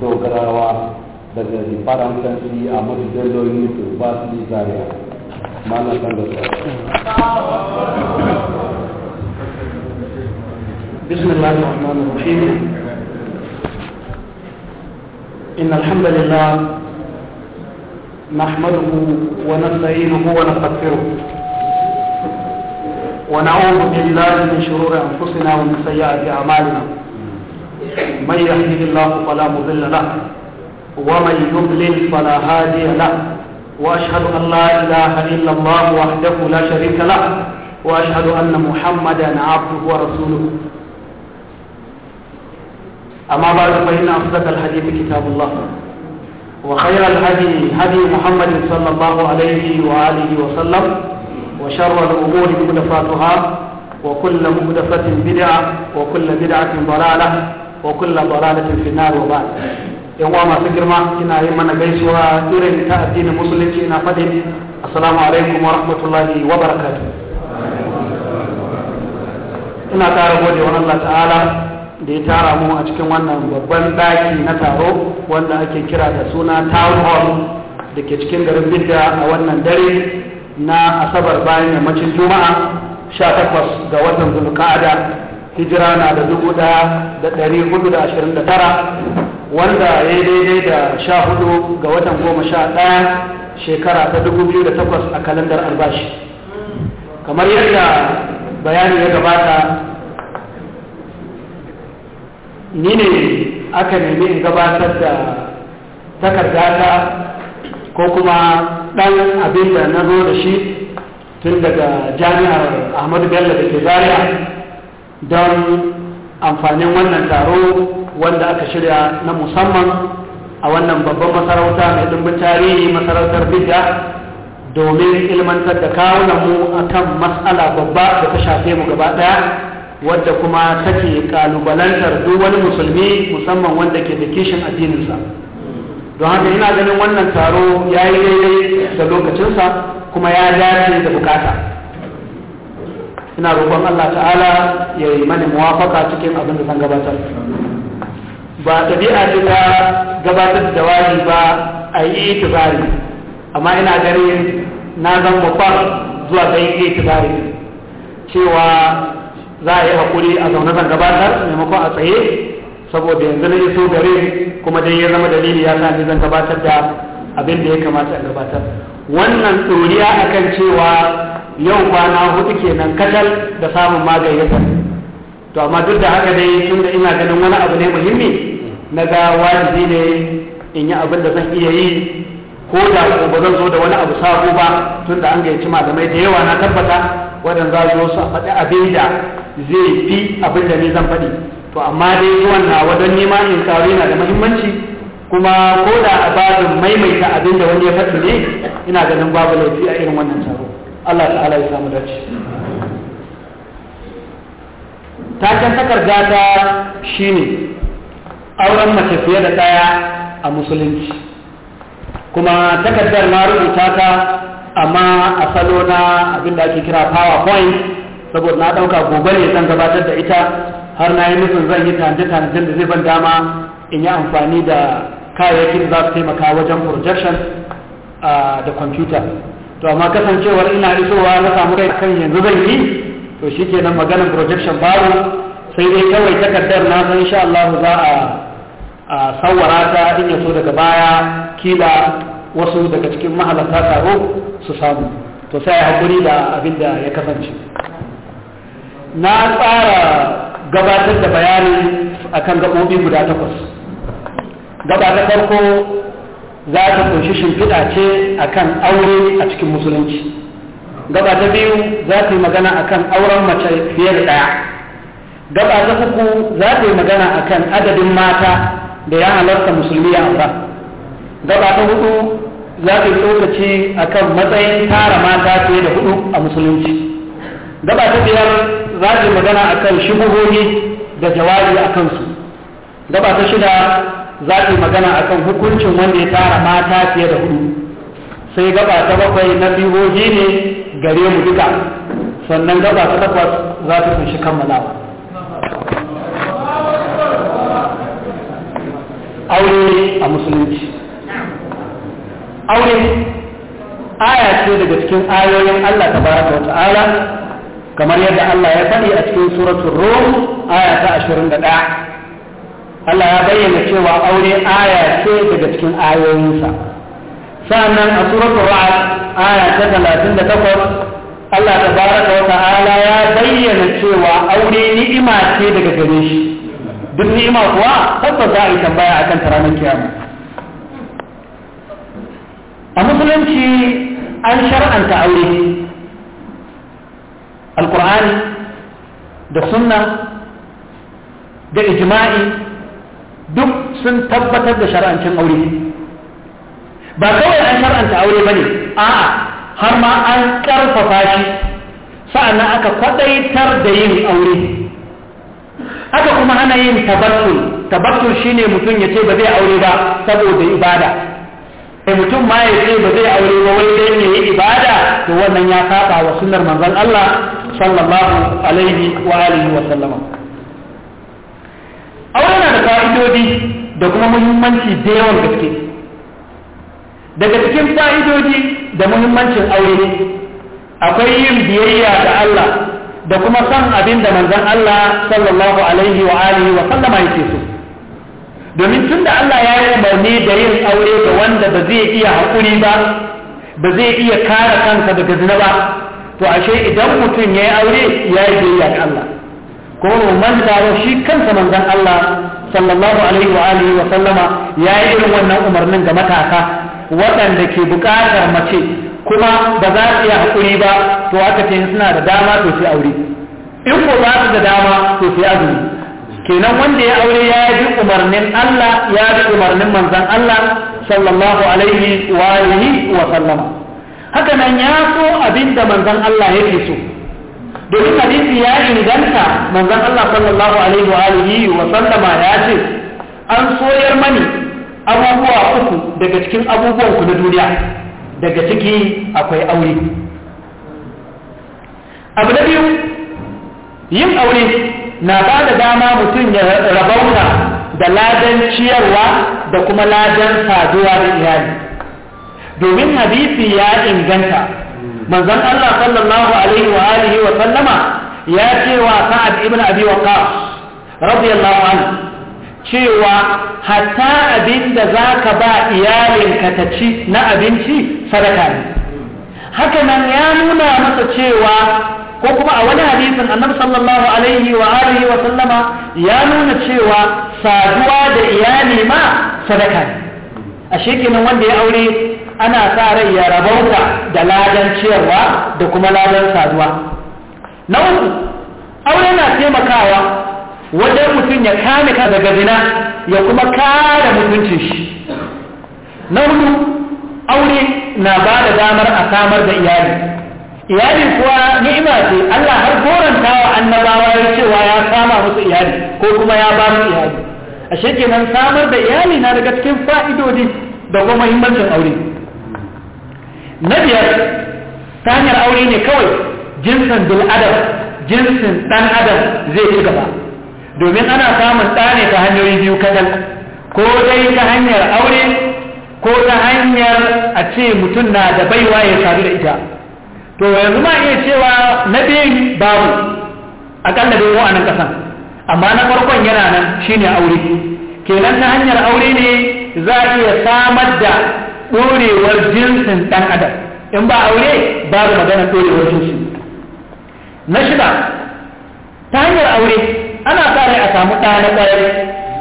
dogarawa daga a ba su yi zariya mana san da بسم الله الرحمن الرحيم إن الحمد لله نحمده ونستعينه ونستغفره ونعوذ بالله من شرور أنفسنا ومن سيئات أعمالنا من يهده الله فلا مضل له ومن يضلل فلا هادي له وأشهد أن لا إله إلا الله وحده لا شريك له وأشهد أن محمدا عبده ورسوله أما بعد فإن أصدق الحديث كتاب الله وخير الهدي هدي محمد صلى الله عليه وآله وسلم وشر الأمور مدفاتها وكل مهدفة بدعة وكل بدعة ضلالة wa kulla da fi nar wa ba'd yan uwa masu girma ina yi mana gaisuwa irin ta addinin musulunci ina faɗi assalamu alaikum wa rahmatullahi wa barakatuh ina tara gode wa Allah ta'ala da ya tara mu a cikin wannan babban ɗaki na taro wanda ake kira da suna town hall da ke cikin garin bidda a wannan dare na asabar bayan yammacin juma'a takwas ga watan zulqa'ada hijira na da dubu ɗaya da ɗari hudu da ashirin da tara wanda ya yi daidai da sha hudu ga watan goma sha ɗaya shekara ta dubu biyu da takwas a kalandar albashi kamar yadda bayani ya gabata ni ne aka nemi in gabatar da takardata ko kuma ɗan abin da na zo da shi tun daga jami'ar ahmadu bello da ke zariya don amfanin wannan taro wanda aka shirya na musamman a wannan babban masarauta mai dimbin tarihi masarautar bidda domin ilmantar da kawunanmu a kan matsala babba da ta shafe mu gaba ɗaya wadda kuma take kalubalantar duk wani musulmi musamman wanda ke da kishin addininsa don haka ina ganin wannan taro ya yi daidai da lokacinsa kuma ya dace da bukata ina roƙon Allah ta'ala ya yi mani muwafaka cikin abin da zan gabatar ba tabi'a ce ta gabatar da jawabi ba a yi itibari amma ina ganin na zan mafar zuwa ga yi itibari cewa za a yi haƙuri a zaune zan gabatar maimakon a tsaye saboda yanzu na iso gare kuma dai ya zama dalili ya sa zan gabatar da abin da ya kamata a gabatar wannan tsoriya akan cewa yau kwana hudu kenan kacal da samun magayyatar to amma duk da haka dai tunda ina ganin wani abu ne muhimmi na ga wajibi ne in yi abin da zan iya yi ko da ba zan zo da wani abu sabo ba tunda an gayyaci malamai da yawa na tabbata waɗanda za su su faɗi abin da zai fi abin da ni zan faɗi to amma dai wannan wajen nema in karo yana da muhimmanci kuma ko da a babin maimaita abin da wani ya faɗi ne ina ganin babu laifi a irin wannan taro Allah ta'ala ya samu dace taken takarda ta shine auren mace fiye da ɗaya a musulunci kuma takardar na rubuta ta amma a salo na abinda ake kira powerpoint saboda na ɗauka gobe ne zan gabatar da ita har na yi nufin zan yi tanajin da zai ban dama in yi amfani da kayayyakin za su taimaka wajen projection ah, da kwamfuta to amma kasancewar ina isowa na samu kai kan yanzu zan yi to shi ke nan maganar projection babu sai dai kawai takardar na san insha Allah za a sawara ta in yaso daga baya kila wasu daga cikin mahalarta taro su samu to sai a hakuri da abin da ya kasance na tsara gabatar da bayani akan gaɓoɓi guda takwas gaba ta farko za ta kunshi shimfiɗa ce akan aure a cikin musulunci gaba ta biyu za ta yi magana akan auren mace fiye da ɗaya gaba ta uku za ta yi magana akan adadin mata da ya halarta musulmi ya ba gaba ta hudu za ta yi tsokaci akan matsayin tara mata fiye da hudu a musulunci gaba ta biyar za ta yi magana akan shubuhohi da jawabi a kansu gaba ta shida za ta yi magana akan hukuncin wanda ya tara mata fiye da hudu sai gaba ta bakwai na bihohi ne gare mu duka sannan gaba ta takwas za ta kunshi kammalawa aure a musulunci aure aya ce daga cikin ayoyin Allah Ta baraka wa ta'ala kamar yadda Allah ya faɗi a cikin suratul rum aya ta 21 Allah ya bayyana cewa aure aya ce daga cikin ayoyinsa sannan a suratul ra'd aya ta 38 Allah tabaraka wa ta'ala ya bayyana cewa aure ni'ima ce daga gare shi duk ni'ima kuwa tabbas za a yi tambaya akan ta ranar kiyama a musulunci an shar'anta aure alkur'ani da sunna da ijma'i duk sun tabbatar da shar'ancin aure ba kawai an shar'anta aure bane a'a har ma an karfafa shi sa'annan aka kwadaitar da yin aure aka kuma hana yin tabattul tabattul shine mutum ya ce ba zai aure ba saboda ibada sai mutum ma ya ce ba zai aure ba wai dai ne ibada to wannan ya saba wa sunnar manzon Allah sallallahu alaihi wa alihi wa sallama aure na da fa'idodi da kuma muhimmanci da yawan gaske daga cikin fa'idodi da muhimmancin aure ne akwai yin biyayya da Allah da kuma san abin da manzon Allah sallallahu alaihi wa alihi wa sallama yake so domin tun da Allah ya yi umarni da yin aure ga wanda ba zai iya haƙuri ba ba zai iya kare kansa daga zina ba to ashe idan mutum ya yi aure ya yi biyayya ga Allah kuma mu shi kansa Manzan Allah sallallahu alaihi wa alihi ya yi irin wannan umarnin ga matasa waɗanda ke buƙatar mace kuma ba za su iya haƙuri ba to aka ce suna da dama to aure in ko ba su da dama to sai kenan wanda ya aure ya bi umarnin Allah ya bi umarnin manzon Allah sallallahu alaihi wa alihi wa ya so abinda Manzan Allah yake so domin hadisi ya inganta manzon Allah sallallahu alaihi wa alihi wa sallama ya ce an soyar mani abubuwa uku daga cikin abubuwan ku na duniya daga ciki akwai aure abu da biyu yin aure na ba da dama mutum ya rabauta da ladan ciyarwa da kuma ladan saduwa da iyali domin hadisi ya inganta manzon Allah sallallahu alaihi wa alihi wa sallama ya ce wa Sa'ad ibn Abi Waqqas radiyallahu anhu cewa hatta abin abinda zaka ba iyalinka ta ci na abinci sadaka ne haka nan ya nuna masa cewa ko kuma a wani hadisin annabi sallallahu alaihi wa alihi wa sallama ya nuna cewa saduwa da iyali ma sadaka ne ashe kenan wanda ya aure ana sa rai ya rabauta da ladan ciyarwa da kuma ladan saduwa na uku aure na taimakawa wajen mutum ya kame ka daga zina ya kuma kare mutuncin shi na hudu aure na ba da damar a samar da iyali iyali kuwa ni'ima ce Allah har goranta wa annabawa ya cewa ya sama musu iyali ko kuma ya ba su iyali a shekenan samar da iyali na daga cikin fa'idodi da kuma muhimmancin aure na biyar ta hanyar aure ne kawai jinsin bil'adam jinsin ɗan adam zai ci gaba domin ana samun ɗa ta hanyoyi biyu kaɗan ko dai ta hanyar aure ko ta hanyar a ce mutum na da baiwa ya sadu da ita to yanzu ma iya cewa na biyu babu akalla dai ko a nan ƙasan amma na farkon yana nan shine aure kenan ta hanyar aure ne za a iya samar da ɗorewar jinsin ɗan adam in ba aure babu magana ɗorewar jinsi na shida ta hanyar aure ana tsare a samu ɗa na ƙwarai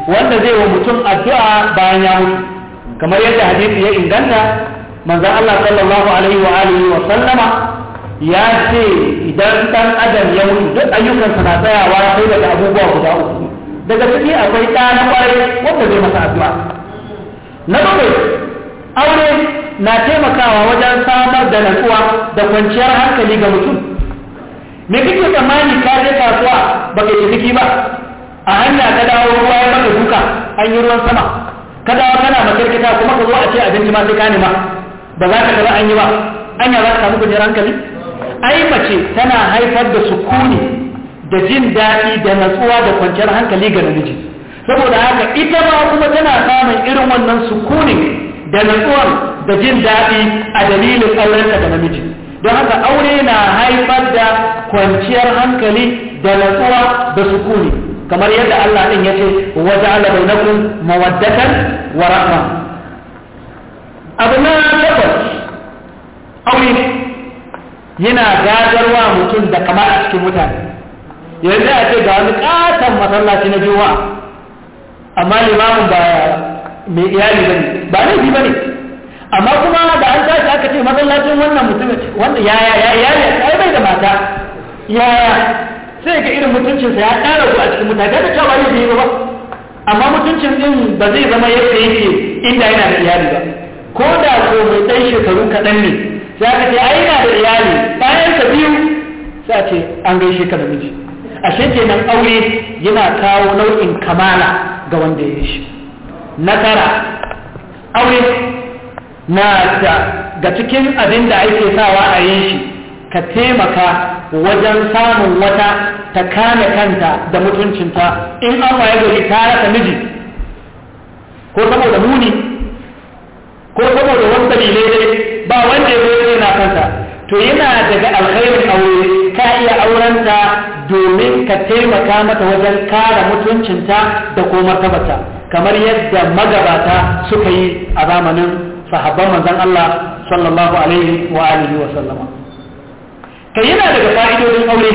wanda zai wa mutum addu'a bayan ya mutu kamar yadda hadisi ya inganta manzan Allah sallallahu alaihi wa alihi wa sallama ya ce idan ɗan adam ya mutu duk ayyukansa na tsayawa sai daga abubuwa guda uku daga ciki akwai ɗa na ƙwarai wanda zai masa addu'a na bakwai aure na taimakawa wajen samar da natsuwa da kwanciyar hankali ga mutum me kake tsammani ka je kasuwa baka ciki ba a hanya ka dawo ruwa ya maka duka an yi ruwan sama ka dawo kana makarkita kuma ka zo a ce abinci ma sai ka nema ba za ka kaza an yi ba anya za ka samu kwanciyar hankali ai mace tana haifar da sukuni da jin daɗi da natsuwa da kwanciyar hankali ga namiji saboda haka ita ma kuma tana samun irin wannan sukunin da natsuwan da jin daɗi a dalilin aurenka da namiji don haka aure na haifar da kwanciyar hankali da natsuwa da sukuni kamar yadda Allah din yace wa ja'ala bainakum mawaddatan wa rahma abu na takwas aure yana gadarwa mutum da kama a cikin mutane yanzu a ce ga wani ƙaton masallaci na juma'a amma limamin ba mai iyali bane ba ba ne, amma kuma da an tashi aka ce masallacin wannan mutum wanda ya ya ya ya ai bai da mata ya sai ga irin mutuncinsa ya ƙara ku a cikin mutane da cewa ya bai ba amma mutuncin din ba zai zama yadda yake inda yana da iyali ba ko da ko mai dan shekaru kaɗan ne za ka ce ai yana da iyali bayan sa biyu sai ce an gaishe ka da miji ashe kenan aure yana kawo nau'in kamala ga wanda ya yi shi Nasara, aure na ga cikin abin da ake sawa a yin shi ka taimaka wajen samun wata ta kame kanta da mutuncinta in an waye gari ta rasa miji ko saboda muni ko saboda wasu dalilai ba wanda ya zo na kanta to yana daga alkhairin aure ka iya aurenta domin ka taimaka mata wajen kare mutuncinta da ko martabarta kamar yadda magabata suka yi a zamanin sahabban manzon Allah sallallahu alaihi wa alihi wa sallama yana daga fa'idodin aure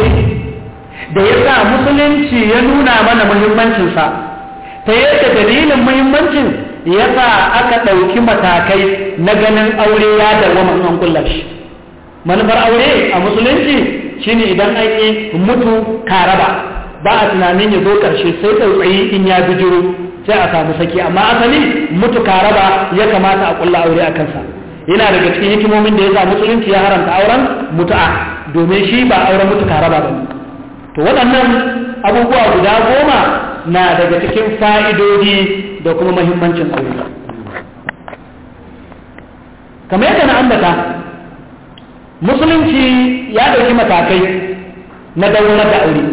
da yasa musulunci ya nuna mana muhimmancin sa ta yadda dalilin muhimmancin ya sa aka ɗauki matakai na ganin aure ya dawo an kullashi manufar aure a musulunci shine idan an yi mutu karaba ba a tunanin ya zo ƙarshe sai tsautsayi in ya bijiro sai a samu saki amma asali mutuka raba ya kamata a kulla aure a kansa yana daga cikin hikimomin da ya sa musulunci ya haramta auren mutu'a domin shi ba auren mutuka raba ba to waɗannan abubuwa guda goma na daga cikin fa'idodi da kuma mahimmancin aure kamar yadda na ambata musulunci ya ɗauki matakai na daular da aure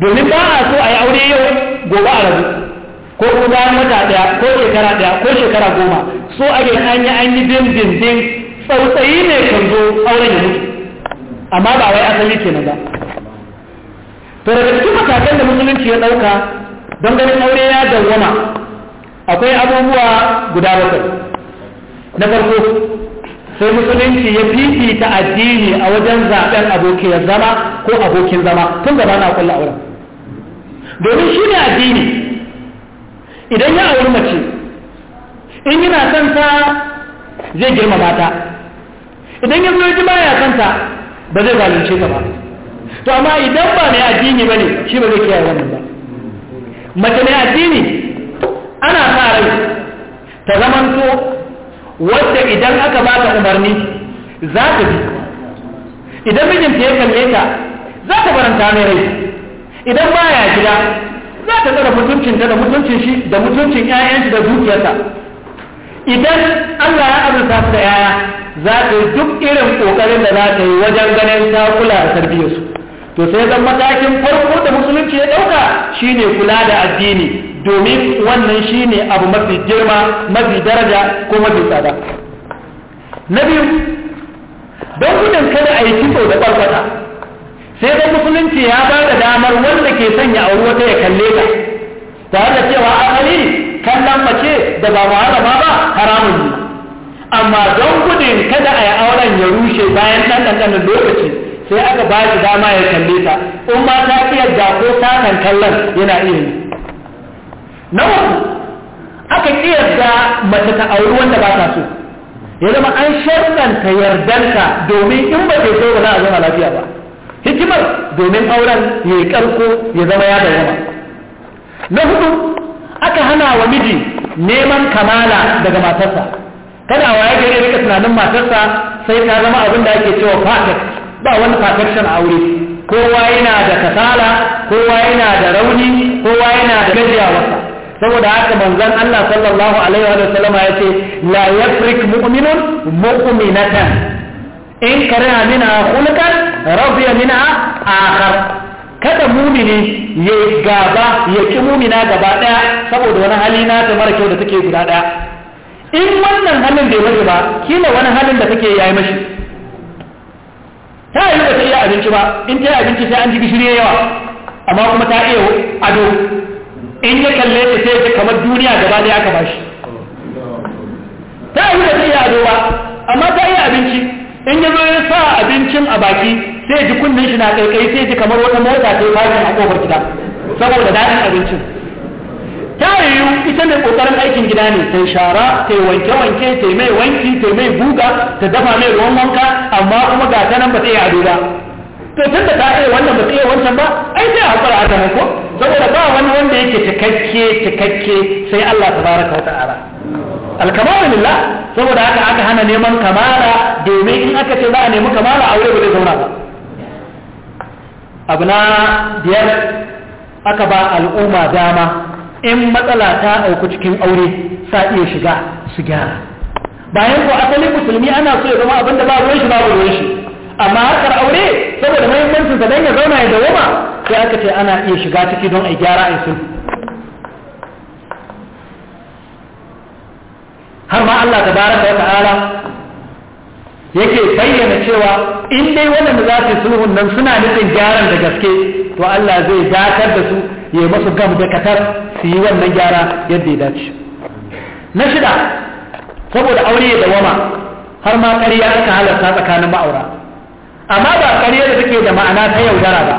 domin ba a so a yi aure yau gobe a rabu ko kuma bayan wata daya ko shekara daya ko shekara goma so ake an yi an yi din din din tsautsayi ne kan zo auren ya mutu amma ba wai asali kenan ba to daga cikin matakan da musulunci ya dauka don ganin aure ya dawwama akwai abubuwa guda bakwai na farko sai musulunci ya fifita addini a wajen zaben abokiyar zama ko abokin zama tun gaba na kulla auren domin shi ne addini idan ya auri mace in yana santa zai girmama ta idan ya zo ba ya santa ba zai zalunce ta ba to amma idan ba mai addini ba ne shi ba zai kiyaye wannan ba mace mai addini ana sa rai ta zamanto wadda idan aka ba ta umarni za ta bi idan mijinta ya kalle ta za ta faranta mai rai idan ba ya gida za ta tsara mutuncinta da mutuncin shi da mutuncin 'ya'yansu da dukiyarsa idan Allah ya azurta su da 'ya'ya za ta yi duk irin ƙoƙarin da za ta yi wajen ganin ta kula da tarbiyyarsu to sai zan matakin farko da musulunci ya ɗauka shine kula da addini domin wannan shine abu mafi girma mafi daraja ko mafi tsada na biyu don gudun kada a yi kitso da ɓarɓata sai ga musulunci ya ba da damar wanda ke sanya auri wata ya kalle ta tare da cewa asali kallon mace da ba mu haɗa ba haramun ne amma don gudun kada a yi auren ya rushe bayan ɗan ɗan lokaci sai aka ba shi dama ya kalle ta in ma ta yadda ko satan kallon yana iya na uku aka kiyarta mace ta auri wanda ba ta so ya zama an sharɗanta yardanta domin in ba ke so ba za a zama lafiya ba hikimar domin auren ya yi karko ya zama ya bayyana na hudu aka hana wa miji neman kamala daga matarsa kada yake gari rika tunanin matarsa sai ta zama abin da ake cewa perfect ba wani perfection shan aure kowa yana da kasala kowa yana da rauni kowa yana da gajiyawa saboda haka manzon Allah sallallahu alaihi wa sallama yace la yafrik mu'minun mu'minatan in kariha mina hulkan radiya mina akhar kada mumini ya gaba ya ki mumina gaba daya saboda wani hali na ta mara kyau da take guda daya in wannan halin bai bari ba kila wani halin da take yayi mashi ta yi da ta iya abinci ba in ta yi abinci sai an ji gishiri yawa amma kuma ta iya ado in ya kalle ta sai kamar duniya gaba daya aka bashi ta yi da ta iya ado ba amma ta iya abinci in ya zo ya sa abincin a baki sai ji kunnen shi na kaikai sai ji kamar wata mota ta bayan a kofar gida saboda daɗin abincin ta yiwu ita mai kokarin aikin gida ne ta shara ta wanke wanke ta mai wanki ta mai buga ta dafa mai ruwan wanka amma kuma ga ta nan ba ta yi ado ba to tun da ta iya wannan ba ta iya wancan ba ai sai a hakura a ko saboda ba wani wanda yake cikakke cikakke sai Allah tabaraka wa ta'ala alkamala lillah saboda haka aka hana neman kamala domin in aka ce za a nemi kamala aure ba zai zauna ba abu na biyar aka ba al'umma dama in matsala ta auku cikin aure sa iya shiga su gyara bayan ko asalin musulmi ana so ya zama abinda ba ruwan shi babu ruwan shi amma harkar aure saboda muhimmancin sa dan ya zauna ya dawoma sai aka ce ana iya shiga ciki don a gyara a yi sulhu har ma Allah ta baraka wa ta'ala yake bayyana cewa in dai wannan za su sulhun nan suna nufin gyaran da gaske to Allah zai dakar da su ya masu gam da katar su yi wannan gyara yadda ya dace na shida saboda aure da wama, har ma ƙarya aka halarta tsakanin ma'aura amma ba ƙarya da take da ma'ana ta yaudara ba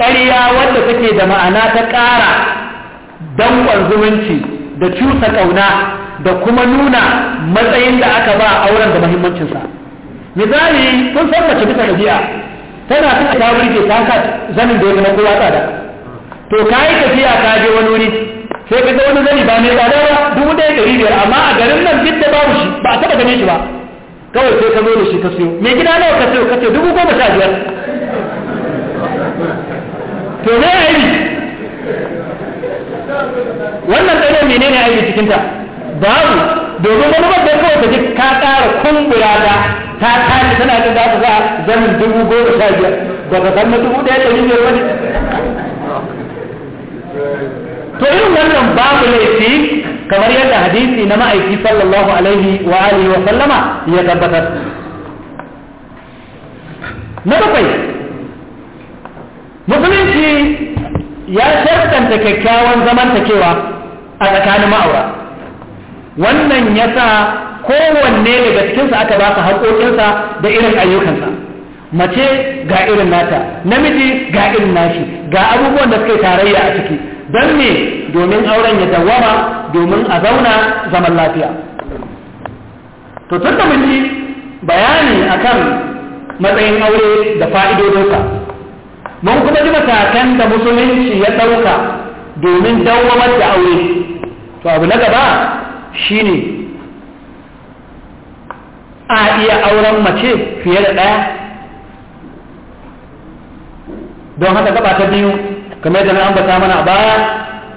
ƙarya wanda take da ma'ana ta ƙara danƙon zumunci da cusa ƙauna da kuma nuna matsayin da aka ba auren da muhimmancinsa misali kun san mace bisa tafiya tana ta ta burge ta sa zanin da ya zama kowa tsada to ka yi tafiya ka je wani wuri sai ka ga wani zani ba mai tsada ba dubu ɗaya ɗari biyar amma a garin nan duk da babu shi ba a taɓa gane shi ba kawai sai ka zo da shi ka siyo mai gida nawa ka siyo ka ce dubu goma sha biyar to me aibi wannan tsaye menene aibi cikinta babu domin wani babban kawai ta ji ka ƙara kumbura ta ta tashi tana da za ta zamin dubu goma sha biyar daga ka na dubu ɗaya ɗari biyar wani to irin wannan babu laifi kamar yadda hadisi na ma'aiki sallallahu alaihi wa alihi wa sallama ya tabbatar na bakwai musulunci ya shartanta kyakkyawan zamantakewa a tsakanin ma'aura wannan ya sa kowanne daga cikinsa aka ba su haƙoƙinsa da irin ayyukansa mace ga irin nata namiji ga irin nashi ga abubuwan da suke tarayya a ciki don me domin auren ya dawama domin a zauna zaman lafiya to tun da mun ji bayani akan matsayin aure da fa'idodinsa mun kuma ji matakan da musulunci ya ɗauka domin dawamar da aure to abu na gaba shine a iya auren mace fiye da ɗaya don haka gaba ta biyu kamar da na ambata mana a baya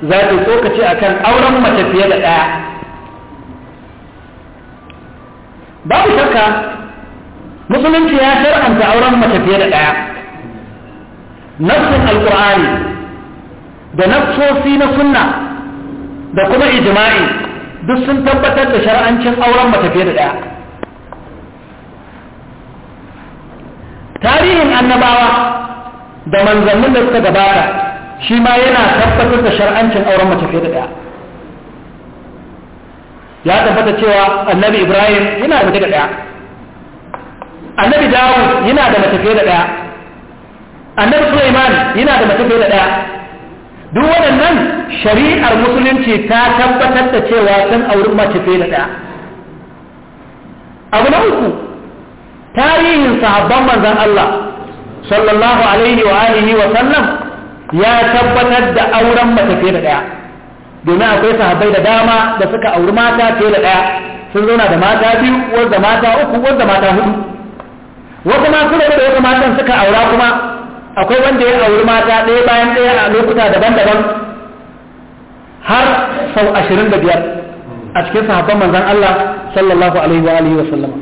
za ta tsokace a kan auren mace fiye da ɗaya babu shakka musulunci ya shar'anta auren mace fiye da ɗaya nafsin alƙur'ani da nafsosi na sunna da kuma ijma'i duk sun tabbatar da shar'ancin auren mace fiye da ɗaya tarihin annabawa da manzannin da suka gabata shi ma yana tabbatar da shar'ancin auren mace fiye da ɗaya ya tabbata cewa annabi ibrahim yana da mace da ɗaya annabi dawud yana da mace fiye da ɗaya annabi sulaiman yana da mace fiye da ɗaya duk waɗannan shari'ar musulunci ta tabbatar da cewa sun auri mace fiye da ɗaya abu na uku tarihin sahabban manzan Allah sallallahu alaihi wa alihi wa sallam ya tabbatar da auren mace fiye da ɗaya domin akwai sahabbai da dama da suka auri mata fiye da ɗaya sun zauna da mata biyu wanda mata uku wanda mata hudu wasu ma su da wata matan suka aura kuma akwai wanda ya auri mata ɗaya bayan ɗaya a lokuta daban-daban har sau ashirin da biyar a cikin sahabban manzan Allah sallallahu alaihi wa alihi wa sallama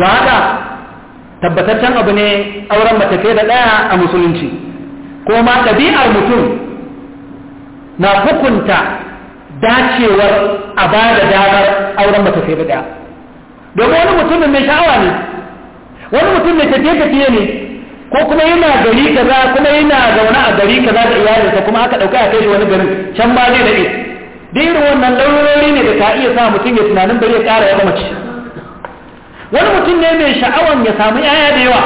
don haka tabbataccen abu ne auren mace da ɗaya a musulunci ko ma ɗabi'ar mutum na hukunta dacewar a ba da damar auren mace da ɗaya domin wani mutumin mai sha'awa ne wani mutum mai tafiye-tafiye ne ko kuma yana gari kaza kuma yana zaune a gari kaza da iyalinsa kuma aka dauka a kai shi wani garin can ba zai dade da irin wannan larurori ne da ka iya sa mutum ya tunanin bari ya kara yawa mace wani mutum ne mai sha'awan ya samu yaya da yawa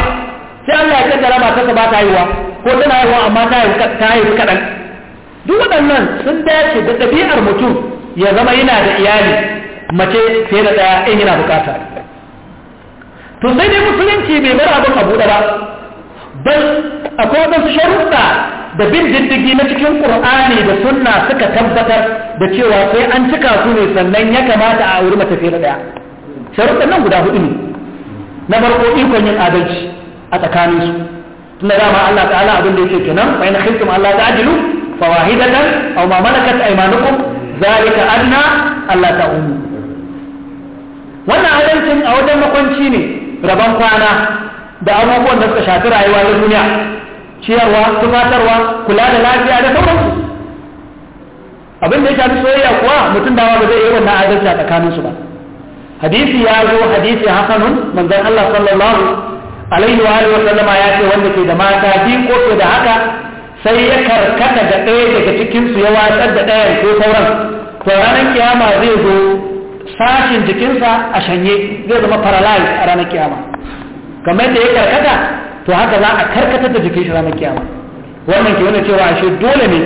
sai Allah ya kaddara ta ba ta haihuwa ko tana haihuwa amma ta haihu kaɗan duk waɗannan sun dace da ɗabi'ar mutum ya zama yana da iyali mace fiye da ɗaya in yana bukata to sai dai musulunci bai bar abin abu da ba don akwai wasu sharuɗa da bin diddigi na cikin ƙur'ani da sunna suka tabbatar da cewa sai an cika su ne sannan ya kamata a wuri mata fiye da ɗaya sharuɗa nan guda hudu ne na farko ikon yin adalci a tsakanin su tunda dama Allah ta'ala abin da yake kenan fa in khiftum Allah ta'dilu mana aw ma malakat aymanukum zalika adna Allah ta'umu wannan adalcin a wajen makwanci ne rabon kwana da abubuwan da suka shafi rayuwa na duniya ciyarwa tufatarwa kula da lafiya da sauransu abin da ya shafi soyayya kuwa mutum dawa ba zai yi wannan adalci a tsakaninsu ba hadisi ya zo hadisi hasanun manzon Allah sallallahu alaihi wa alihi ya ce wanda ke da mata bi ko da haka sai ya karkata da ɗaya daga cikin su ya watsar da ɗaya ko sauran to ranar kiyama zai zo sashin jikinsa a shanye zai zama paralyzed a ranar kiyama kamar da ya karkata to haka za a karkatar da jikin shi ranar kiyama wannan ke nuna cewa ashe dole ne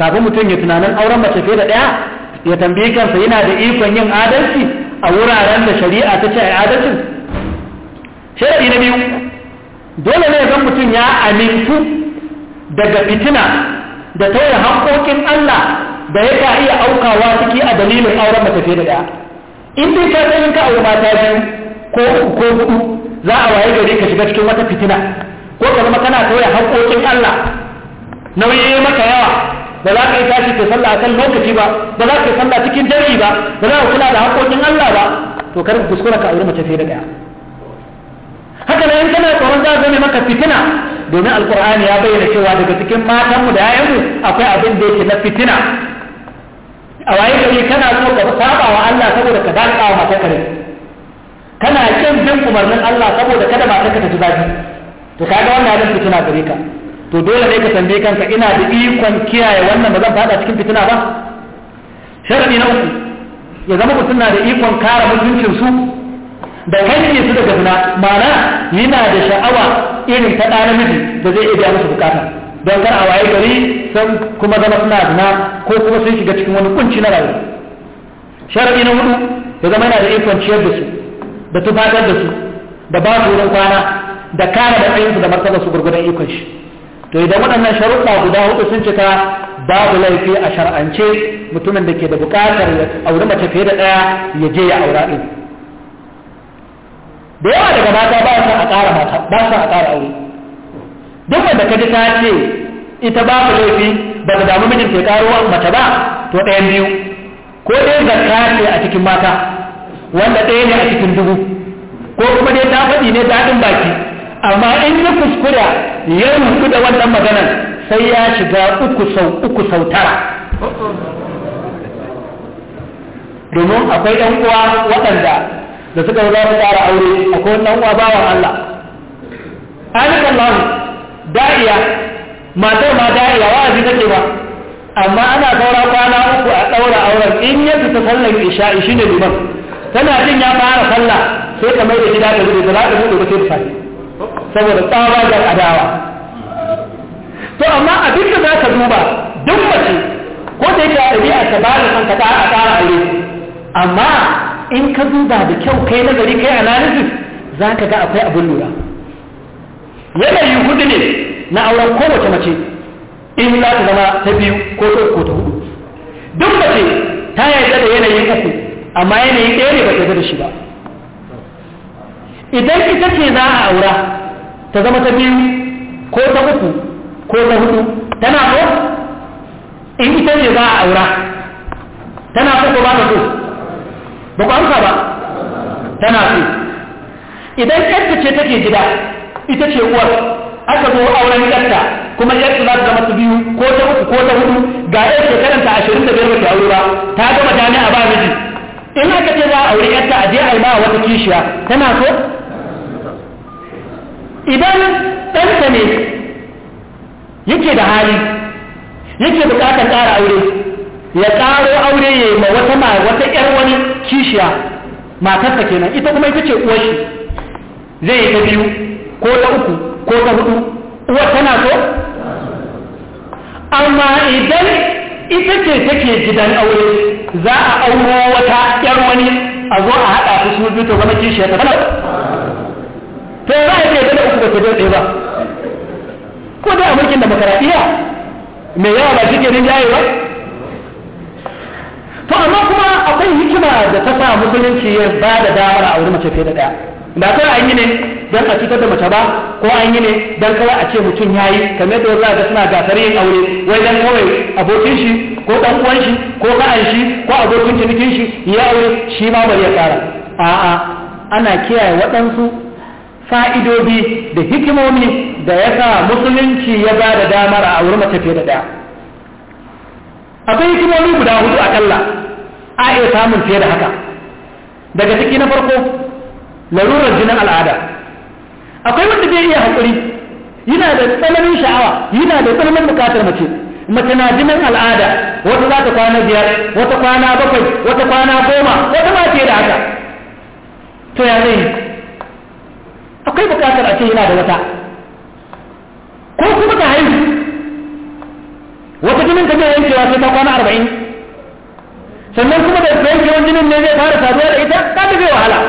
kafin mutum ya tunanin auren mace fiye da ɗaya ya tambayi kansa yana da ikon yin adalci a wuraren da shari'a ta ce a adalcin shari'a na biyu dole ne zan mutum ya amintu daga fitina da tauye haƙoƙin Allah da ya ka iya aukawa ciki a dalilin auren mace fiye da ɗaya in dai ka tsayin ka aure mata biyu ko uku ko hudu za a waye gari ka shiga cikin wata fitina ko ka zama kana tauye haƙoƙin Allah nauyi maka yawa ba za ka yi tashi ka sallah kan lokaci ba ba za ka yi sallah cikin dare ba ba za ka kula da haƙoƙin Allah ba to kar ka kuskura ka aure mace sai da ɗaya haka nan in kana tsoron za a maka fitina domin alkur'ani ya bayyana cewa daga cikin matanmu da 'ya'yanmu akwai abin da yake na fitina a waye gari kana so ka saba wa Allah saboda ka dakawa matarka ne kana kin bin umarnin Allah saboda kada matarka ka tafi zafi to kaga wannan halin fitina gare ka to dole ne ka tambaye kanka ina da ikon kiyaye wannan ba zan fada cikin fitina ba sharadi na uku ya zama mutum suna da ikon kare mutuncin su da kanke su daga zina ma'ana yana da sha'awa irin ta da namiji da zai iya musu bukata don kar a waye gari sun kuma zama suna zina ko kuma sun shiga cikin wani kunci na rayuwa sharadi na hudu ya zama yana da ikon ciyar da su da tufatar da su da ba su wurin kwana da kare matsayinsu da martaba su gurgudan ikon shi to idan waɗannan sharuɗa guda hudu sun cika babu laifi a shar'ance mutumin da ke da buƙatar ya auri mace fiye da ɗaya ya je ya aura ɗin da yawa daga mata ba su a ƙara mata ba su a ƙara aure duk wanda ka ji ta ce ita babu laifi ba ta damu mijin ke ƙaro mace ba to ɗayan biyu ko ɗaya zakka ce a cikin mata wanda ɗaya ne a cikin dubu ko kuma dai ta faɗi ne daɗin baki amma in ya kuskura ya rufu da wannan maganar sai ya shiga uku sau uku sau tara domin akwai ɗan uwa waɗanda da suka za su ƙara aure akwai ɗan uwa bawan Allah alikan lahu da'iya matar ma da'iya wa'azi take ba amma ana saura kwana uku a ɗaura auren in yadda ta sallar isha'i shine liman tana jin ya fara sallah sai ka mai da gida da gudu ba za ka gudu sai da saboda tsawa da adawa to amma duk da za duba duk mace ko da yake a ɗabi'a ta ba da kanka ta a tsara aure amma in ka duba da kyau kai nazari kai analysis za ka ga akwai abin lura yanayi hudu ne na auren kowace mace in za ta zama ta biyu ko ta uku hudu duk mace ta yarda da yanayin uku amma yanayin ɗaya ne ba ta da shi ba idan ita ce za a aura ta zama ta biyu ko ta uku ko ta hudu tana ko in ita ce za a aura tana ko ko ba ta ko ba ku amsa ba tana so idan ƙarfi ce take gida ita ce uwar aka zo auren yarta kuma ƙarfi za ta zama ta biyu ko ta uku ko ta hudu ga yarta karanta ashirin da biyar ba ta aure ba ta gama jami'a ba miji in aka ce za a aure yadda a je a yi ba wata kishiya tana so idan ɗansa ne yake da hali yake bukatar ƙara aure ya ƙaro aure ya yi ma wata ma wata ƴar wani kishiya matarsa kenan ita kuma ita ce uwar shi zai yi ta biyu ko ta uku ko ta hudu uwar tana so amma idan ita ce take gidan aure za a auro wata yar wani a zo a haɗa su sun to zama kishi ya tafi to za a ce da uku ba ta ba ko da mulkin demokaradiyya mai yawa ba shi ke jaye ba to amma kuma akwai hikima da ta sa musulunci ya ba da damar a wuri mace fiye da ɗaya ba kawai an yi ne don a cutar da mace ba ko an yi ne don kawai a ce mutum ya yi kamar da wasu da suna gasar yin aure wai don kawai abokin shi ko dan uwan shi ko ba'an shi ko abokin cinikin shi ya aure shi ma bari ya kara a'a ana kiyaye waɗansu fa'idodi da hikimomi da ya sa musulunci ya ba da damar a wurin mace fiye da ɗaya akwai hikimomi guda hudu akalla a iya samun fiye da haka daga ciki na farko larurar jinin al'ada akwai wanda bai iya haƙuri yana da tsananin sha'awa yana da tsananin bukatar mace mace na jinin al'ada wata za ta kwana biyar wata kwana bakwai wata kwana goma wata ma ce da haka to ya zai akwai bukatar a ce yana da wata ko kuma ta haihu wata jinin ka zai yankewa sai ta kwana arba'in sannan kuma da yankewan jinin ne zai fara saduwa da ita ta ta wahala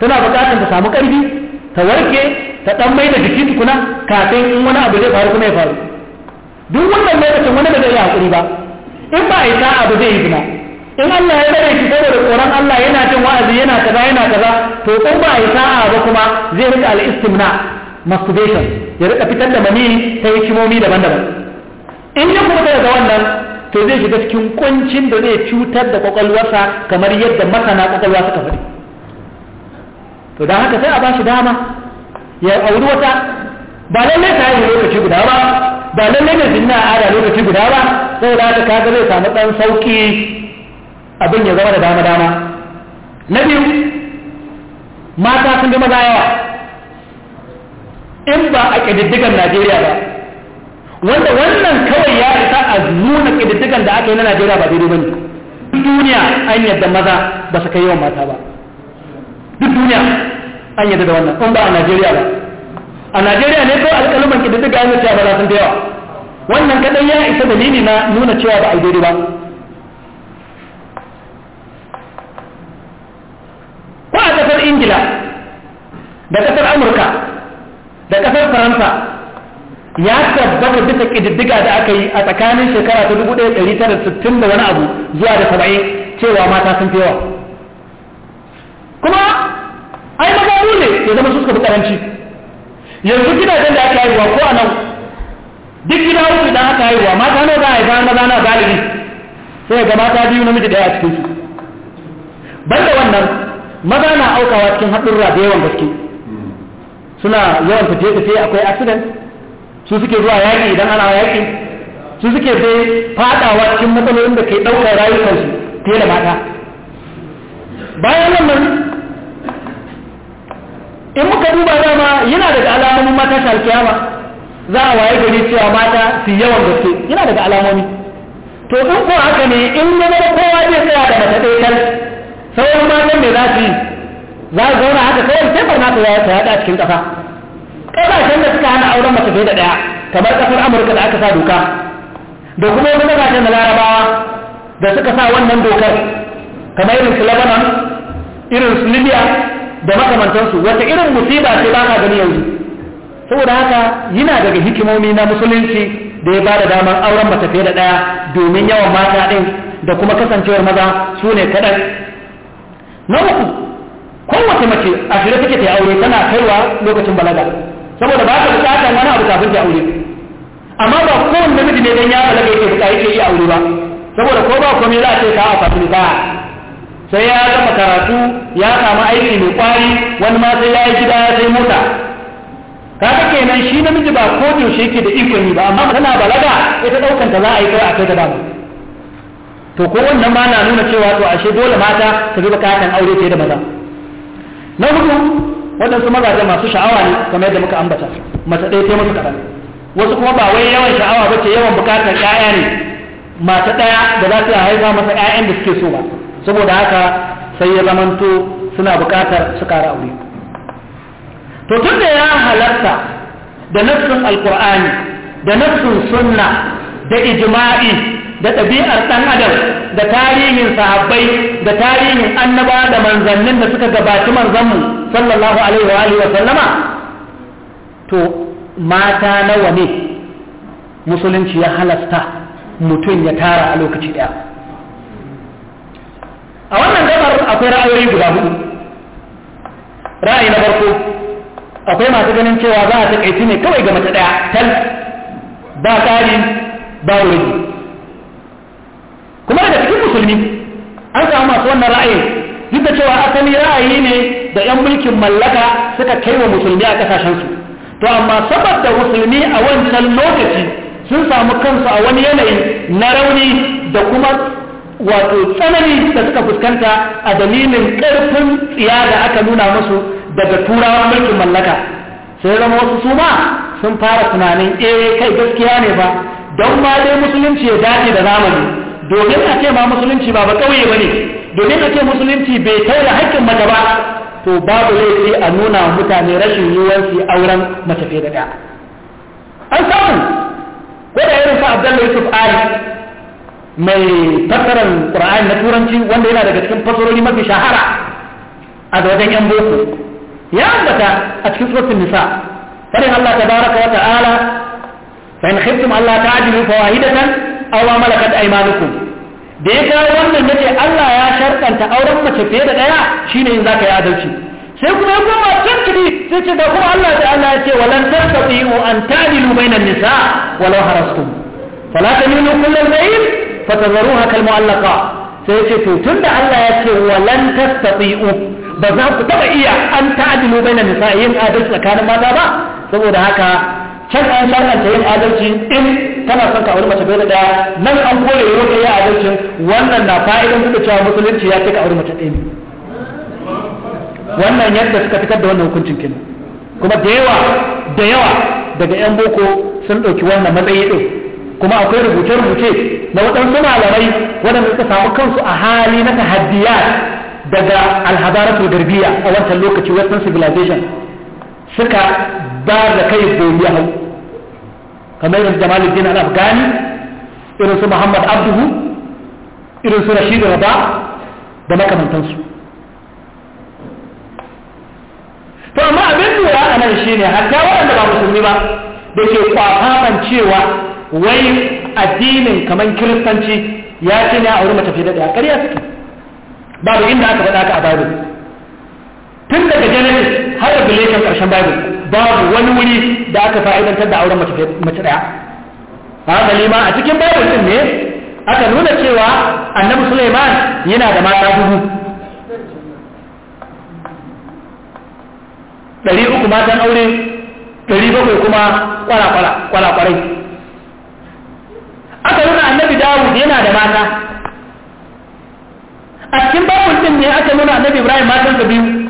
tana bukatar ta samu ƙarfi ta warke ta ɗan mai da jiki tukuna kafin in wani abu zai faru kuma ya faru duk wannan lokacin wani da zai yi hakuri ba in ba a yi sa'a ba zai yi zina in Allah ya rage shi saboda tsoron Allah yana jin wa'azi yana kaza yana kaza to in ba a yi sa'a ba kuma zai rika al-istimna masturbation ya rika fitar da mani ta hikimomi daban-daban in ya kuma ga wannan to zai shiga cikin kuncin da zai cutar da kwakwalwarsa kamar yadda masana kwakwalwa suka faɗi to da haka sai a bashi dama ya auri wata ba lallai ta yi lokaci guda ba ba lallai ne zinna ada lokaci guda ba da haka kaga zai samu dan sauki abin ya zama da dama dama na biyu mata sun bi maza yawa in ba a ƙididdigan Najeriya ba wanda wannan kawai ya isa a nuna ƙididdigan da aka yi na Najeriya ba daidai ba ne duniya an yadda maza ba su kai yawan mata ba duk duniya an yadda da wannan in ba a najeriya ba a najeriya ne ko alƙaluman ƙididdiga duk nuna cewa ba za su da yawa wannan kaɗai ya isa dalili na nuna cewa ba a yi ba ko a ƙasar ingila da ƙasar amurka da ƙasar faransa ya tabbata bisa ƙididdiga da aka yi a tsakanin shekara ta 1960 da wani abu zuwa da 70 cewa mata sun fi yawa kuma ai magabu ne ya zama su suka fi karanci yanzu gidajen da aka haihuwa ko a nan duk gida uku idan aka haihuwa mata nawa za a haifa maza na galibi sai ga mata biyu namiji daya a cikin su da wannan maza na aukawa cikin haɗurra da yawan gaske suna yawan tafiye tafiye akwai accident su suke zuwa yaƙi idan ana yaƙi su suke bai faɗawa cikin matsalolin da ke ɗaukar rayukansu fiye da mata bayan wannan in muka duba dama yana daga alamomin mata shalkiyama za a waye gari cewa mata su yawan gaske yana daga alamomi to in ko haka ne in zama kowa zai tsaya da mata ɗaya tal sauran matan me za su yi za a zauna haka kawai sai farna ta ya ta yaɗa cikin ƙasa ƙasashen da suka hana auren mace da ɗaya kamar ƙasar amurka da aka sa doka da kuma wani ƙasashen da larabawa da suka sa wannan dokar kamar irin su lebanon irin su libya da makamantansu wata irin musiba ce ba ka gani yanzu saboda haka yana daga hikimomi na musulunci da ya ba da damar auren mace fiye da ɗaya domin yawan mata ɗin da kuma kasancewar maza su ne kaɗan na uku kowace mace a shirya take ta aure tana kaiwa lokacin balaga saboda ba ta bukatar wani abu kafin ta aure amma ba kowane namiji ne dan ya balaga yake buƙa yake yi aure ba saboda ko ba komai za a ce ka a kafin ba sai ya gama karatu ya samu aiki mai kwari wani ma sai ya yi gida ya sai mota kaga kenan shi namiji ba ko yaushe yake da ikon yi ba amma tana balaga ita daukan ta za a yi kai a kai ta babu to ko wannan ma na nuna cewa to ashe dole mata su zuba kayan aure ce da maza na hudu waɗansu mazaje masu sha'awa ne kamar yadda muka ambata mace ɗaya ta musu kaɗan wasu kuma ba wai yawan sha'awa ba ce yawan bukatar 'ya'ya ne mata ɗaya da za su haifa masa 'ya'yan da suke so ba saboda haka sai ya zamanto suna bukatar su kara aure to tun da ya halarta da nafsin alkur'ani da nafsin sunna da ijma'i da ɗabi'ar ɗan adam da tarihin sahabbai da tarihin annaba da manzannin da suka gabaci manzanmu sallallahu alaihi wa sallama to mata nawa ne musulunci ya halasta mutum ya tara a lokaci ɗaya a wannan gabar akwai ra'ayoyi guda hudu ra'ayi na farko akwai masu ganin cewa za a takaici ne kawai ga mace daya tal ba tsari ba wuri kuma daga cikin musulmi an samu masu wannan ra'ayi duk da cewa asali ra'ayi ne da 'yan mulkin mallaka suka kai wa musulmi a kasashensu to amma saboda musulmi a wancan lokaci sun samu kansu a wani yanayi na rauni da kuma wato tsanani da suka fuskanta a dalilin ƙarfin tsiya da aka nuna musu daga turawan mulkin mallaka sai zama wasu su ma sun fara tunanin eh kai gaskiya ne ba don ma dai musulunci ya dace da zamani domin a ce ma musulunci ba ba ƙauye ba ne domin a ce musulunci bai kai da haƙƙin mata ba to babu laifi a nuna mutane rashin yiwuwar su auren mace fiye da ɗaya an samu ko da irin sa abdullahi yusuf ali mai fassarar ƙura'ani na turanci wanda yana daga cikin fassarori mafi shahara a wajen yan boko ya ambata a cikin suratul nisa farin Allah ta baraka wa ta'ala fa in khiftum Allah ta'dilu fawahidatan aw ma malakat aymanukum da ya kawo wannan nace Allah ya sharkanta auren mace fiye da daya shine in zaka yi adalci sai kuma ya koma tantiri sai ce da kuma Allah ta'ala ya ce walan tastati'u an ta'dilu bainan nisa walau harastum fala tamilu kullal yi. fatazaruha kal mu'allaqa sai ya ce to tunda Allah ya ce walan tastati'u ba za ku taba iya an ta'dilu bainan nisa'i yin adalci tsakanin mata ba saboda haka can an shar'anta yin adalci in tana son ka aure mace bai da daya nan an kore yau da yin adalcin wannan na fa'idan duka cewa musulunci ya ce ka aure mace ɗaya wannan yadda suka fitar da wannan hukuncin kin kuma da yawa da yawa daga yan boko sun ɗauki wannan matsayi ɗin kuma akwai rubuce-rubuce na waɗansu malamai waɗanda suka samu kansu a hali na tahaddiya daga alhadaratul garbiya a wancan lokaci western civilization suka ba da kai gobe hau kamar irin jamaluddin al-afghani irin su muhammad abduhu irin su rashidu Rabah, da makamantansu to amma abin lura a nan shine hatta waɗanda ba musulmi ba da ke kwafafan cewa wai addinin kamar kiristanci ya ce ne a wuri matafi da ɗaya ƙarya suke babu inda aka faɗa ka a babu. tun daga genesis har da revelation ƙarshen babu, babu wani wuri da aka fa'idantar da auren mace ɗaya hankali ma a cikin babu ɗin ne aka nuna cewa annabi suleiman yana da mata dubu ɗari uku matan aure ɗari bakwai kuma kwara aka nuna annabi dawud yana da mata a cikin babu din ne aka nuna annabi ibrahim ka biyu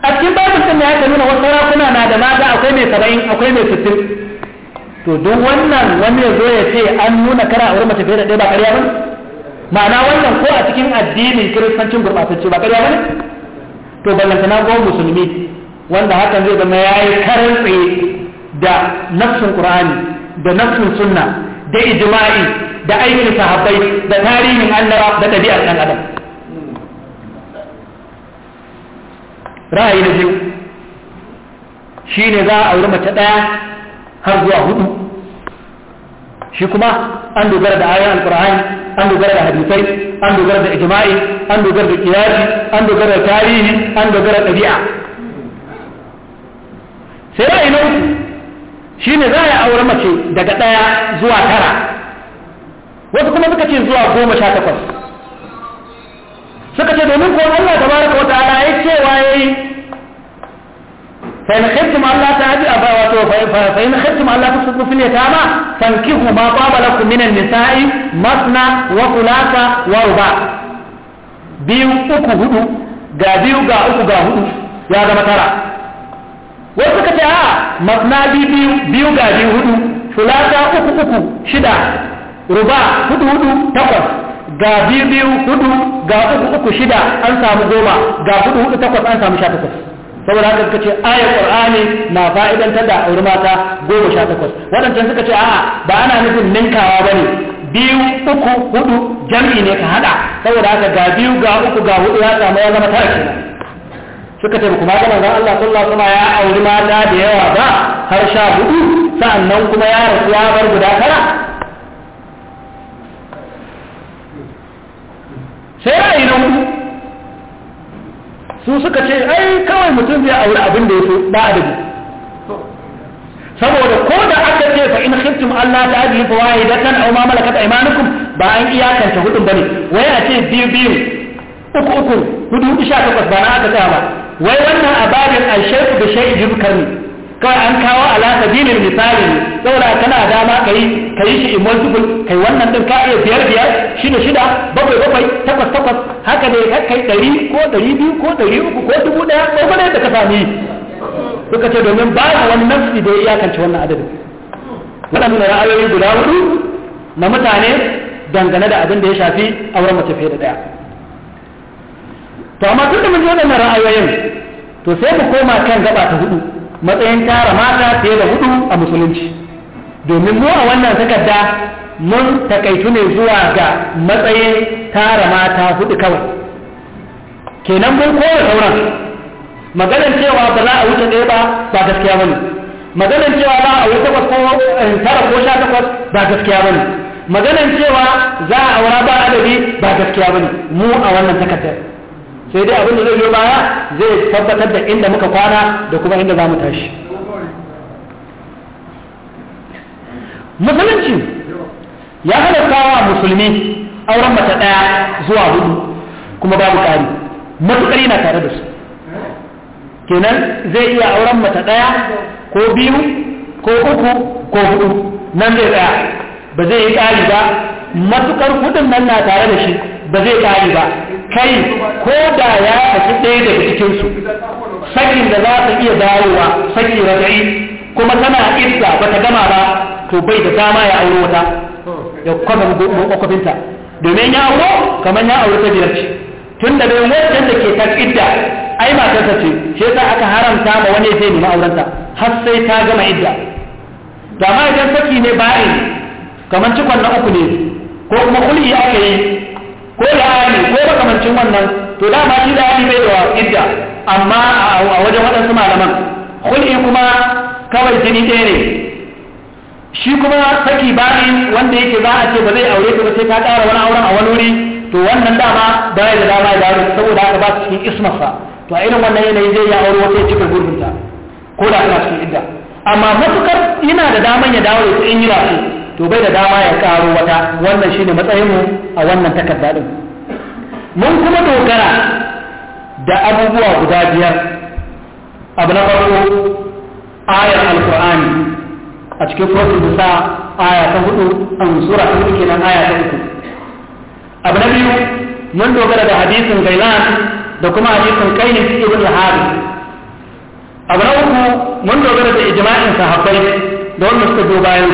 a cikin babu din ne aka nuna wasu rakuna na da mata akwai mai saba'in akwai mai sittin to duk wannan wani ya zo ya ce an nuna kara a wurin mace fiye da ɗaya ba ƙarya ba ma'ana wannan ko a cikin addinin kiristancin gurɓatacce ba ƙarya ba ne to na goma musulmi wanda hakan zai zama ya yi karin tsaye da nafsin ƙur'ani da nassun sunna da ijma'i da aikin sahabbai da tarihin annaba da ɗabi'ar ɗan adam ra'ayi na biyu shine za a auri mace ɗaya har zuwa hudu shi kuma an dogara da ayoyin alkur'ani an dogara da hadisai an dogara da ijma'i an dogara da kiyasi an dogara da tarihi an dogara da ɗabi'a sai ra'ayi na uku shi ne za a yi aure mace daga ɗaya zuwa tara wasu kuma suka ce zuwa goma sha takwas suka ce domin kuwa Allah ta baraka wata ala ya cewa ya yi fa'in khiftum Allah ta haji a bawa to fa'in khiftum Allah ta suku fil yatama ma qaba ku minan nisa'i masna wa thulatha wa ruba biyu uku hudu ga biyu ga uku ga hudu ya zama tara wasu suka ce a masna biyu biyu ga biyu hudu sulata uku uku shida ruba hudu hudu takwas ga biyu biyu hudu ga uku uku shida an samu goma ga hudu hudu takwas an samu sha takwas saboda haka suka ce ayar qur'ani na ta da aure mata goma sha takwas waɗancan suka ce a'a ba ana nufin ninkawa ba ne biyu uku hudu jam'i ne ka hada saboda haka ga biyu ga uku ga hudu ya samu ya zama tara kenan suka ce kuma ga manzon Allah sallallahu alaihi wasallam ya auri mata da yawa ba har sha hudu sannan kuma ya rasu ya bar guda tara sai ra'ayi na hudu su suka ce ai kawai mutum zai auri abin da ya so ba adabi saboda ko da aka ce fa in khiftum Allah ta adli fa wahidatan aw ma malakat aymanukum ba an iyakanta hudun bane wai a ce biyu biyu uku uku hudu sha takwas ba na aka tsaya ba wai wannan abarin alshaiku da shai jirkar ne kawai an kawo alaƙa dinin misali ne saboda kana dama ka yi ka yi shi in multiple kai wannan din ka iya biyar biyar shida shida bakwai bakwai takwas takwas haka ne kai ɗari ko ɗari biyu ko ɗari uku ko dubu ɗaya ko kuma da ka sami suka ce domin ba wani nafsi da ya iyakance wannan adadin waɗannan ra'ayoyi guda hudu na mutane dangane da abin da ya shafi auren mace fiye da ɗaya to amma tun da mun ji waɗannan ra'ayoyin to sai mu koma kan gaba ta hudu matsayin tara mata fiye da hudu a musulunci domin mu a wannan takarda mun takaitu ne zuwa ga matsayin tara mata hudu kawai kenan mun koya sauran maganar cewa ba za a wuce ɗaya ba ba gaskiya bane maganar cewa ba a wuce ko eh, tara ko sha takwas ba gaskiya bane maganar cewa za a aura ba adadi, ba gaskiya bane mu a wannan takardar sai dai abin da zai biyo baya zai tabbatar da inda muka kwana da kuma inda za mu tashi musulunci ya halatta wa musulmi auren mace ɗaya zuwa hudu kuma babu ƙari matuƙar yana tare da su kenan zai iya auren mace ɗaya ko biyu ko uku ko hudu nan zai tsaya ba zai yi ƙari ba matuƙar hudun nan na tare da shi ba zai kare ba kai ko da ya fi ɗaya daga cikinsu sakin da za ta iya dawowa ta yi kuma tana idda ba ta gama ba to bai da dama ya auro wata ya kwanan makwabinta domin ya auro kamar ya auro ta biyar ce tun da bai wajen da ke ta idda ai matarsa ce shi yasa aka haramta ma wani zai nemi aurenta har sai ta gama idda da ma idan saki ne bayan kamar cikon na uku ne ko kuma akayi. aka yi ko ne ko makamancin wannan to dama shi la'ani bai da idda amma a wajen waɗansu malaman hul'i kuma kawai jini ɗaya ne shi kuma saki bani wanda yake za a ce ba zai aure ka ba sai ka ƙara wani auren a wani wuri to wannan dama baya da dama ya dawo saboda haka ba su cikin ismasa to a irin wannan yanayi zai ya aure wata ya cika gurbinta ko da ana cikin idda amma matukar yana da daman ya dawo da su in yi rafi to bai da dama ya karo wata wannan shine matsayinmu a wannan takarda din mun kuma dogara da abubuwa guda biyar abu na farko ayar alkur'ani a cikin suratul nisa aya ta hudu an sura ta hudu kenan aya ta uku abu na biyu mun dogara da hadisin gailan da kuma hadisin kaini ibn al-hari abu na uku mun dogara da ijma'in sahabbai da wanda suka zo bayan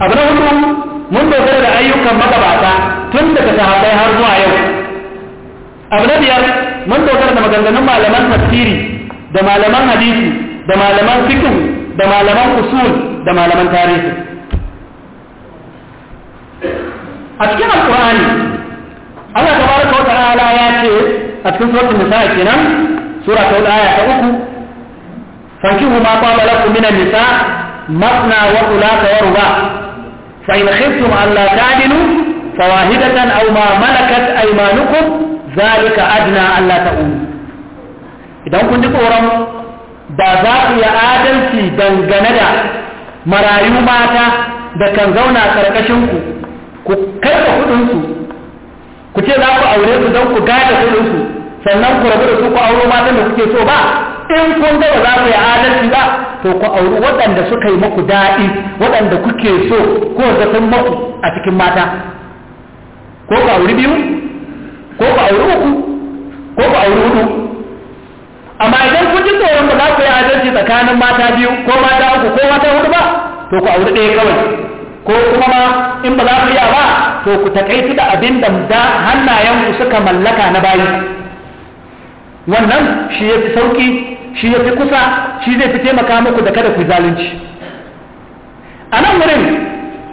abu na hudu mun dogara da ayyukan magabata tun daga sahabbai har zuwa yau abu na biyar mun dogara da maganganun malaman tafsiri da malaman hadisi da malaman fiqh da malaman usul da malaman tarihi a cikin alkur'ani Allah tabaraka wa ta'ala ya ce a cikin suratul nisa kenan sura ta aya ta uku fankihu ma qala lakum minan nisa masna wa thulatha wa ruba' فإن خفتم ألا تعدلوا فواهدة أو ما ملكت أيمانكم ذلك أدنى ألا تؤمنوا إذا كنت قرم بازاق يا آدم في دنجندا marayu mata da kan zauna karkashinku ku karɓa kuɗinsu ku ce za ku aure su don ku gada kuɗinsu sannan ku rabu da su ku auro matan da kuke so ba in kun ga ba za ku yi adalci ba to ku auri waɗanda suka yi muku daɗi waɗanda kuke so ko da sun muku a cikin mata ko ku auri biyu ko ku auri uku ko ku auri hudu amma idan kun ji tsoron ba za ku yi adalci tsakanin mata biyu ko mata uku ko mata hudu ba to ku auri ɗaya kawai ko kuma ma in ba za ku iya ba to ku takaitu da abin da hannayenku suka mallaka na bayi wannan shi ya fi sauƙi shi ya fi kusa shi zai fi taimaka muku da kada ku zalunci a nan wurin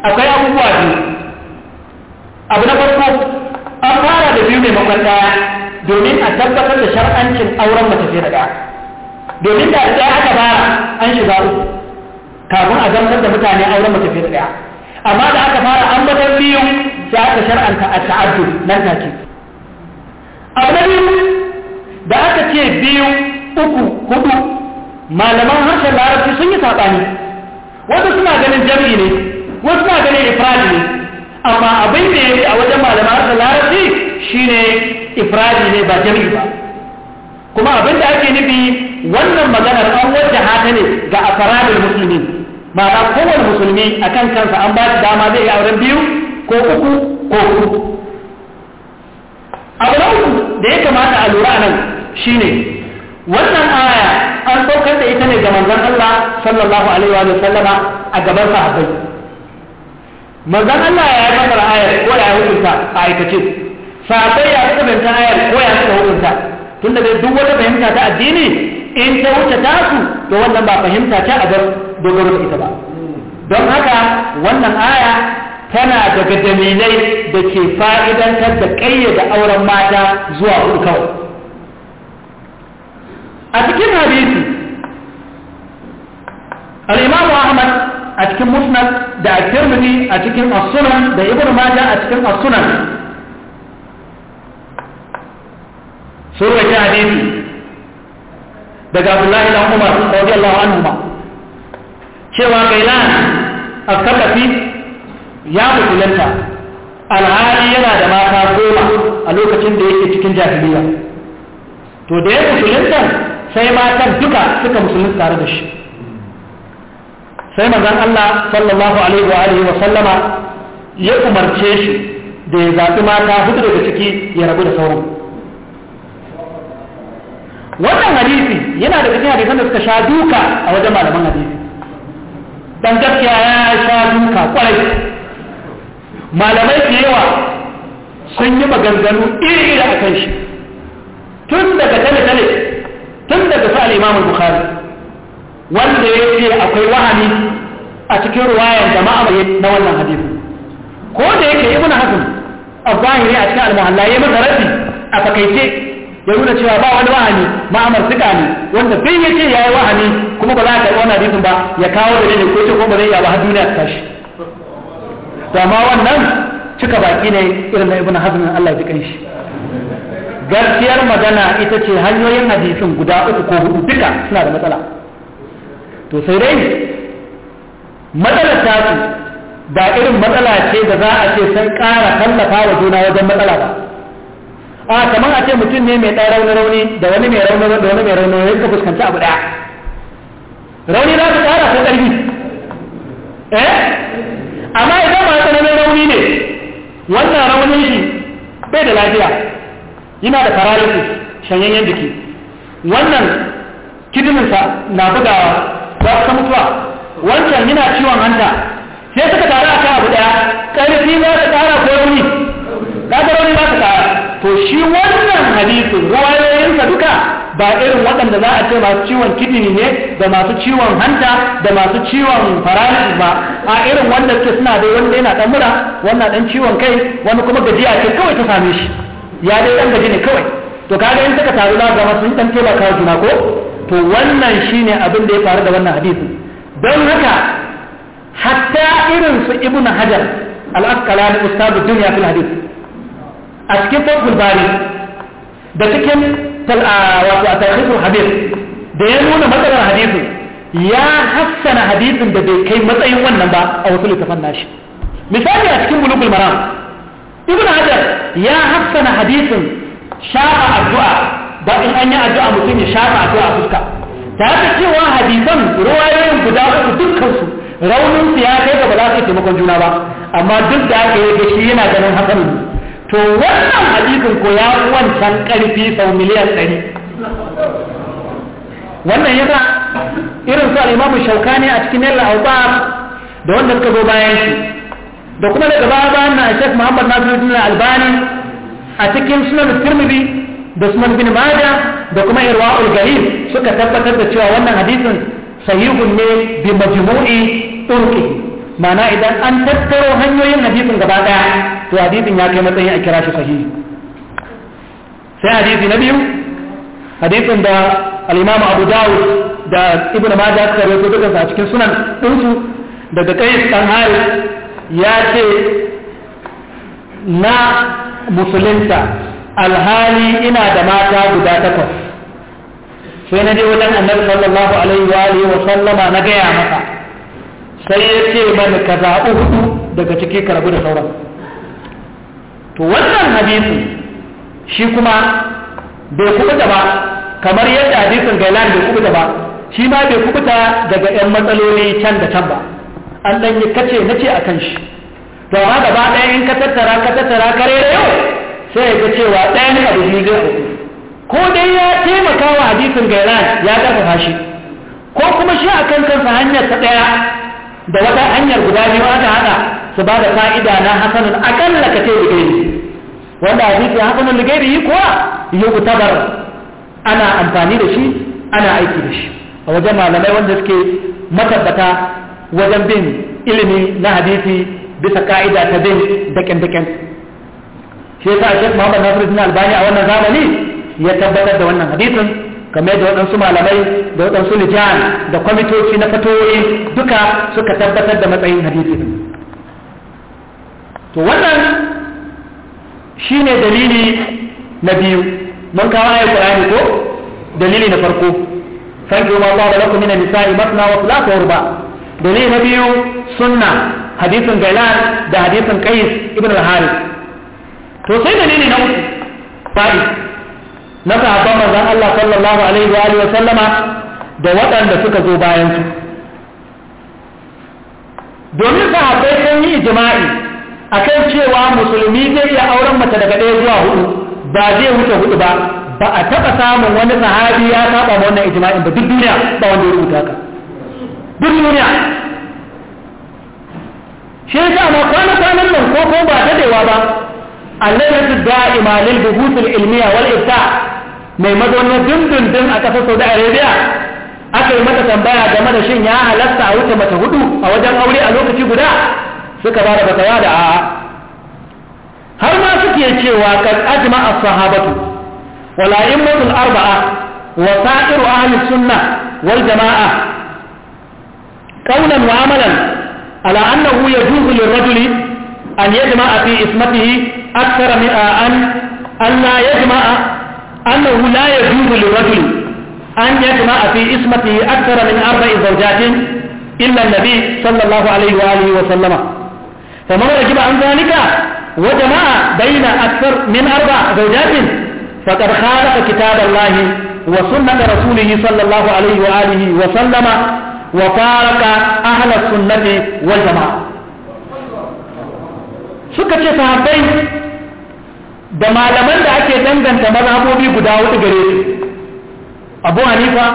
akwai abubuwa biyu abu na farko an fara da biyu maimakon ɗaya domin a tabbatar da shar'ancin auren mace fiye da ɗaya domin da ɗaya aka fara an shiga uku kafin a zartar da mutane auren mace fiye da ɗaya amma da aka fara an batar biyu sai aka shar'anta a ta'addu nan take abu na biyu da aka ce biyu uku hudu malaman harshen larabci sun yi saɓani wasu suna ganin jam'i ne wasu suna ganin ifradi ne amma abin da ya yi a wajen malaman harshen larabci shine ifradi ne ba jam'i ba kuma abin da ake nufi wannan maganar an wajen hata ne ga afaradin musulmi ma'ana kowane musulmi a kan kansa an ba shi dama zai yi auren biyu ko uku ko uku abu uku da ya kamata a lura nan shine wannan aya an saukar da ita ne ga manzon Allah sallallahu alaihi wa sallama a gaban sahabbai manzon Allah ya yi fasara ayar ko ya hukunta a aikace sahabbai ya hukunta ayar ko ya suka hukunta tunda dai duk wata fahimta ta addini in ta wuce tasu to wannan ba fahimta ta a dogaro da ita ba don haka wannan aya tana daga dalilai da ke fa'idantar da ƙayyada auren mata zuwa hudu kawai a cikin hadisi al ahmad a cikin musnad da al tirmidhi a cikin as-sunan da ibnu majah a cikin as-sunan hadisi daga abdullahi dan umar radiyallahu anhu ma cewa kailan al sakafi ya mutunta alhali yana da mata goma a lokacin da yake cikin jahiliya to da ya mutunta sai matan duka suka musulun tare da shi sai mazan Allah sallallahu alaihi wa alihi wa sallama ya umarce shi da ya zaɓi mata hudu daga ciki ya rabu da sauran wannan hadisi yana da cikin hadisan da suka sha duka a wajen malaman hadisi dan gaskiya ya sha duka kwarai malamai da yawa sun yi maganganu iri iri a kan shi tun daga tale-tale tun daga sa al-imam bukhari wanda ya ce akwai wahani a cikin ruwayan jama'a na wannan hadisi ko da yake ibn hazm a zahiri a cikin al-muhalla ya masa raddi a fakaice ya nuna cewa ba wani wahani ma'amar suka ne wanda sai ya ce ya yi wahani kuma ba za a karɓi wannan hadisin ba ya kawo da ne ko ce ko ba zai yaba har duniya ta tashi to amma wannan cika baki ne irin na ibn hazm Allah ya ji kanshi gaskiyar magana ita ce hanyoyin hadisin guda uku ko hudu duka suna da matsala to sai dai matsalar tasu ba irin matsala ce da za a ce sun ƙara tallafa wa juna wajen matsala ba a kamar a ce mutum ne mai ɗan rauni-rauni da wani mai rauni da wani mai rauni ya ka fuskanci abu ɗaya rauni za su ƙara ko ƙarfi eh amma idan ma tsananin rauni ne wannan raunin shi bai da lafiya yana da paralysis shanyayyen jiki wannan kidininsa na bugawa za su mutuwa wancan yana ciwon hanta sai suka tare a kan abu daya ƙarfi za ta tara ko rauni ƙadarori za ta tara to shi wannan hadisin ruwayoyinsa duka ba irin waɗanda za a ce masu ciwon kidini ne da masu ciwon hanta da masu ciwon paralysis ba a irin wanda suke suna dai wanda yana ɗan mura wannan ɗan ciwon kai wani kuma gajiya ce kawai ta same shi ya dai dan gaji ne kawai to kaga in suka taru za ga sun dan taimaka juna ko to wannan shine abin da ya faru da wannan hadisi don haka hatta irin su ibnu hajar al-asqalani ustadu dunya fil hadith a cikin fokul bari da cikin wato a tarihin hadith da ya nuna matsalar hadisi ya hassana hadisin da bai kai matsayin wannan ba a wasu littafan nashi misali a cikin bulugul maram ibn hajar ya hassana hadisin shafa addu'a da in an yi addu'a mutum ya shafa addu'a fuska da haka cewa hadisan ruwayoyin guda uku dukkan su raunin su ya kai ga ba za su taimakon juna ba amma duk da aka yi gashi yana ganin hakan to wannan hadisin ko ya wancan karfi sau miliyan ɗari wannan yasa irin su al-imamu shaukani a cikin yalla da wanda suka zo bayan shi da kuma daga baya bayan na Sheikh Muhammad Nasiruddin Albani a cikin Sunan Tirmidhi da Sunan Ibn Majah da kuma Irwaul Galil suka tabbatar da cewa wannan hadisin sahihun ne bi majmu'i turki ma'ana idan an tattaro hanyoyin hadisin gaba daya to hadisin ya kai matsayin a kira shi sahihi sai hadisi na biyu hadisin da al-Imam Abu Dawud da Ibn Majah suka rawaito dukansu cikin sunan ɗinsu daga kai dan Harith ya ce na musulunta alhali ina da mata guda takwas sai na je wajen annabi sallallahu alaihi wa alihi wa sallama na gaya maka sai ya ce mani ka zaɓi hudu daga ciki ka rabu da sauran to wannan hadisi shi kuma bai kubuta ba kamar yadda hadisin gailan bai kubuta ba shi ma bai kubuta daga 'yan matsaloli can da can ba an dan yi kace nace akan shi to amma gaba ɗaya in ka tattara ka tattara kare yau sai ga cewa ne abu ne zai hudu ko dai ya taimaka wa hadisin gairan ya karfafa shi ko kuma shi a kan kansa hanyar ta ɗaya da wata hanyar guda biyu aka haɗa su ba da fa'ida na hasanun akalla ka ce ligairi wanda hadisi hasanun yi kuwa yi utabar ana amfani da shi ana aiki da shi a wajen malamai wanda suke matabbata wajen bin ilimi na hadisi bisa ka'ida ta bin daken daken shi yasa Sheikh Muhammad Nasiruddin Albani a wannan zamani ya tabbatar da wannan hadisin kamar da waɗansu malamai da waɗansu lijan da kwamitoci na fatoyi duka suka tabbatar da matsayin hadisi to wannan shine dalili na biyu mun kawo ayar Qur'ani ko dalili na farko fanki ma ba da lakum min nisa'i masna wa thulatha wa ruba' dalili na biyu sunna hadisin gailan da hadisin qais ibn al-harith to sai dalili na uku na sahabban manzon Allah sallallahu alaihi wa wa sallama da waɗanda suka zo bayan su domin sahabbai sun yi a akan cewa musulmi zai iya auren mace daga ɗaya zuwa hudu ba zai wuce hudu ba ba a taɓa samun wani sahabi ya saba wannan ijma'in ba duk duniya ba wanda ya rubuta ka duk duniya shi yasa ma kwana kwanan nan ko ko ba dadewa ba allatu da'ima lil buhut al ilmiya wal ibta mai mazaunin dindindin a kasar Saudi Arabia aka yi mata tambaya game da shin ya halatta a wuce mata hudu a wajen aure a lokaci guda suka ba da fatawa da a har ma suke cewa kan ajma as-sahabatu wala immatul arba'a wa sa'iru ahli sunnah wal jama'a قولا وعملا على أنه يجوز للرجل أن يجمع في اسمته أكثر من أن أن لا يجمع أنه لا يجوز للرجل أن يجمع في اسمته أكثر من أربع زوجات إلا النبي صلى الله عليه وآله وسلم فمن رجب عن ذلك وجمع بين أكثر من أربع زوجات فقد خالف كتاب الله وسنة رسوله صلى الله عليه وآله وسلم وفارق أهل السنة والجماعة suka ce sahabbai da malaman da ake danganta mazhabobi guda hudu gare su Abu Hanifa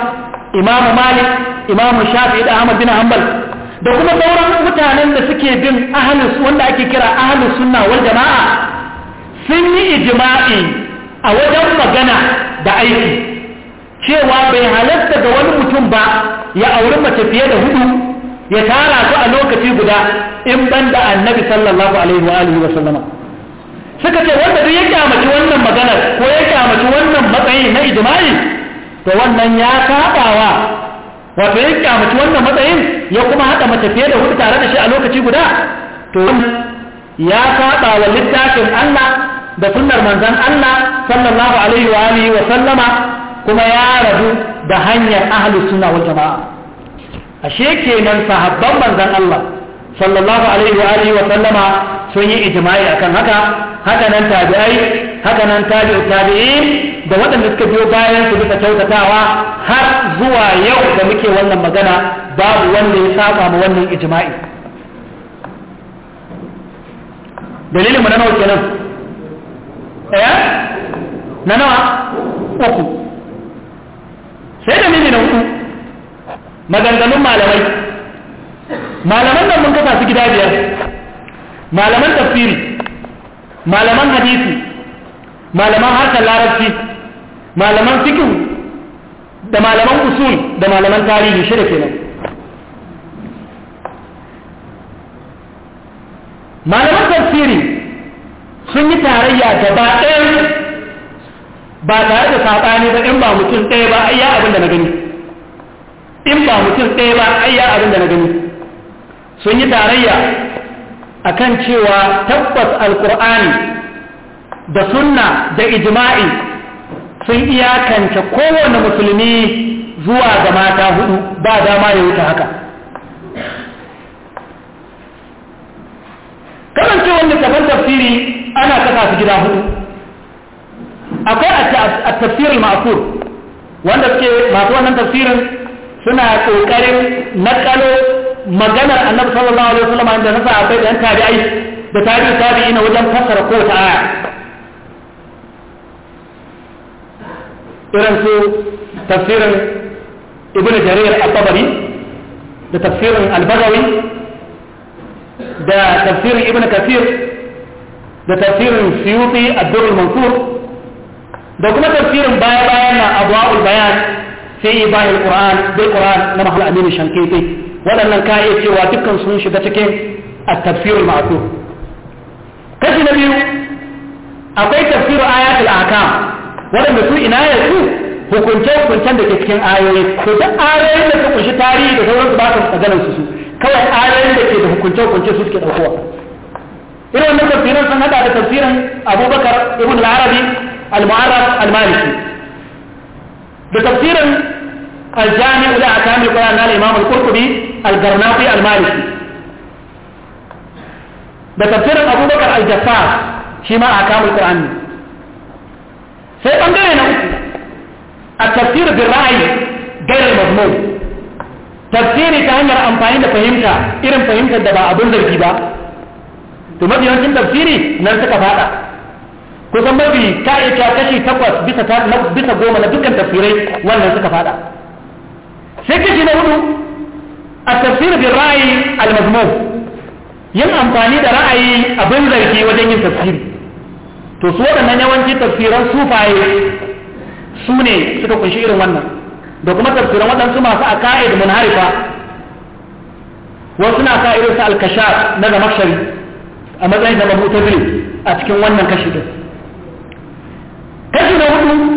Imam Malik Imam Shafi'i da Ahmad bin Hanbal da kuma sauran mutanen da suke bin ahlus wanda ake kira ahlus sunna wal jama'a sun yi ijma'i a wajen magana da aiki cewa bai halatta ga wani mutum ba ya auri mace fiye da hudu ya tara su a lokaci guda in ban da annabi sallallahu alaihi wa alihi wa sallama suka ce wanda duk ya kyamaci wannan maganar ko ya kyamaci wannan matsayi na ijma'i to wannan ya sabawa wato ya kyamaci wannan matsayin ya kuma hada mace fiye da hudu tare da shi a lokaci guda to ya saba littafin Allah da sunnar manzon Allah sallallahu alaihi wa alihi wa sallama kuma ya rabu da hanyar ahlus sunna wal jama'a ashe kenan sahabban manzon Allah sallallahu alaihi wa wa sallama sun yi ijma'i akan haka haka nan tabi'ai haka nan tabi'u tabi'in da waɗanda suka biyo bayan su bisa kyautatawa har zuwa yau da muke wannan magana babu wanda ya saba ma wannan ijma'i dalilin mu na nawa kenan eh na nawa uku sai dalili na hudu maganganun malamai malaman nan mun kafa su gida biyar malaman tafsiri malaman hadisi malaman harkar larabci malaman fikin da malaman usul da malaman tarihi shida kenan malaman tafsiri sun yi tarayya gaba ɗaya ba tare da saɓani ba in ba mutum ɗaya ba ayya abin na gani in ba mutum ɗaya ba ayya abin na gani sun yi tarayya akan cewa tabbas alkur'ani da sunna da ijma'i sun iyakance kowane musulmi zuwa ga mata hudu ba dama ya wuce haka karancewar littafin tafsiri ana kasa su gida hudu tafsir al-ma'qul wanda suke masu wannan tafsirin suna kokarin nakalo maganar annabi sallallahu alaihi wasallam da nasa abai da tabi'ai da tabi'i tabi'in wajen fassara ko ta aya irin su tafsirin ibn jarir at-tabari da tafsirin al-bagawi da tafsirin ibn kathir da tafsirin suyuti ad-durr al-mansur da kuma tafsirin baya bayan na abwaul bayan sai ibahil qur'an bil qur'an na mahal amin shankiti waɗannan ka iya cewa dukkan sun shiga cikin at-tafsirul ma'qul kashi na biyu akwai tafsirin ayatul ahkam waɗanda su ina ya su hukunce hukuncen da ke cikin ayoyi ko duk ayoyin da su kunshi tarihi da sauransu ba su maganar su su kawai ayoyin da ke da hukunce hukunce su suke ɗaukowa irin wannan tafsirin sun haɗa da tafsirin abubakar ibn al-arabi المعرف المالكي بتفسير الجامع الى احكام القرآن الإمام القرطبي الجرناطي المالكي بتفسير أبو بكر الجفار فيما أحكام القرآن سيبندرنا التفسير بالرأي غير المضمون تفسيري ta hanyar amfani فهمت fahimta فهمت fahimtar da ba abin zargi ba to mafi kusan mafi ta iya kashi takwas bisa bisa goma na dukkan tafsirai wannan suka fada sai kashi na hudu a tafsir bin ra'ayi al-mazmum yin amfani da ra'ayi abin zargi wajen yin tafsiri to su waɗannan yawanci tafsiran sufaye su ne suka kunshi irin wannan da kuma tafsiran waɗansu masu a ka'id munharifa wasu na sa irin su al na zamakshari a matsayin da mabutar a cikin wannan kashi din kashi na hudu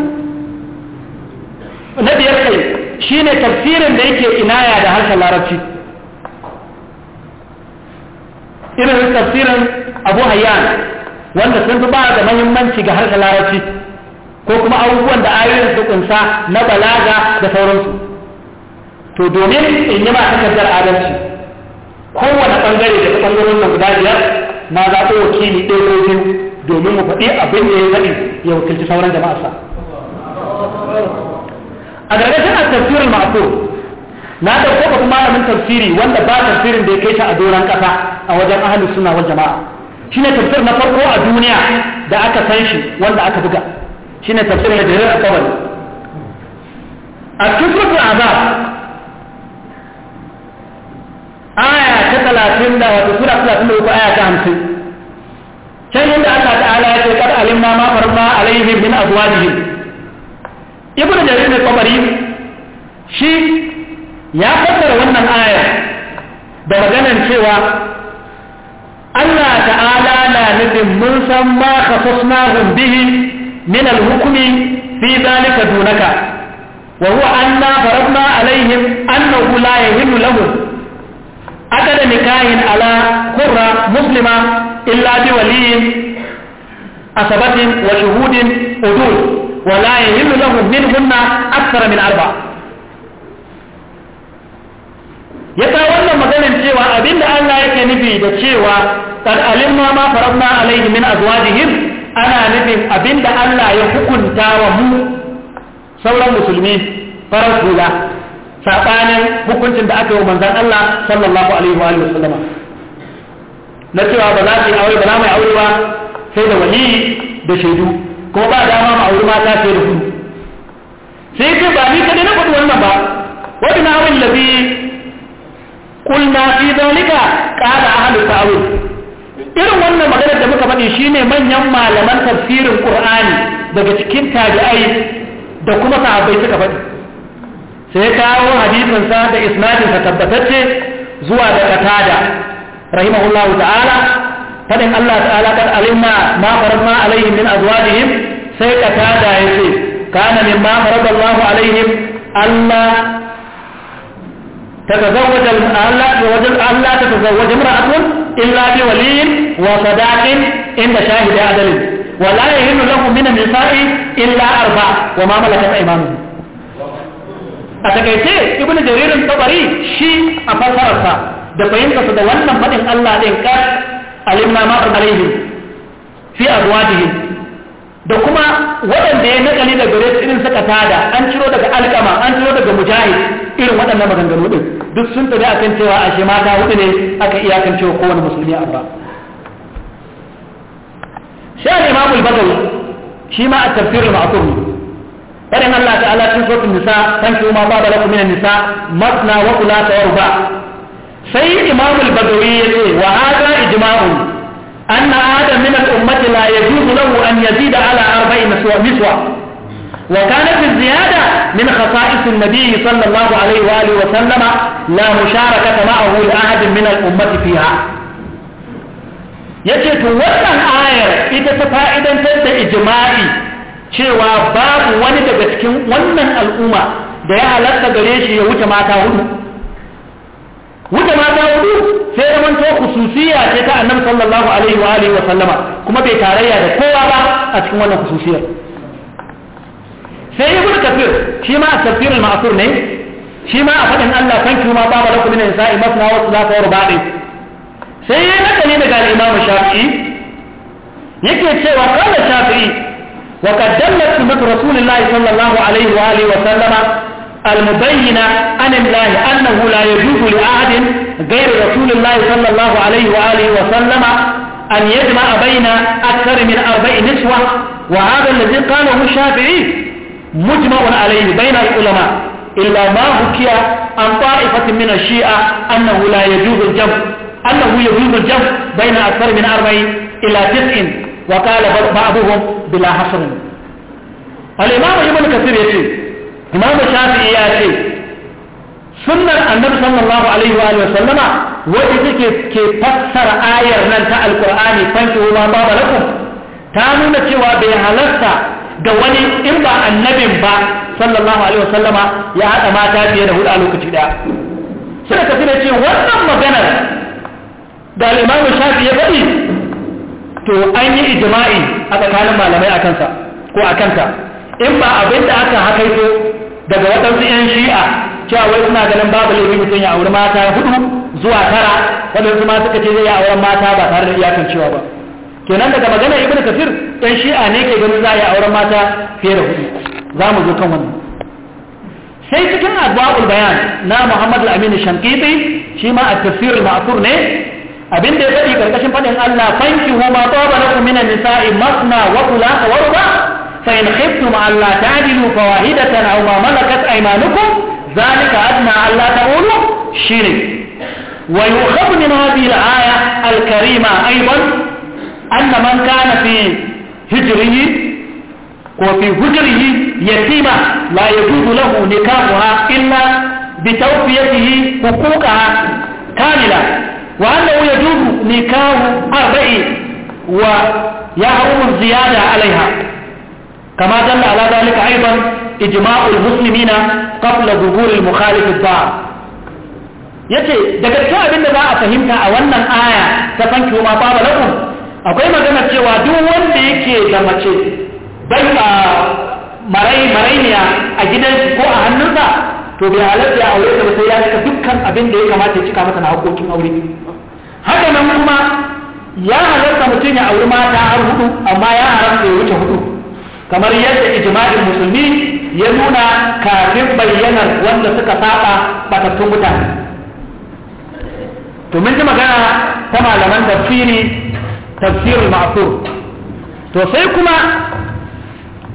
na biyar kai ne tafsirin da yake inaya da harshen larabci irin tafsirin abu hayyan wanda sun fi ba da mahimmanci ga harshen larabci ko kuma abubuwan da ayoyin su kunsa na balaga da sauransu to domin in yi ma takardar adalci kowane bangare da bangarorin guda biyar na zaɓo wakili ɗaya ko biyu domin mu faɗi abin da ya faɗi ya wakilci sauran jama'arsa a gargashin a tafsirin ma'aso na da ko kuma malamin tafsiri wanda ba tafsirin da ya kai ta a doron ƙasa a wajen ahalin suna wal jama'a shine tafsir na farko a duniya da aka san shi wanda aka buga shine ne tafsir jirar akawari a cikin azab aya ta talatin da wato sura talatin da uku aya ta hamsin Sai yadda Allah ta'ala ya ce kad alimna ma farma alaihim min azwajihim ibnu jarir ne tabari shi ya fassara wannan aya da maganar cewa Allah ta'ala na nufin mun san ma khasasnahum bihi min al-hukmi fi dhalika dunaka wa huwa anna faradna alaihim annahu la yahillu lahum أكد نكاح على قرة مسلمة إلا بولي أصبت وشهود أدول ولا يهم له منهن أكثر من أربع ya ta wannan maganin cewa abinda Allah yake nufi da cewa qad alimna ma faradna alaihi min azwajihim ana nufin abinda Allah ya hukunta wa mu sauran musulmi farar hula sabanin hukuncin da aka yi wa manzan Allah sallallahu alaihi wa alihi wasallama na cewa ba za su yi aure ba za mu yi aure ba sai da wali da shaidu kuma ba dama ma aure mata sai da su sai ce ba ni kadai na faɗi wannan ba wani abin da bi kulna fi zalika qala ahlu ta'awil irin wannan maganar da muka faɗi shine manyan malaman tafsirin qur'ani daga cikin tabi'ai da kuma sahabbai suka faɗi sai kawo hadisin sa da isnadin sa tabbatacce zuwa da katada rahimahullah ta'ala fadin Allah ta'ala kad alimna ma faradna alaihim min azwajihim sai katada yace kana mimma faradallahu alaihim Allah تتزوج ألا تتزوج ألا تتزوج امرأة إلا بولي وصداق عند شاهد عدل ولا يهن له من النساء إلا أربع وما ملكت أيمانه a takaice ibnu jaririn tabari shi a fasararsa da fahimtarsa da wannan faɗin Allah ɗin kar alimna ma alaihi fi azwajihi da kuma waɗanda ya nakali da gare irin suka tada an ciro daga alkama an ciro daga mujahid irin waɗannan maganganu ɗin duk sun a akan cewa ashe mata hudu ne aka iya kan cewa kowane musulmi ba shi al-imamul bagawi shi ma a tafsirul ma'thur فإن الله تعالى في النساء تنكوا ما باب لكم من النساء مثنى وثلاث ورباع سي إمام البدوي وهذا إجماع أن آدم من الأمة لا يجوز له أن يزيد على أربع نسوة نسوة وكانت الزيادة من خصائص النبي صلى الله عليه وآله وسلم لا مشاركة معه لأحد من الأمة فيها يجب وقتا آية إذا تفائدا تنسى إجماعي cewa babu wani daga cikin wannan al'umma da ya halatta gare shi ya wuce mata hudu wuce mata hudu sai ya manto khususiya ce ta annabi sallallahu alaihi wa alihi wa sallama kuma bai tarayya da kowa ba a cikin wannan khususiyar sai ibnu kafir shi ma tafsir al-ma'thur ne shi ma a fadin Allah sanki ma baba lakum min nisa'i masna wa thulatha wa ruba'i sai ya nakali daga al-imam shafi'i yake cewa qala shafi'i وقد دلت سنة رسول الله صلى الله عليه وآله وسلم المبينة عن الله أنه لا يجوز لأحد غير رسول الله صلى الله عليه وآله وسلم أن يجمع بين أكثر من أربع نسوة وهذا الذي قاله الشافعي مجمع عليه بين العلماء إلا ما حكي عن طائفة من الشيعة أنه لا يجوز الجمع أنه يجوز الجمع بين أكثر من أربع إلى تسع wa qala ba'dhum bila hasrin al-imam ibn kasir yace imam shafi'i ya ce sunnar annabi sallallahu alaihi wa sallama wanda take ke fassara ayar nan ta alqur'ani fanki ma baba lakum ta nuna cewa bai halarta da wani in ba annabin ba sallallahu alaihi wa sallama ya haɗa mata fiye da hudu a lokaci ɗaya. suka tafi da ce wannan maganar da al'imamu shafi ya faɗi to an yi ijma'i a tsakanin malamai a kansa ko a kanta in ba abin da aka hakaito daga waɗansu 'yan shi'a cewa wai suna ganin babu laifin mutum ya auri mata hudu zuwa tara waɗansu ma suka ce zai yi auren mata ba tare da iyakan cewa ba kenan daga magana ibnu kasir yan shi'a ne ke ganin za a yi auren mata fiye da hudu za mu zo kan wannan sai cikin abuwa bayan na Muhammadu Aminu amin Shankiti shi ma a tafsir ma'asur ne abin da ya faɗi karkashin faɗin Allah fanki huma tawaba lakum min an nisa'i masna wa kula wa ruba fa in khiftum alla ta'dilu fawahidatan aw ma malakat aymanukum zalika adna alla ta'ulu shine wa yukhab min hadhihi al-aya al-karima aidan anna man kana fi hijrihi وفي هجره يتيمة لا يجوز له نكاحها إلا بتوفيته حقوقها kamila وأنه يجوز نكاح الرئي ويحرم الزيادة عليها كما دل على ذلك أيضا إجماع المسلمين قبل ظهور المخالف الضار yace daga cikin abin da za a fahimta a wannan aya ta fanki ma ba akwai magana cewa duk wanda yake da mace bai a ah, marai marainiya a gidan gidansu ko a hannunsa to bai halatta ya aure ta ba sai ya cika dukkan abin da ya kamata ya cika masa na haƙoƙin aure haka nan kuma ya halatta mutum ya auri mata har hudu amma ya haramta ya wuce hudu kamar yadda ijma'in musulmi ya nuna kafin bayyana wanda suka saba batattun mutane to mun ji magana ta malaman tafsiri tafsirul ma'sur to sai kuma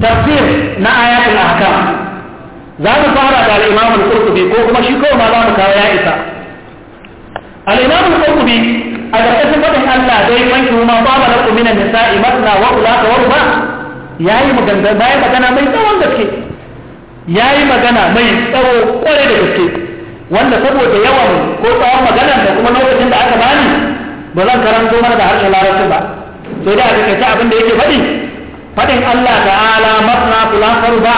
tafsir na ayatul ahkam za mu fara da al-imam al-qurtubi ko kuma shi kawai ma za mu kawo ya isa al-imam al-qurtubi a ƙarƙashin faɗin Allah dai man ma baba na ku minan nisa'i matna wa ulaka wa ruba yayi maganda bai magana mai tsawon gaske yayi magana mai tsawo kware da gaske wanda saboda yawan ko tsawon magana da kuma lokacin da aka bani ba zan karanto mana da harshen larabci ba sai dai a takaice abin da yake faɗi Fadin Allah ta'ala masna kula ba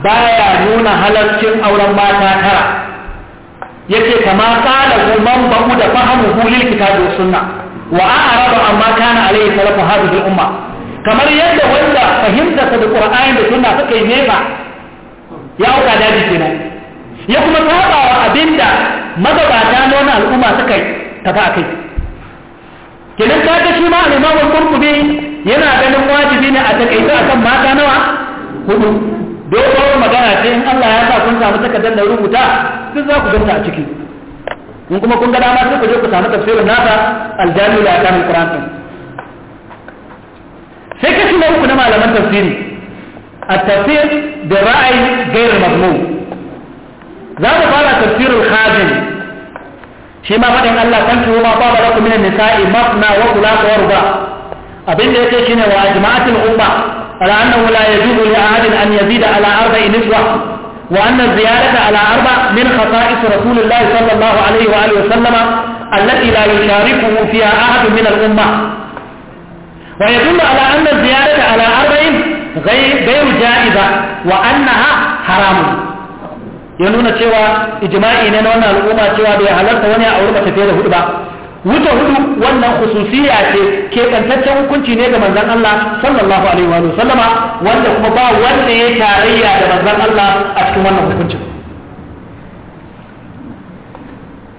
baya nuna halarcin auren mata tara yake kama kala man ba'u da fahimu hulil kitabu sunna wa a'rabu amma kana alayhi salafu hadhihi umma kamar yadda wanda fahimta da qur'ani da sunna suka yi nema ya auka daji kenan ya kuma saba wa abinda magabata na wannan al'umma suka yi ta kai kenan kaga shi ma al ma al yana ganin wajibi ne a takaita akan mata nawa hudu dokar magana ce in Allah ya sa kun samu takardar da rubuta duk za ku ganta a ciki in kuma kun ga dama sai ku je ku samu tafsirin nasa aljami da akan Qur'an din sai kashi na uku na malaman tafsiri at-tafsir da ra'ayi gairar mazmum za mu fara tafsirin khazin shi ma faɗin Allah kan tuwo ma ba min nisa'i masna wa thulatha wa abin da yake shine wa jama'atul umma ala annahu la yajuzu li ahadin an yazida ala arba'i niswa wa anna ziyadata ala arba' min khata'is rasulillahi sallallahu alaihi wa alihi wa sallama allati la yusharikuhu fiha ahadun min al-umma ويدل على أن الزيادة على أربع غير, غير جائزة وأنها حرام ya nuna cewa ijma'i ne na wannan al'umma cewa bai halarta wani a wurin tafiye da hudu ba wuta hudu wannan khususiya ce kantaccen hukunci ne ga manzan Allah sallallahu alaihi wa sallama wanda kuma ba wanda ya tarayya da manzon Allah a cikin wannan hukuncin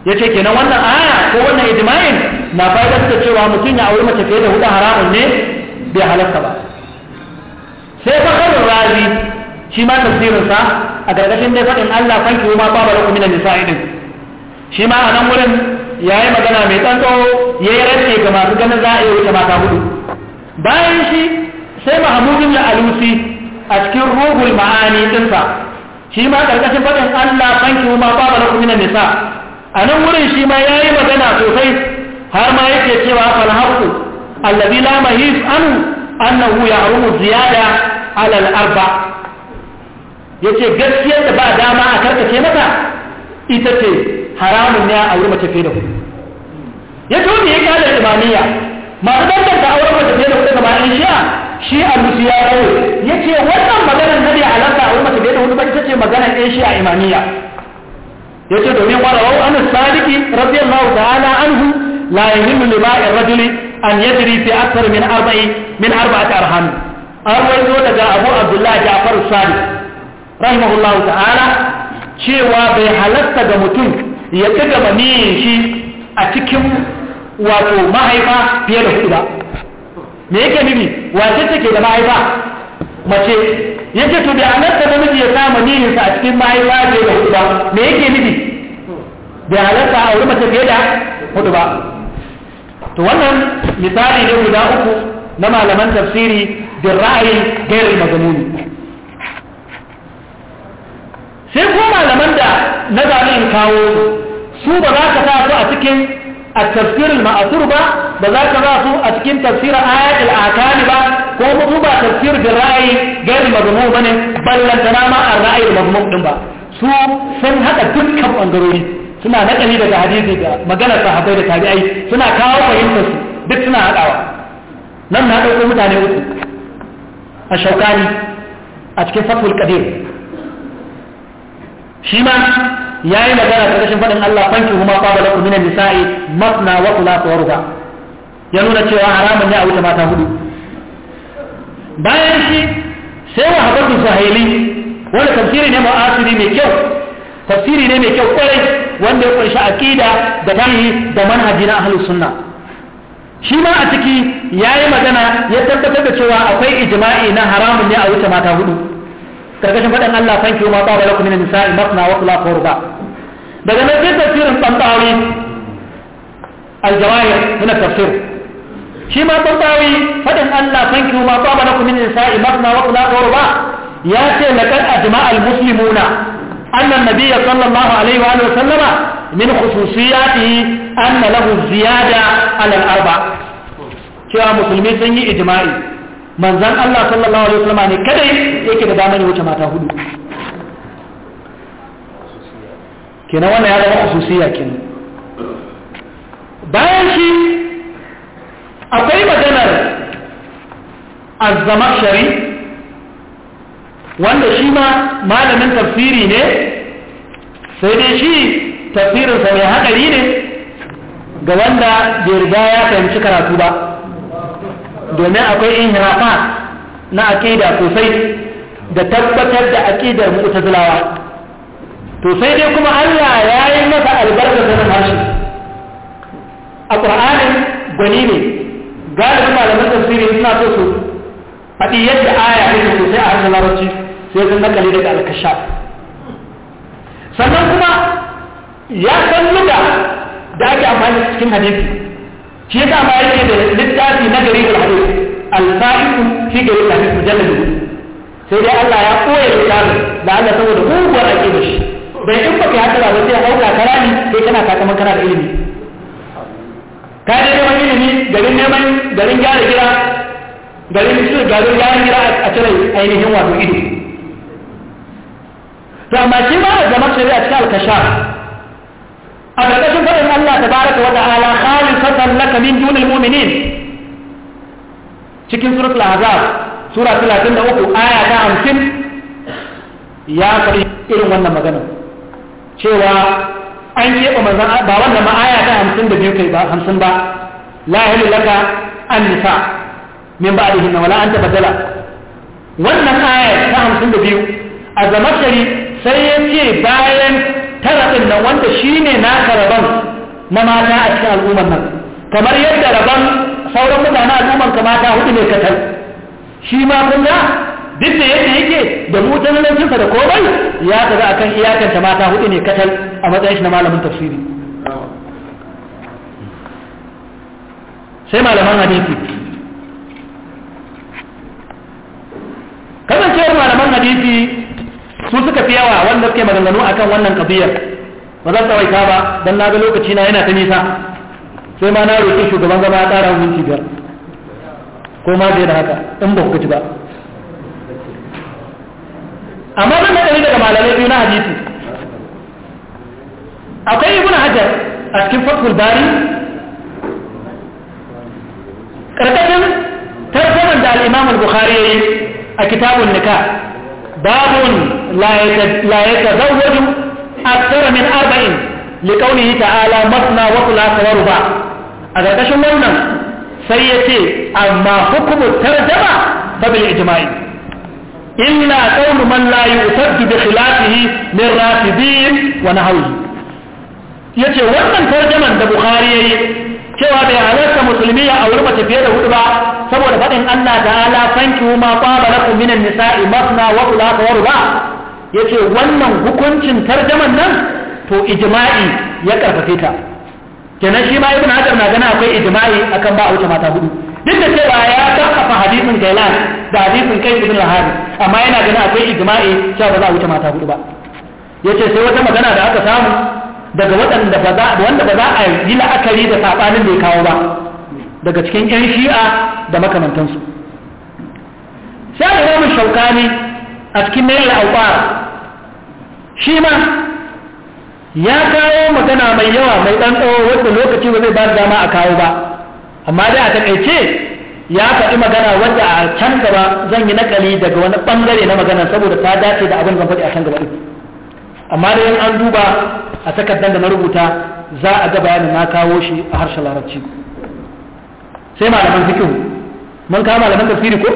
yace kenan wannan aya ko wannan ijma'in na faidar da cewa mutum ya auri mace fiye da hudu haramun ne bai halarta ba sai fakarun razi shi ma tasirinsa a gargashin dai faɗin Allah fanki ma babu lakum minan nisa idin shi ma a nan wurin ya yi magana mai tsanto ya yi rance ga masu ganin za a iya wuce mata hudu bayan shi sai mahamudin alusi a cikin ruhul ma'ani ɗinsa shi ma ƙarƙashin faɗin allah banki ma ba ba lakum nisa a nan wurin shi ma ya yi magana sosai har ma yake cewa falhaku allazi la mahis anu annahu ya'rumu ziyada ala al-arba yace gaskiyar da ba dama a karkace mata ita ce haramun ne a wurin mace fiye da hudu ya ce wani ya kyale imamiyya masu danganta a wurin mace fiye da hudu gaba ɗan shi'a shi a musu ya kawo ya ce wannan maganar nabi a halarta a wurin mace fiye da hudu ba ita ce maganar ɗan shi'a imamiyya ya ce domin wau an sadiki radiyallahu ta'ala anhu la yahillu lima'in rajuli an yadri fi akthar min arba'i min arba'ati arham an waito daga abu abdullahi ja'far sadiq rahimahullahu ta'ala cewa bai halatta ga mutum ya ci gaba maniyin shi a cikin wato mahaifa fiye da hudu ba me yake nufi wace take da mahaifa mace yake to da halatta namiji ya sa a cikin mahaifa fiye da hudu ba me yake nufi da halatta a wuri mace fiye da hudu ba to wannan misali ne guda uku na malaman tafsiri da ra'ayin gairin mazamuni sai ko malaman da na zaɓi in kawo su ba za ka sa su a cikin a tafsirin ma'asur ba ba za ka sa su a cikin tafsirin ayatul akali ba ko mutu ba tafsir da ra'ayi gari mazmum bane ballantana ma a ra'ayi mazmum din ba su sun haɗa dukkan ɓangarori suna naƙali daga hadisi da maganar sahabbai da tabi'ai suna kawo fahimtar su duk suna haɗawa nan na ɗauko mutane uku a shaukani a cikin fatul qadir shi ma ya yi magana ta rashin faɗin Allah fanki kuma ba da kuma nisa'i masna wa kula ta waruka ya nuna cewa haramun ne a wuce mata hudu bayan shi sai wa habatu sahili wanda tafsiri ne mu'asiri mai kyau tafsiri ne mai kyau kwarai wanda ya kunshi aƙida, da tarihi da manhaji na ahlus sunna shi ma a ciki yayi magana ya tabbatar da cewa akwai ijma'i na haramun ne a wuce mata hudu karkashin faɗin Allah san ki ma ta da lakum min nisa'i masna wa thulatha wa ruba daga nan sai tafsirin tantawi al-jawahir min tafsir shi ma tantawi faɗin Allah san ki ma ta da lakum min nisa'i masna wa thulatha wa ruba ya ce laqad ajma'a al-muslimuna anna an-nabiy sallallahu alaihi wa alihi wa sallama min khususiyatihi anna lahu ziyada ala al-arba cewa musulmi sun yi ijma'i manzan Allah sallallahu alaihi wasallam ne kada yake da damar wuce mata hudu kenan wannan ya zama khususiyya kenan bayan shi akwai maganar azzama shari. wanda shi ma malamin tafsiri ne sai dai shi tafsirinsa mai haɗari ne ga wanda bai riga ya fahimci karatu ba domin akwai inhirafa na aƙida sosai da tabbatar da aƙidar zulawa to sai dai kuma Allah ya yi masa albarka sanin harshe a ƙur'anin gwani ne galibin malaman tafsiri suna so su faɗi yadda aya ne sosai a harshen larabci sai sun nakali daga alkasha sannan kuma ya san da ake amfani cikin hadisi shi yasa ma yake da littafi na gari da hadis alfa'iku faiqu fi gari da hadis mujallad sai dai Allah ya koya littafin da Allah saboda ake da shi bai in baka yi ba sai hauka karani sai kana sakamakon kana da ilimi ka je neman ilimi garin neman garin gyara gida garin su garin gyara gida a cire ainihin wato ido to amma shi ma da zama shari'a cikin alkashar a ƙarƙashin faɗin Allah ta baraka wa ta'ala khalisatan laka min dunil mu'minin cikin suratul ahzab sura 33 aya ta 50 ya faɗi irin wannan magana cewa an keɓe manzon ba wannan ma aya ta biyu kai ba 50 ba la ilaha laka an nisa min ba'dihinna wala anta badala wannan aya ta 52 a zamakari sai ya ce bayan tara ɗin nan wanda shi ne naka rabon na mata a cikin al'ummar nan kamar yadda rabon sauran mutane al'ummar ka mata hudu ne katal shi ma kun ga duk da yadda yake da mutanancinsa da komai ya tafi akan iyakanta mata hudu ne katal a matsayin shi na malamin tafsiri sai malaman hadisi kasancewar malaman hadisi su suka fi yawa wanda suke maganganu kan wannan kabiyar ba zan tsawaita ba don na ga lokaci na yana ta nisa sai ma na roƙi shugaban zama ya ƙara hukunci biyar ko ma zai da haka in ba ku ba amma zan naɗari daga malamai biyu na hadisi akwai ibn hajar a cikin fatul bari ƙarƙashin tarjaman da alimamun al-bukhari ya yi a kitabun Nika. باب لا يتزوج أكثر من أربعين لقوله تعالى مثنى وثلاث ورباع أذا كشم ولنا سيتي أما حكم الترجمة فبالإجماع إلا قول من لا يؤتد بخلافه من رافدين ونهوه yace wannan tarjaman da bukhari yayi cewa bai halarta musulmi ya auri mace fiye da hudu ba saboda faɗin Allah ta'ala sanki ma qaba lakum minan nisa'i masna wa thulatha ba? Ya yace wannan hukuncin tarjaman nan to ijma'i ya karfafe ta kenan shi ma ibn hajar na gana akwai ijima'i akan ba a wuce mata hudu duk da cewa ya kafa hadisin gailan da hadisin kai ibn al-hadi amma yana gana akwai ijima'i cewa ba za a wuce mata hudu ba yace sai wata magana da aka samu daga waɗanda ba za wanda ba za a yi la'akari da saɓanin da ya kawo ba daga cikin 'yan shi'a da makamantansu sai da ramin shaukani a cikin mai al'auƙar shi ma ya kawo magana mai yawa mai ɗan tsawo wadda lokaci ba zai ba da dama a kawo ba amma dai a taƙaice ya faɗi magana wadda a can gaba zan yi nakali daga wani ɓangare na magana saboda ta dace da abin zan faɗi a can gaba amma dai an duba a takardar da na rubuta za a ga bayanin na kawo shi a harshen larabci sai malaman fikihu mun kawo malaman tafsiri ko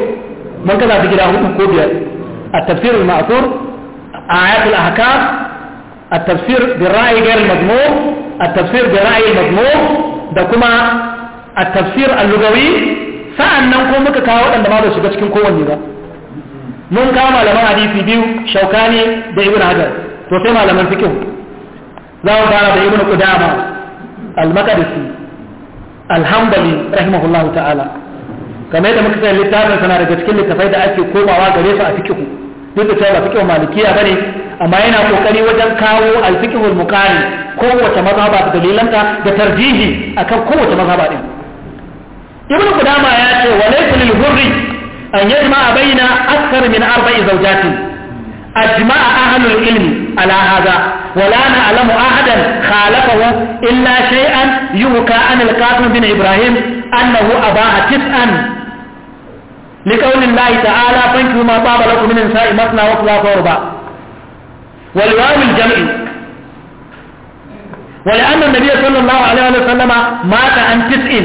mun kaza ta gida hudu ko biyar a tafsirin ma'asur a ayatul ahkam a tafsir da ra'ayi gairar mazmur a tafsir da ra'ayi mazmur da kuma a tafsir allugawi sa'an nan ko muka kawo waɗanda ma ba shiga cikin kowanne ba mun kawo malaman hadisi biyu shaukani da ibn hajar to sai malaman fikihu za mu fara da ibnu qudama al-maqdisi al-hanbali rahimahullahu ta'ala kamar yadda muka sani littafin sana daga cikin littafai da ake komawa gare su a fikihu duk da cewa ba fikihu malikiya bane amma yana kokari wajen kawo al-fiqhul muqari kowace mazhaba da dalilanta da tarjihi akan kowace mazhaba din ibnu qudama ya ce wa laysa lil hurri an yajma'a baina akthar min arba'i zawjatin أجمع أهل العلم على هذا ولا نعلم أحدا خالفه إلا شيئا يبكى عن القاسم بن إبراهيم أنه أباها تسعا لقول الله تعالى فانكروا ما طاب لكم من النساء مثنى وثلاث ورباع والواو الجمع ولأن النبي صلى الله عليه وسلم مات عن تسع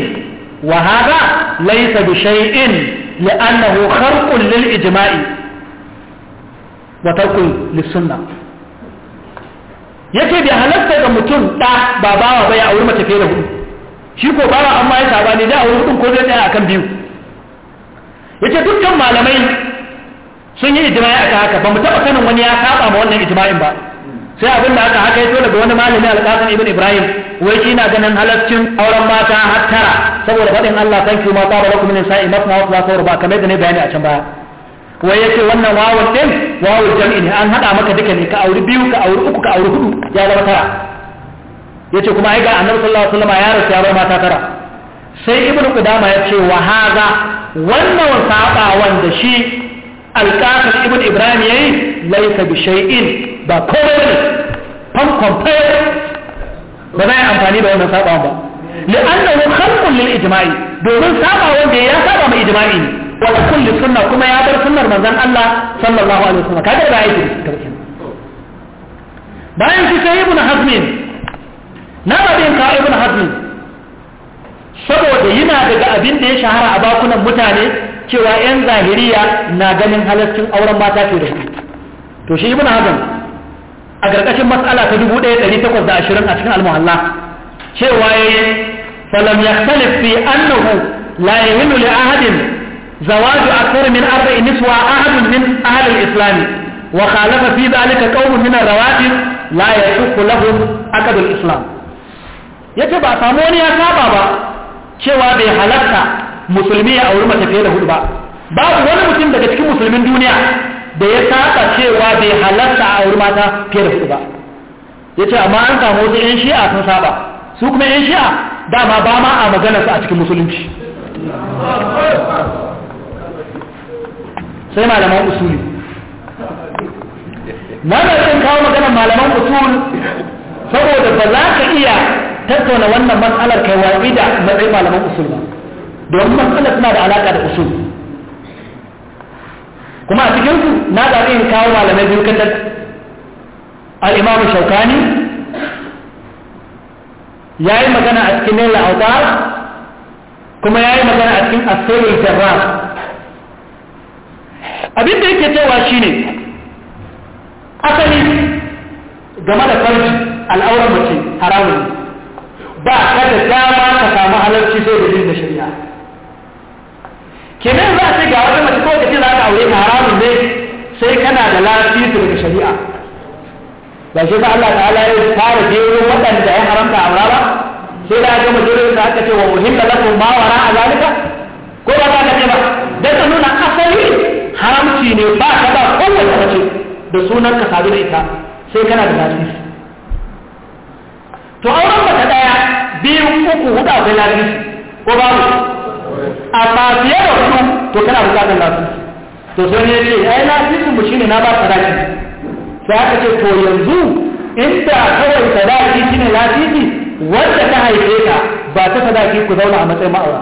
وهذا ليس بشيء لأنه خرق للإجماع wa sunna lissunna yace bai halatta ga mutum ɗa ba bawa bai ya auri mace fiye da hudu shi ko bawa amma ya ne da a hudun ko zai tsaya akan biyu yace dukkan malamai sun yi ijma'i aka haka ba mu taba sanin wani ya saba ma wannan ijma'in ba sai abin da aka haka ya daga wani malami alƙasan ibn ibrahim wai shi na ganin halaccin auren mata har tara saboda faɗin allah thank you ma tsara lakum min sa'i masna wa tsara ba kamar da ne bayani a can baya wai ce wannan wawun ɗin wawul jam'i ne an haɗa maka duka ne ka auri biyu ka auri uku ka auri hudu ya zama tara yace kuma ai ga annabi sallallahu alaihi wasallam ya rasu ya bar mata tara sai ibnu qudama ce wa haza wannan sabawan da shi alqasim ibn ibrahim yayi laysa bi shay'in ba komai ne fan compare ba zai amfani da wannan sabawan ba li'annahu khalqun lil ijma'i domin sabawan da ya saba mai ijma'i ne wa kulli sunna kuma ya bar sunnar manzon Allah sallallahu alaihi wasallam kaga ba yake bayan shi sai ibn hazm na ba din ka ibn hazm saboda yana daga abin da ya shahara a bakunan mutane cewa yan zahiriya na ganin halaccin auren mata ke da shi to shi ibn hazm a gargashin mas'ala ta 1820 a cikin al-muhalla cewa yayin falam yakhtalif fi annahu la yahillu li ahadin زواج أكثر من أربع نسوة أحد من أهل الإسلام وخالف في ذلك قوم من الرواتب لا يشك لهم أكد الإسلام yace ba samu wani ya saba ba cewa bai halarta musulmi ya auri mace fiye da hudu ba babu wani mutum daga cikin musulmin duniya da ya saba cewa bai halarta a auri mata fiye da hudu ba yace amma an samu wasu yan shi'a sun saba su kuma yan shi'a dama ba ma a magana su a cikin musulunci sai malaman usuli na na sun kawo maganar malaman usuli saboda ba za ka iya tattauna wannan matsalar kai watsi da matsayin malaman usul ba domin matsalar suna da alaƙa da usul kuma a cikinsu na zaɓi in kawo malamai biyu kan al'imamu shaukani ya yi magana a cikin nila kuma ya yi magana a cikin asirin jarrah abin da yake cewa shi shine asali game da farji al'aurar mace haramun ba ka da dama ka samu halarci sai da jin da shari'a kenan za a ce ga wata mace kawai kace za ka aure ka haramun ne sai kana da lafiya daga shari'a ba shi ba Allah ta'ala ya fara jero waɗanda ya haramta a wurara sai da ga majalis da aka ce wa muhimma lakum ma wara zalika ko ba za ka ce ba dan nuna da sunan ka sadu da ita sai kana da lasisi to auren baka daya biyu uku hudu akwai lasisi ko babu amma fiye da hudu to kana bukatar lasisi to sai ne ce ai lasisin mu shine na ba ka dakin sai aka ce to yanzu inda kawai sadaki shine lasisi wanda ta haife ka ba ta sadaki ku zauna a matsayin ma'aura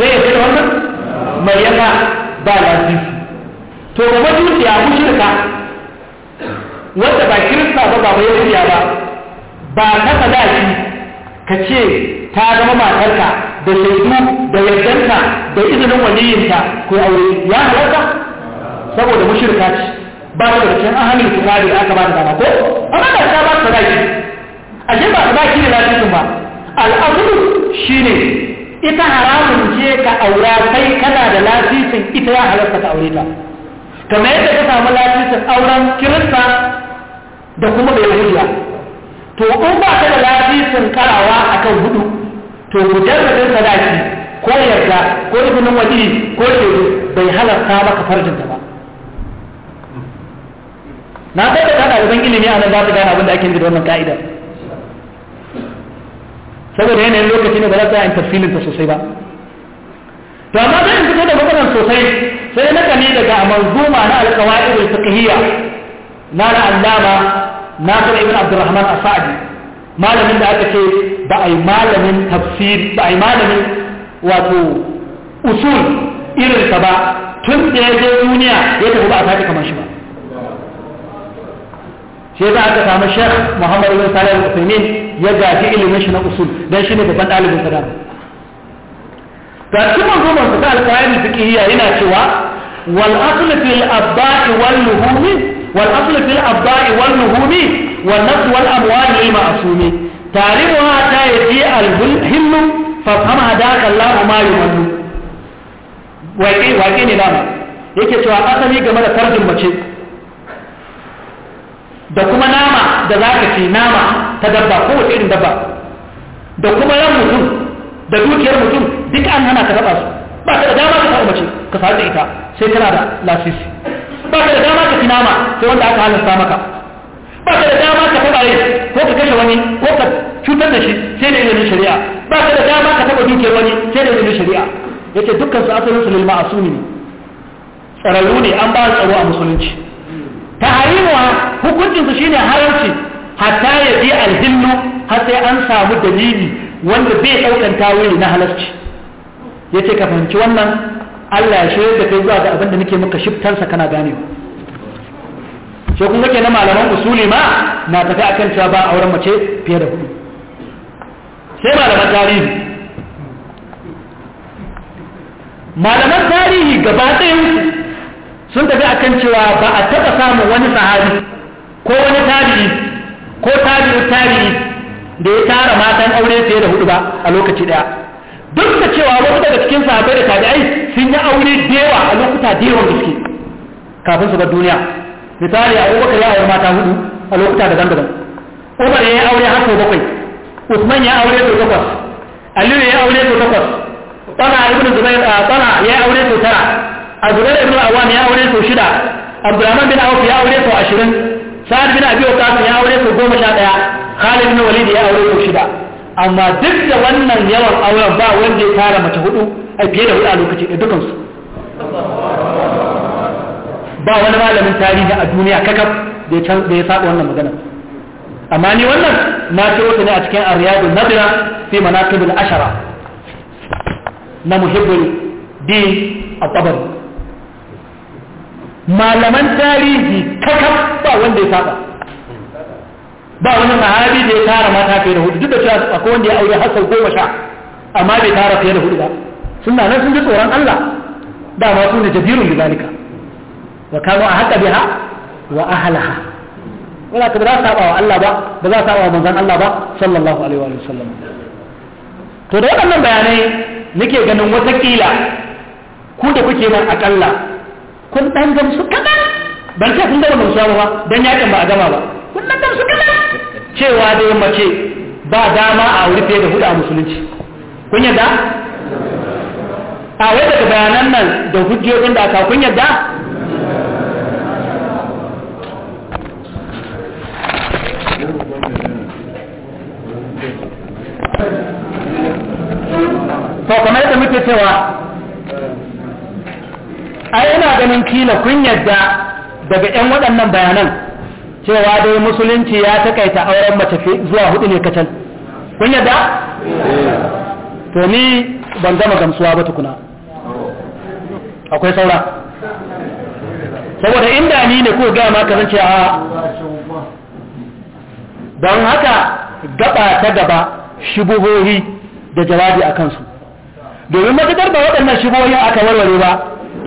zai yi wannan mai yana ba lasisi to ya dukiya shirka wanda ba kirista ba ba yahudiya ba ba ta fada shi ka ce ta zama matarka da shaidu da yardarta da izinin waliyinta ko aure ya halarta saboda mushrika ce ba su da cikin ahalin kitabi da aka ba da dama ko amma da ta ba ta a shi ba ba ne lafiyar ba al'amuru shine ita haramun ce ka aura sai kana da lasisin ita ya halarta ka aure ta kamar yadda ka samu lasisin auren kirista da kuma bai yahudiya to in ba ka da lasisin karawa kan hudu to ku mujarradin sadaki ko yarda ko ibinin waje ko shedu bai halarta maka farjin ba na sai da kana ilimi a nan za ta gane abin da ake yi da wannan ka'idar saboda yanayin lokaci ne ba za ta yi tafsilinta sosai ba to amma zai fito da maganar sosai sai na kane daga manzuma na alƙawa'ir al-fiqhiyya na na allama nasir ibn abdurrahman as-sa'di malamin da aka ce ba ai malamin tafsir ba ai malamin wato usul irin ta ba tun da ya je duniya ya tafi ba a sake kamar shi ba sai za aka samu shekh muhammad ibn salih al-usaimin ya gaji ilimin shi na usul dan shi ne babban ɗalibin sa ga shi manzo manzo ta alƙur'ani fiqhiyya yana cewa wal aslu fil abba'i wal luhumi wal aslu fil abba'i wal luhumi wal nafs wal amwali lil ma'sumi tarimuha ta yaji al hillu fa fama hadaka Allah ma yumannu waƙe waƙe ne dama yake cewa asali game da farjin mace da kuma nama da za ka ci nama ta dabba ko irin dabba da kuma yan mutum da dukiyar mutum duk an hana ka raba su ba ka da dama ka taɓa mace ka faru da ita sai kana da lasisi ba ka da dama ka kinama sai wanda aka halasta maka ba ka da dama ka taɓa rai ko ka kashe wani ko ka cutar da shi sai da ilimin shari'a ba ka da dama ka taɓa dukiyar wani sai da ilimin shari'a yake dukkan su asalin su lil ma'asumi ne tsararru ne an ba tsaro a musulunci ta harimuwa hukuncinsu shine haramci hatta ya je alhinnu har sai an samu dalili wanda bai ɗaukan tawili na halarci ya ce ka fahimci wannan Allah ya shirya da kai zuwa ga abin da nake maka shiftarsa kana ganewa sai kuma ke na malaman usuli ma na tafi akan cewa ba auren mace fiye da hudu sai malaman tarihi malaman tarihi gaba ɗaya sun tafi akan cewa ba a taɓa samun wani sahabi ko wani tarihi ko tarihi tarihi da ya tara matan aure fiye da hudu ba a lokaci daya duk da cewa wasu daga cikin sahabbai da tabi'ai sun yi aure da yawa a lokuta da yawan gaske kafin su bar duniya misali ubaka ya aure mata hudu a lokuta daban-daban umar ya yi aure har sau bakwai usman ya aure sau takwas aliyu ya aure sau takwas tsana ibn zubair ah, tsana ya aure sau tara azubair ibn awam ya aure sau shida abdulrahman bin auf ya aure sau ashirin sa'ad bin abi waqas ya aure sau goma sha daya Khalid bin Walid ya aure ko shida amma duk da wannan yawan auren ba wanda ya tara mace hudu a fiye da hudu a lokaci da dukansu ba wani malamin tarihi a duniya kakaf da ya saba wannan magana amma ni wannan na ce ne a cikin aryadu nadira fi manaqibul ashara na muhibbul di a tabari malaman tarihi kakaf ba wanda ya saba ba wani sahabi da ya tara mata fiye da hudu duk da cewa akwai wanda ya aure har sau goma sha amma bai tara fiye da hudu ba Sun na nan sun ji tsoron Allah da ma su ne jabirun bi zalika wa kanu a haka biha wa ahlaha wala ka ba za saba wa Allah ba ba za saba wa manzon Allah ba sallallahu alaihi wa sallam to da waɗannan bayanai nake ganin wata kila ku da kuke nan akalla kun dan gamsu kaɗan ban ce kun da wannan ba dan yakin ba a gama ba kullum su kana cewa dai mace ba dama a wuri fiye da hudu a musulunci kun yadda a wai daga bayanan nan da hujjojin da aka kun yadda to kamar da muke cewa ai ina ganin kila kun yadda daga 'yan waɗannan bayanan cewa dai musulunci ya takaita auren mace zuwa hudu ne kacal kun yadda eh. to ni ban gama gamsuwa ba tukuna akwai saura saboda inda ni ne ko gama kasance a don haka gaba ta gaba shibuhohi da jawabi a kansu domin matakar ba waɗannan shibuhohi aka warware ba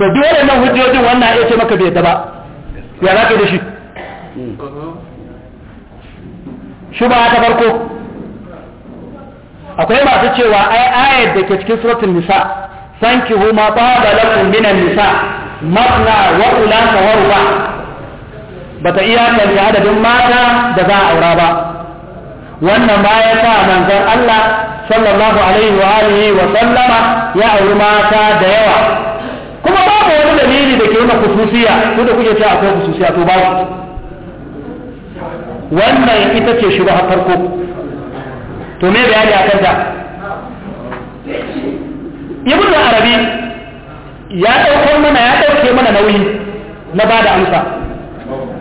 to duk waɗannan hujjojin wannan ya ce maka bai da ba ya za ka da shi ba ta farko akwai masu cewa ai ayar da ke cikin suratul nisa ki huma baba lakum minan nisa matna wa ulaka ba, ba bata iya kalli adadin mata da za a aura ba wannan ba ya sa manzon Allah sallallahu alaihi wa alihi wa sallama ya auri mata da yawa kuma babu wani dalili da ke nuna kususiya ko da kuke cewa akwai kususiya to babu wannan ita ce ba farko to me bayani akan ta ibn arabi ya daukar mana ya dauke mana nauyi na bada amsa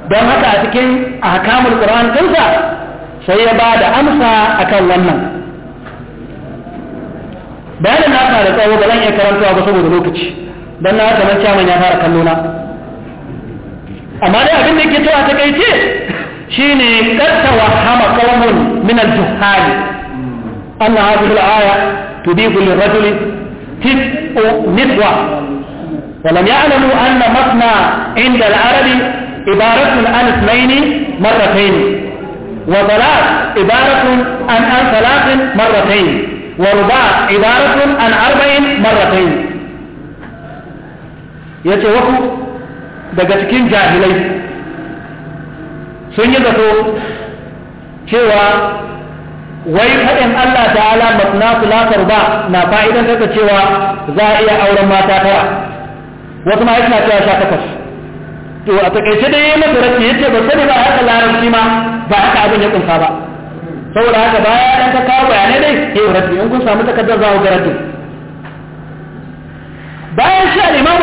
don haka a cikin ahkamul qur'an dinsa sai ya bada amsa akan wannan bayanin na fara tsawo ba zan iya karantawa ba saboda lokaci don na haka nan ya fara kallona amma dai abin da ke cewa ta kai ce shine kar tawahama qaumun min al-juhal anna hadhihi al-aya tubibu lirajuli ولم يعلموا أن مصنع عند العرب عبارة عن اثنين مرتين وثلاث عبارة عن عن ثلاث مرتين ورباع عبارة عن أربع مرتين يتوقف دقتكين جاهلين sun yi zato cewa wai faɗin Allah ta'ala masna sulatar ba na fa'idan ta cewa za a iya auren mata tara wasu ma yana cewa sha takwas to a takaice dai ya masa rafi yace ba sani ba haka larabci ma ba haka abin ya kunsa ba saboda haka baya dan ka kawo bayanai dai ke rafi in kun samu takardar za ku ga rafi bayan shi al-Imam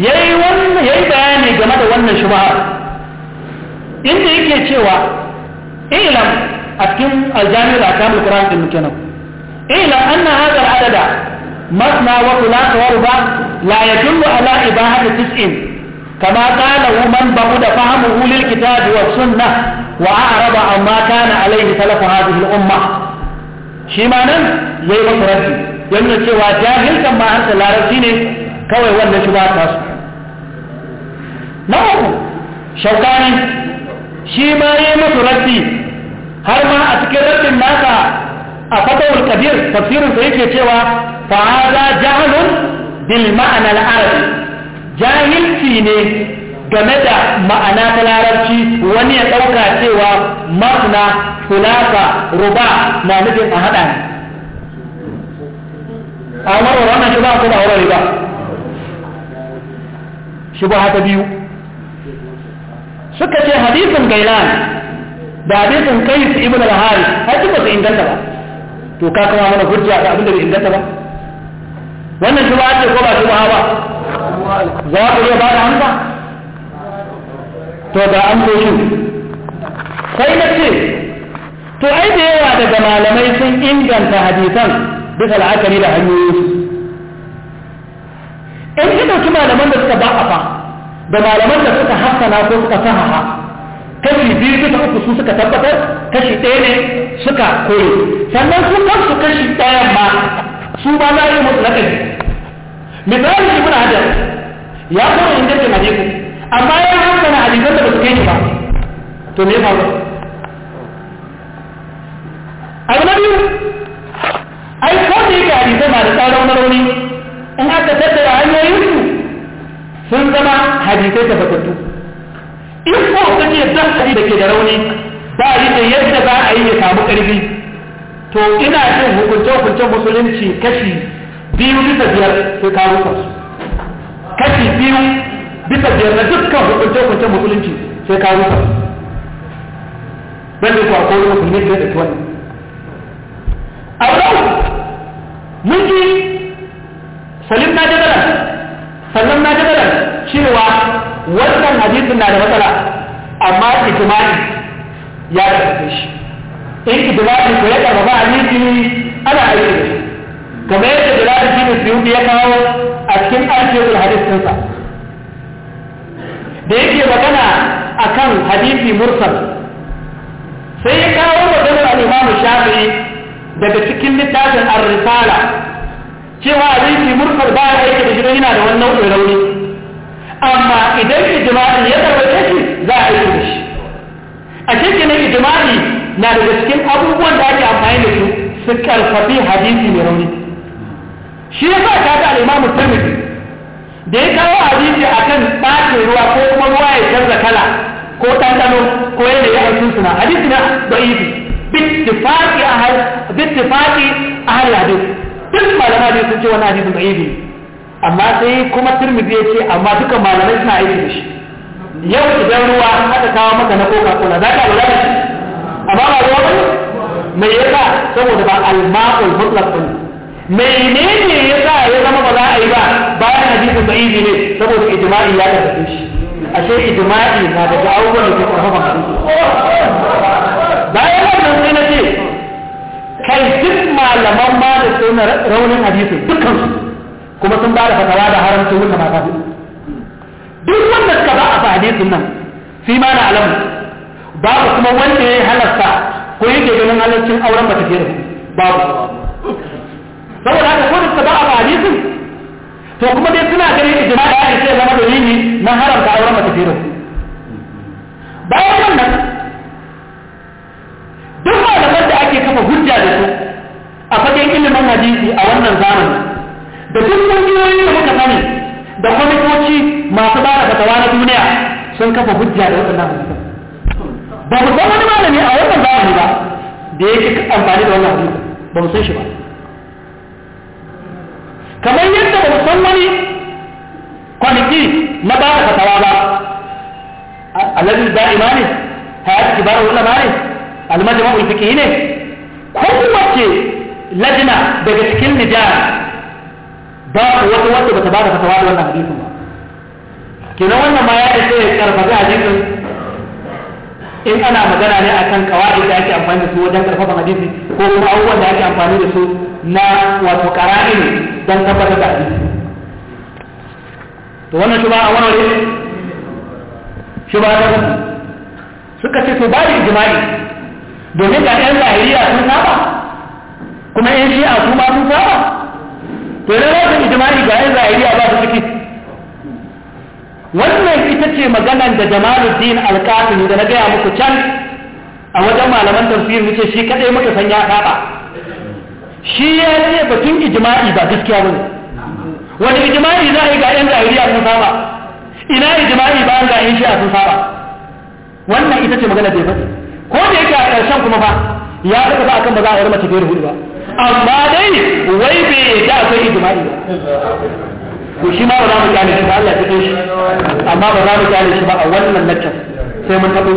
ya yi bayani game da wannan shubha inda yake cewa ilam a cikin aljami'ar akamul qur'an din muke nan ila anna hadha al'adada masna wa thulath wa ruba la yadullu ala ibahat al kama qala wa man ba'u da fahmu ulil kitab wa sunnah wa a'rada amma kana alayhi salaf hadhihi al-umma shi manan yayi makarati yana cewa jahil kan ma har larabci ne kawai wanda shi ba ta su na uku shaukani shi ma yi musu rabbi har ma a cikin rabbin nasa a fatawar kabir tafsirinsa yake cewa fa'aza jahalun bil ma'anar arabi jahilci ne game da ma'ana ta larabci wani ya ɗauka cewa masna fulaka ruba na nufin a haɗa ne a wannan shi ba ko ba warware ba shi ba haka biyu suka ce hadisin gailan da hadisin kai su ibn al-haris har duk su inganta ba to ka kama mana hujja da abin da bai inganta ba wannan shi ba ce ko ba shi ba ba za ku iya ba da amsa to ga shi sai na ce to ai da yawa daga malamai sun inganta hadisan bisa la'akari da hanyoyinsu in ji ɗauki malaman da suka ba a fa da malaman da suka hassana ko suka sahaha kashi biyu bisa uku su suka tabbatar kashi ɗaya ne suka koyo sannan su kansu kashi ɗayan ma su ba za a yi musu lakabi misali ibn hajar ya kuma ingancin hadisi amma ya hassana hadisan da ba su kai shi ba to me faru abu na biyu ai ko da yake hadisai da tsaron marori in aka tattara hanyoyin su sun zama hadisai fatattu in ko kace sahabi da ke da rauni ba a da yadda za a yi ya samu ƙarfi to ina jin hukunce-hukuncen musulunci kashi biyu bisa biyar sai ka su kashi biyu bisa biyar na dukkan hukunce-hukuncen musulunci sai ka rufa su ban da kuwa kowai musulmi sai da tuwani a mun ji salim na jadar hadisin na da matsala amma itimani ya karfafe shi in itimani ko ya karfafa hadisi ana aiki da shi kamar yadda Jalal Ibn Suyud ya kawo a cikin alfiyar hadis ɗinsa da yake magana a kan hadisi mursal sai ya kawo maganar al-Imam Shafi'i daga cikin littafin ar-Risala cewa hadisi mursal ba ya aiki da shi yana da wannan nau'in rauni amma idan ijma'i ya tabbace shi za a yi shi a cikin na ijma'i na daga cikin abubuwan da ake amfani da su su karfafi hadisi mai rauni shi ya sa ka ga al'imamu da ya kawo hadisi akan ɓacin ruwa ko kuma ruwa ya canza kala ko ɗanɗano ko yadda ya aikin suna hadisi na da'ifi bittifaki ahal a har hadisi duk malamai ne sun ce wani hadisi da'ifi ne amma sai kuma turmidi ya ce amma duka malamai suna aiki da shi yau idan ruwa haka kawo maka na koka cola za ka lura da shi amma ba ruwa ba mai yasa saboda ba al-ma'ul mutlaq ba menene yasa ya zama ba za a yi ba bayan hadisin sahihi ne saboda ijma'i ya tafi shi ashe ijma'i na da abubuwan da ke karfafa bayan wannan sai na ce kai duk malaman ma da suna raunin hadisin dukkan kuma sun ba da fatawa da haramcin wuta mata hudu duk wanda suka ba a fa hadisin nan fi ma na alamu babu kuma wanda ya halarta ko ke ganin halarcin auren ba ta ku babu saboda haka ko da suka ba a fa hadisin to kuma dai suna ganin ma ya ce zama dalili na haramta auren ba ta fiye bayan wannan duk ba da ake kafa hujja da su a fagen ilimin hadisi a wannan zamani da duk kungiyoyi da muka sani da kwamitoci masu ba da fatawa na duniya sun kafa hujja da wannan hadisan ba mu san wani malami a wannan zamani ba da yake amfani da wannan hadisan ba mu san shi ba kamar yadda ba mu san wani kwamiti na ba da fatawa ba alladhi da'ima ne hayat kibar ulama ne al fiqhi ne kowace lajina daga cikin nijar Ba babu wata wanda bata bada fatawa da wannan hadisin ba kenan wannan ma ya ce ya karfafa hadisin in ana magana ne akan kawai da ake amfani da su wajen karfafa hadisi ko kuma abubuwan da ake amfani da su na wato karani ne don tabbatar da hadisi to wannan shuba a wannan ne shuba ta suka ce to ba da ijma'i domin ga 'yan zahiriya sun saba kuma 'yan shi'a su ma sun saba to da za ijimali ga a ba su ciki wannan ita ce maganan da jamaluddin alkafin da na gaya muku can a wajen malaman tafsir muke shi kadai muka san ya shi ya ce batun ijma'i ba gaskiya bane wani ijma'i za a yi ga yan zahiriya sun saba ina ijma'i ba ga yan shi'a sun saba wannan ita ce magana da ya faɗi ko da yake a ƙarshen kuma ba ya daga ba akan ba za a yarmata mace biyar hudu ba amma dai wai bai da akwai ijma'i ba to shi ma ba za mu kyale shi ba Allah ya shi amma ba za mu kyale shi ba a wannan lacca sai mun tabo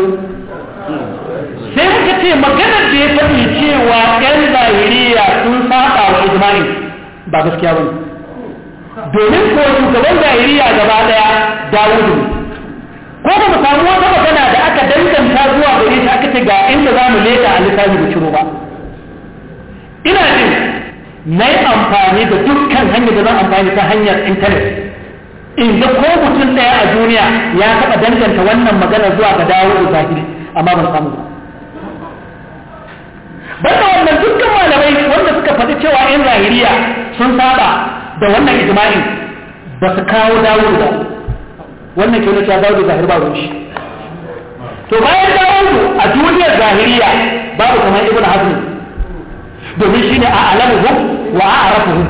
sai muka ce maganar da ya faɗi cewa yan zahiriya sun saba wa ijma'i ba gaskiya bane domin ko shugaban zahiriya gaba daya Dawudu ne ko ba mu samu wata magana da aka danganta zuwa gare shi aka ce ga inda za mu leta a lissafi da ciro ba ina jin na yi amfani da dukkan hanyar da zan amfani ta hanyar intanet inda ko mutum ɗaya a duniya ya taɓa danganta wannan magana zuwa ga dawo da zahiri amma ban samu ba da wannan dukkan malamai wanda suka faɗi cewa yan zahiriya sun saba da wannan ijma'in ba su kawo dawo da wannan ke ta dawo da zahir ba ruwan shi to bayan dawo a duniyar zahiriya babu kamar ibn hazm domin shi ne a alamuhum wa a arafuhum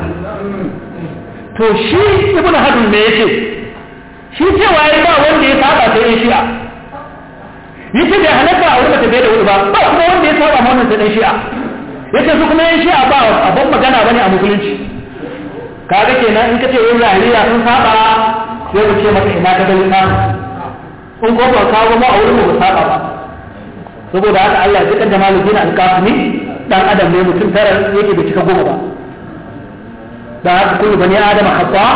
to shi ibn hazm me yake shi cewa ya ba wanda ya saba sai shi'a yace da halatta a wurin tafiye da wuri ba ba kuma wanda ya saba ma wannan sai shi'a yace su kuma yan shi'a ba a abin magana bane a musulunci kaga kenan in ka ce yin zahiriya sun saba sai ku ce maka ina ka dalil in ko ba ka ba a wurin ba saba ba saboda haka Allah ya kaddama da malikin alkafini dan adam ne mutum tara yake bai cika goma ba da haka kullu bani adam khata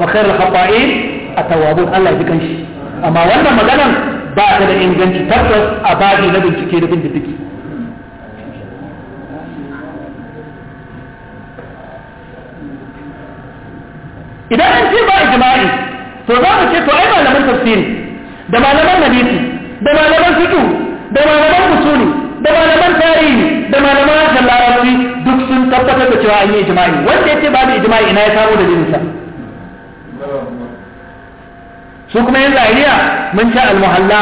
wa khairul khata'in at-tawwabun Allah ya kanshi amma wannan maganan ba ta da inganci tabbas a baji na bincike da bin diddiki idan an ce ba ijma'i to za mu ce to ai malaman tafsiri da malaman hadisi da malaman fiqh da malaman usuli da malaman tarihi da malaman harshen larabci duk sun tabbatar da cewa an yi ijma'i wanda ya ce babu ijma'i ina ya samu da jinsa su kuma yin zahiriya mun ci muhalla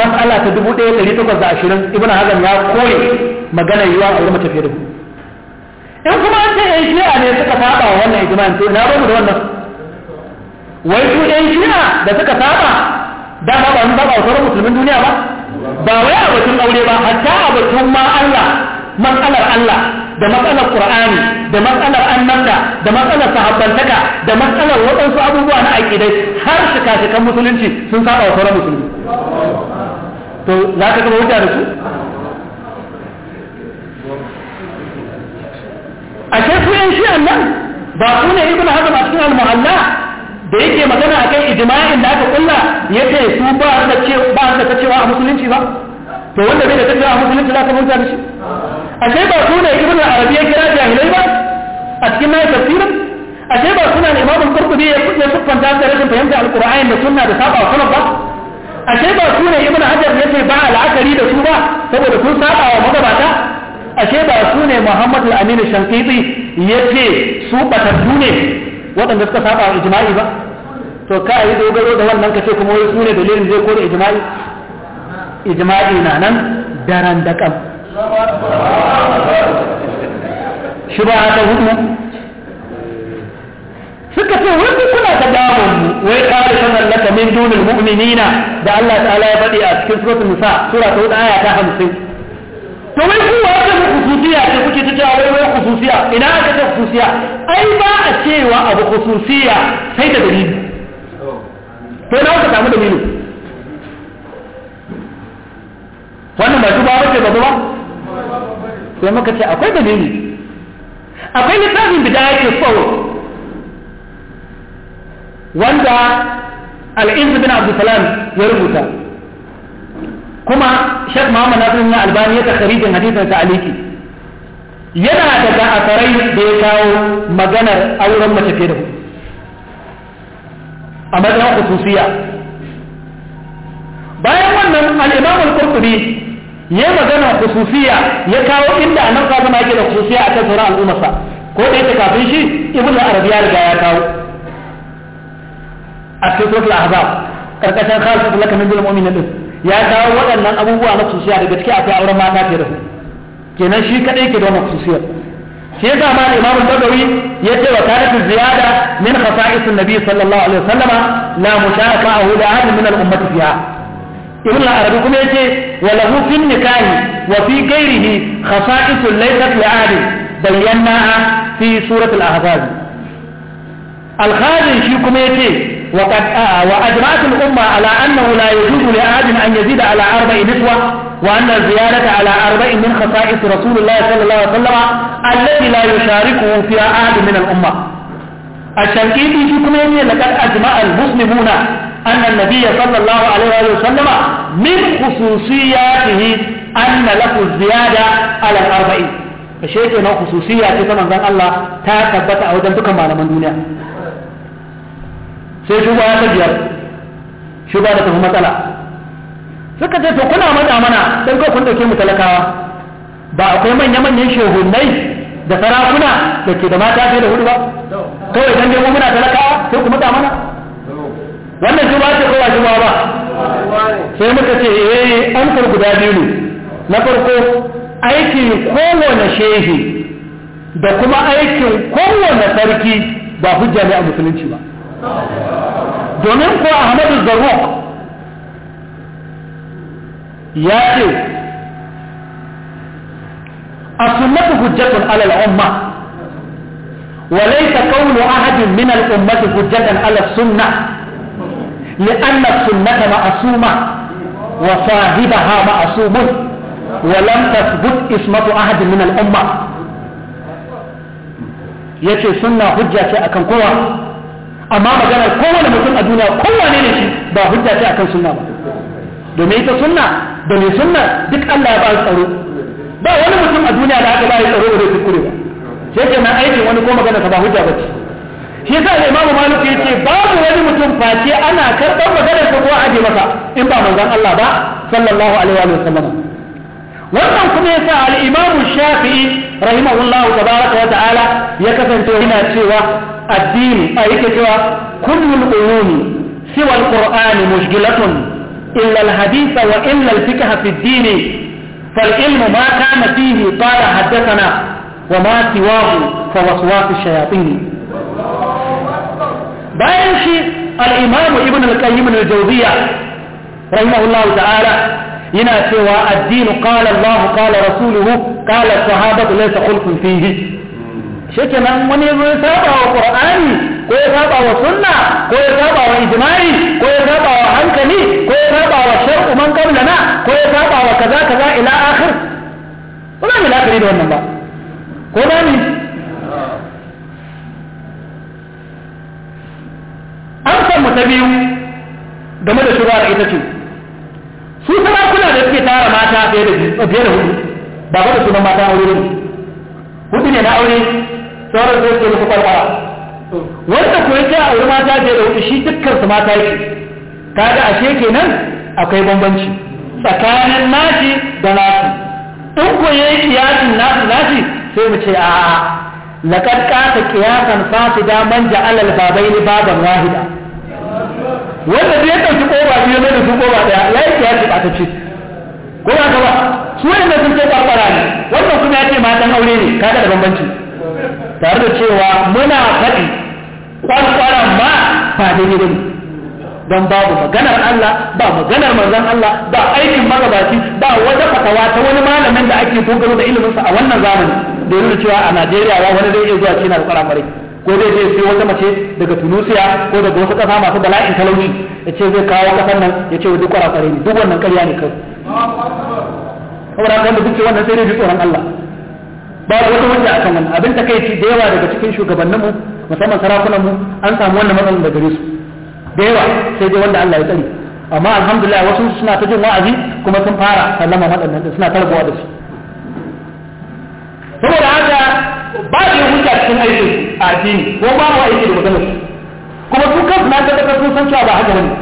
mas'ala ta 1820 ibnu hazan ya kore magana yiwa a wurin matafiya in kuma an ce shi a ne suka saba wannan ijma'in to na ba mu da wannan wai su ɗan shi'a da suka saba da ba ba ba sauran musulmin duniya ba ba wai a batun aure ba hatta a batun ma Allah matsalar Allah da matsalar Qur'ani da matsalar annabta da matsalar sahabbantaka da matsalar waɗansu abubuwa na aƙidai har shika-shikan musulunci sun saba wa sauran musulmi to za ka gaba hujja da su ashe su yan shi'an nan ba su ne ibn hazm a cikin al-muhalla da yake magana a kan ijma'in da aka kulla ya ce su ba da ce da ta cewa a musulunci ba to wanda bai da ta cewa a musulunci za ka manta da shi ashe ba su ne ibnu arabi ya kira jahilai ba a cikin nayi tafsirin ashe ba suna ne imamu qurtubi ya kuce su fanta da rashin fahimta alqur'ani da sunna da saba sunan ba ashe ba su ne ibnu hajar ya ce ba al'akari da su ba saboda sun saba wa magabata ashe ba su ne muhammad al-amin shankiti ya ce su batattu ne waɗanda suka saba wa ijma'i ba to ka yi dogaro da wannan ka ce kuma wai sune dalilin zai kore ijma'i ijma'i na nan daren da kam shi ba ta hudu suka ce wani kuna ta damar mu wai ka da kare sanar laka min dunin mu'minina da Allah ta'ala ya faɗi a cikin suratul nisa sura ta hudu aya ta hamsin to wai ku wa ta khususiya ce kuke ta cewa wai khususiya ina aka ta khususiya ai ba a cewa abu khususiya sai da dalili to na ka samu dalili wannan ba su ba wace ba ba sai muka ce akwai dalili akwai littafin bida yake tsoro wanda al'izu bin abdulsalam ya rubuta kuma shak muhammad nasir na albani ya takarijin hadisin sa aliki yana daga asarai da ya kawo maganar auren mace ke da ku. a khususiya bayan wannan al-imam al-qurtubi ya magana khususiya ya kawo inda annabi sallallahu alaihi ake yake da khususiya akan sauran sa ko da yake kafin shi ibnu arabiya riga ya kawo a cikin suratul ahzab karkashin mu'minin din ya dawo waɗannan abubuwa na kususiya daga ciki akwai auren mata fiye da kenan shi kaɗai ke da wannan shi yasa ma Imam Bagawi ya ce wa ziyara ziyada min khasa'is an-nabi sallallahu alaihi wasallama la mushaqa'ahu li ahad min al-ummati ibn al-arabi kuma yace wa lahu fi nikahi wa fi ghairihi khasa'is laysat li ahad bayyana fi suratul al-ahzab al-khadim shi kuma ce. وقد آه وأجمعت الأمة على أنه لا يجوز لأحد أن يزيد على أربع نسوة وأن الزيادة على أربع من خصائص رسول الله صلى الله عليه وسلم التي لا يشاركه فيها أحد من الأمة الشنقيطي في كميني لقد أجمع المسلمون أن النبي صلى الله عليه وسلم من خصوصياته أن له الزيادة على الأربعين فشيء هنا خصوصية كما الله تثبت أو دمتك مع من دونها sai shuba ya ta biyar shuba da tafi matsala suka ce to kuna matsa mana sai ko kun dauke mu talakawa ba akwai manya-manyan shehunai da sarakuna da ke da mata fiye da hudu ba kawai dan dai muna talakawa sai ku mata mana wannan shuba ce kowa shuba ba sai muka ce eh an guda biyu ne na farko aikin kowane shehi da kuma aikin kowane sarki ba hujja ne a musulunci ba domin ko ahmadu zarok ya ce a sunatu hujjatun alal umma walaita kaunu ahadin min al'ummati hujjatan ala sunna لأن السنة معصومة وصاحبها معصوم ولم تثبت ahadin أحد umma, الأمة يتي سنة حجة أكن كوة amma magana kowane mutum a duniya kowane ne shi ba hujja ce akan sunna ba domin ita sunna da mai sunna duk Allah ya ba tsaro ba wani mutum a duniya da aka ba tsaro da kure ba sai ke na aikin wani ko magana ba hujja ba ce shi yasa da imamu malik ya ce babu wani mutum face ana karɓar maganar ko a aje masa in ba manzon Allah ba sallallahu alaihi wa sallam wannan kuma yasa al-Imam Shafi'i rahimahullah tabaraka wa ta'ala ya kasance yana cewa addini a yake cewa kullul ulumi siwa al-Qur'an mushkilatun illa al-hadith wa illa al-fiqh fi ad-din fal-ilm ma kana fihi qala hadathana wa ma حدثنا fa waswas فوسواس shayatin bayan shi al-Imam ibn al-qayyim al-jawziya rahimahullah ta'ala yana cewa addinu kala Allah kala rasuluhu kala sahabatu laysa khulqun fihi shekenan wani zo ya saba wa qur'ani ko ya saba wa sunna ko ya saba wa ijma'i ko ya saba wa hankali ko ya saba wa shar'u man qablana ko ya saba wa kaza kaza ila akhir ba za mu da wannan ba ko ba ni an san mu ta biyu game da shura ita ce su kula da suke tara mata fiye da fiye da hudu ba ba da sunan mata aure ne hudu ne na aure sauran sai ke musu kwalkwara wanda ko yake wuri mata fiye da hudu shi dukkan su mata yake kaga ashe kenan akwai bambanci tsakanin nashi da nasu in ko yayi kiyasin nasu nashi sai mu ce a'a laqad qata qiyasan fasida man ja'ala al-babaini baban wahida wanda zai ɗauki ƙoba biyu mai da su ƙoba ɗaya ya yi kiyasi ba ta ce ko ba ka ba su wanda sun ce kwakwara ne wannan kuma ya ce matan aure ne kaga da bambanci tare da cewa muna faɗi kwakwara ma ba daidai ne don babu maganar Allah ba maganar manzon Allah ba aikin magabaci ba wata fatawa ta wani malamin da ake dogaro da iliminsa a wannan zamani da nuna cewa a Najeriya wani zai iya zuwa China da ko zai je sai wata mace daga Tunisia ko daga wasu ƙasa masu bala'in talauci ya ce zai kawo ƙasar nan ya ce duk kwarakware ne duk wannan ƙarya ne kai saboda kan da duke wannan sai dai tsoron Allah ba wata wanda akan wannan abin ta kai da yawa daga cikin shugabanninmu musamman sarakunanmu an samu wannan matsalar da gare su da yawa sai dai wanda Allah ya tsare amma alhamdulillah wasu suna ta jin wa'azi kuma sun fara sallama waɗannan suna tarbuwa da su saboda haka ba da hujja cikin aikin a addini ko ba wa aiki da maganar kuma su kansu na tabbatar sun san cewa ba haka bane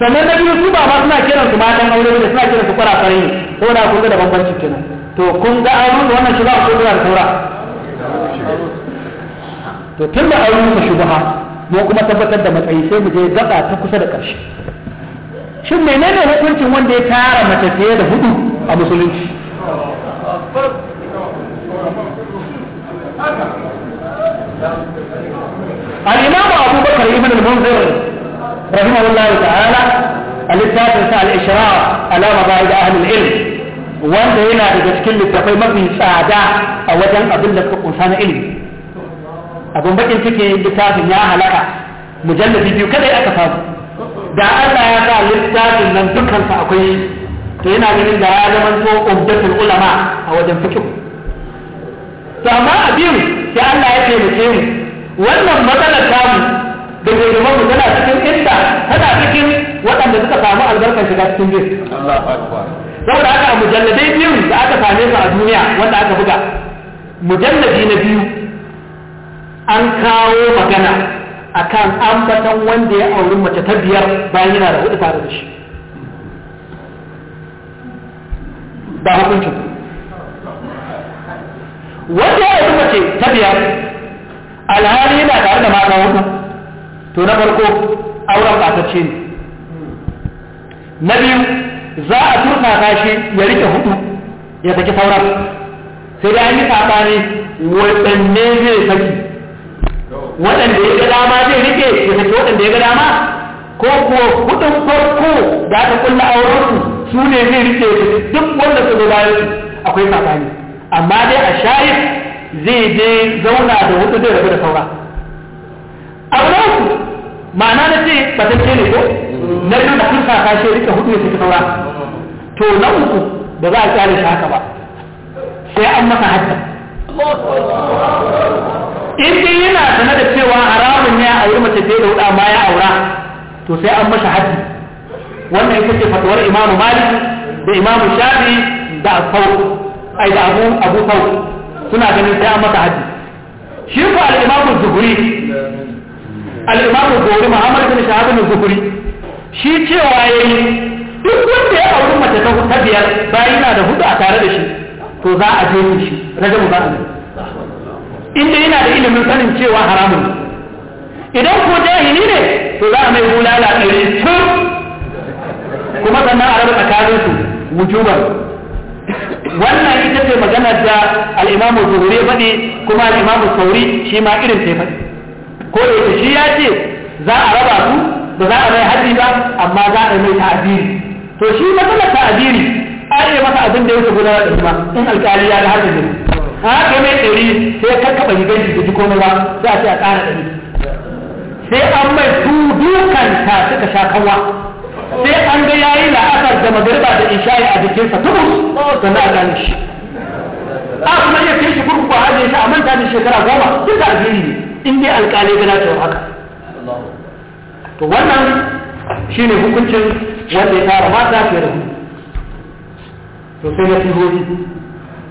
sannan na biyu su ba ma suna kiran su matan aure ne suna kiran su kwarafare ne ko da kun ga da bambancin kenan to kun ga an rubuta wannan shugaba ko da saura to tun da an rubuta shugaba mu kuma tabbatar da matsayi sai mu je gaba ta kusa da ƙarshe shin menene hukuncin wanda ya tara mace fiye da hudu a musulunci الإمام أبو بكر ابن المنذر ta'ala a تعالى الإثبات بتاع الإشراف da مباعد أهل العلم wanda yana daga cikin littafai mafi tsada a wajen abin da suka kunsa na ilimi abin bakin cikin littafin ya halaka mujallabi biyu kadai aka samu da Allah ya sa littafin nan dukansa akwai to yana ganin da ya zama to umdatul ulama a wajen fikihu to amma biyu sai Allah ya taimake mu wannan matsalar mu da gudunmar mu tana cikin inda tana cikin waɗanda suka samu albarkar shiga cikin bin saboda haka a mujalladai biyu da aka same su a duniya wanda aka buga mujalladi na biyu an kawo magana akan batan wanda ya auri mace ta biyar bayan yana da hudu tare da shi ba hukuncin wanda ya zuba ce ta biyar alhali yana tare da mata hudu to na farko auren ce ne na biyu za a ta shi ya rike hudu ya saki sauran sai da an yi saɓani waɗanne zai saki waɗanda ya ga dama zai rike ya saki waɗanda ya ga dama ko kuwa hudun farko da aka kulla auren su ne zai rike duk wanda su zo bayan akwai saɓani amma dai a shayin zai je zauna da wasu zai rabu da saura abu na uku ma'ana na ce ce ne ko na biyu da kusa kashe rika hudu ya saki saura to na uku ba za a kyale shi haka ba sai an masa hadda in dai yana sana da cewa haramun ne a auri mace da hudu amma ya aura to sai an masa haddi wannan ita ce fatuwar imamu malik da imamu shafi da asfaw ai da abu abu suna ganin sai an masa haji shi ko al-imamu zuhuri al-imamu zuhuri muhammad bin shahab bin zuhuri shi cewa yayi duk wanda ya auri mace ta biyar bayan yana da hudu a tare da shi to za a je shi mu za a inda yana da ilimin sanin cewa haramun idan ko jahili ne to za a mai bulala ɗari tun kuma sannan a tsakanin su wujuban wannan ita ce magana da al'imamu zuhuri ya faɗi kuma al'imamu Sauri shi ma irin ta faɗi ko da shi ya ce za a raba su ba za a mai haɗi ba amma za a mai ta'adiri to shi matsalar ta'adiri a yi masa abin da ya guda da kuma in alƙali ya da har da jini a haka mai ɗari sai ya kakkaɓa gaji da ji komai ba za a ce a ƙara ɗari sai an mai su dukan ta suka sha kawa sai an ga yayi la'asar da magariba da isha'i a sa tukun to na gane shi a kuma ya kai shi kurkuku a ajiye shi a manta da shekara goma duk da alheri ne in dai alƙalai gana ta haka to wannan shine hukuncin wanda ya fara mata ke da to sai na tihohi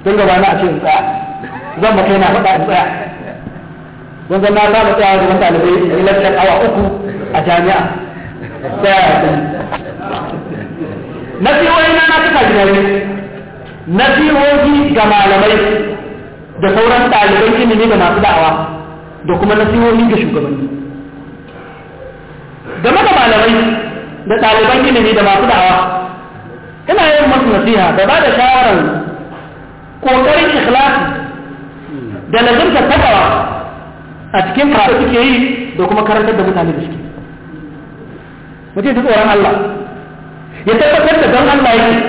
don gaba na a ce in tsaya zan ba kai na faɗa in tsaya don zan na samu tsaya da wanda ɗalibai in lakcar awa uku a jami'a nasihohi na na suka jinare nasihohi ga malamai da sauran ɗaliban ilimi da masu da'awa da kuma nasihohi ga shugabanni game da malamai da ɗaliban ilimi da masu da'awa ina yin masu nasiha da ba da shawarar ƙoƙarin ikhlasi da lazimtar tabawa a cikin fara suke yi da kuma karantar da mutane da suke mutum ta tsoron Allah ya tabbatar da don Allah yake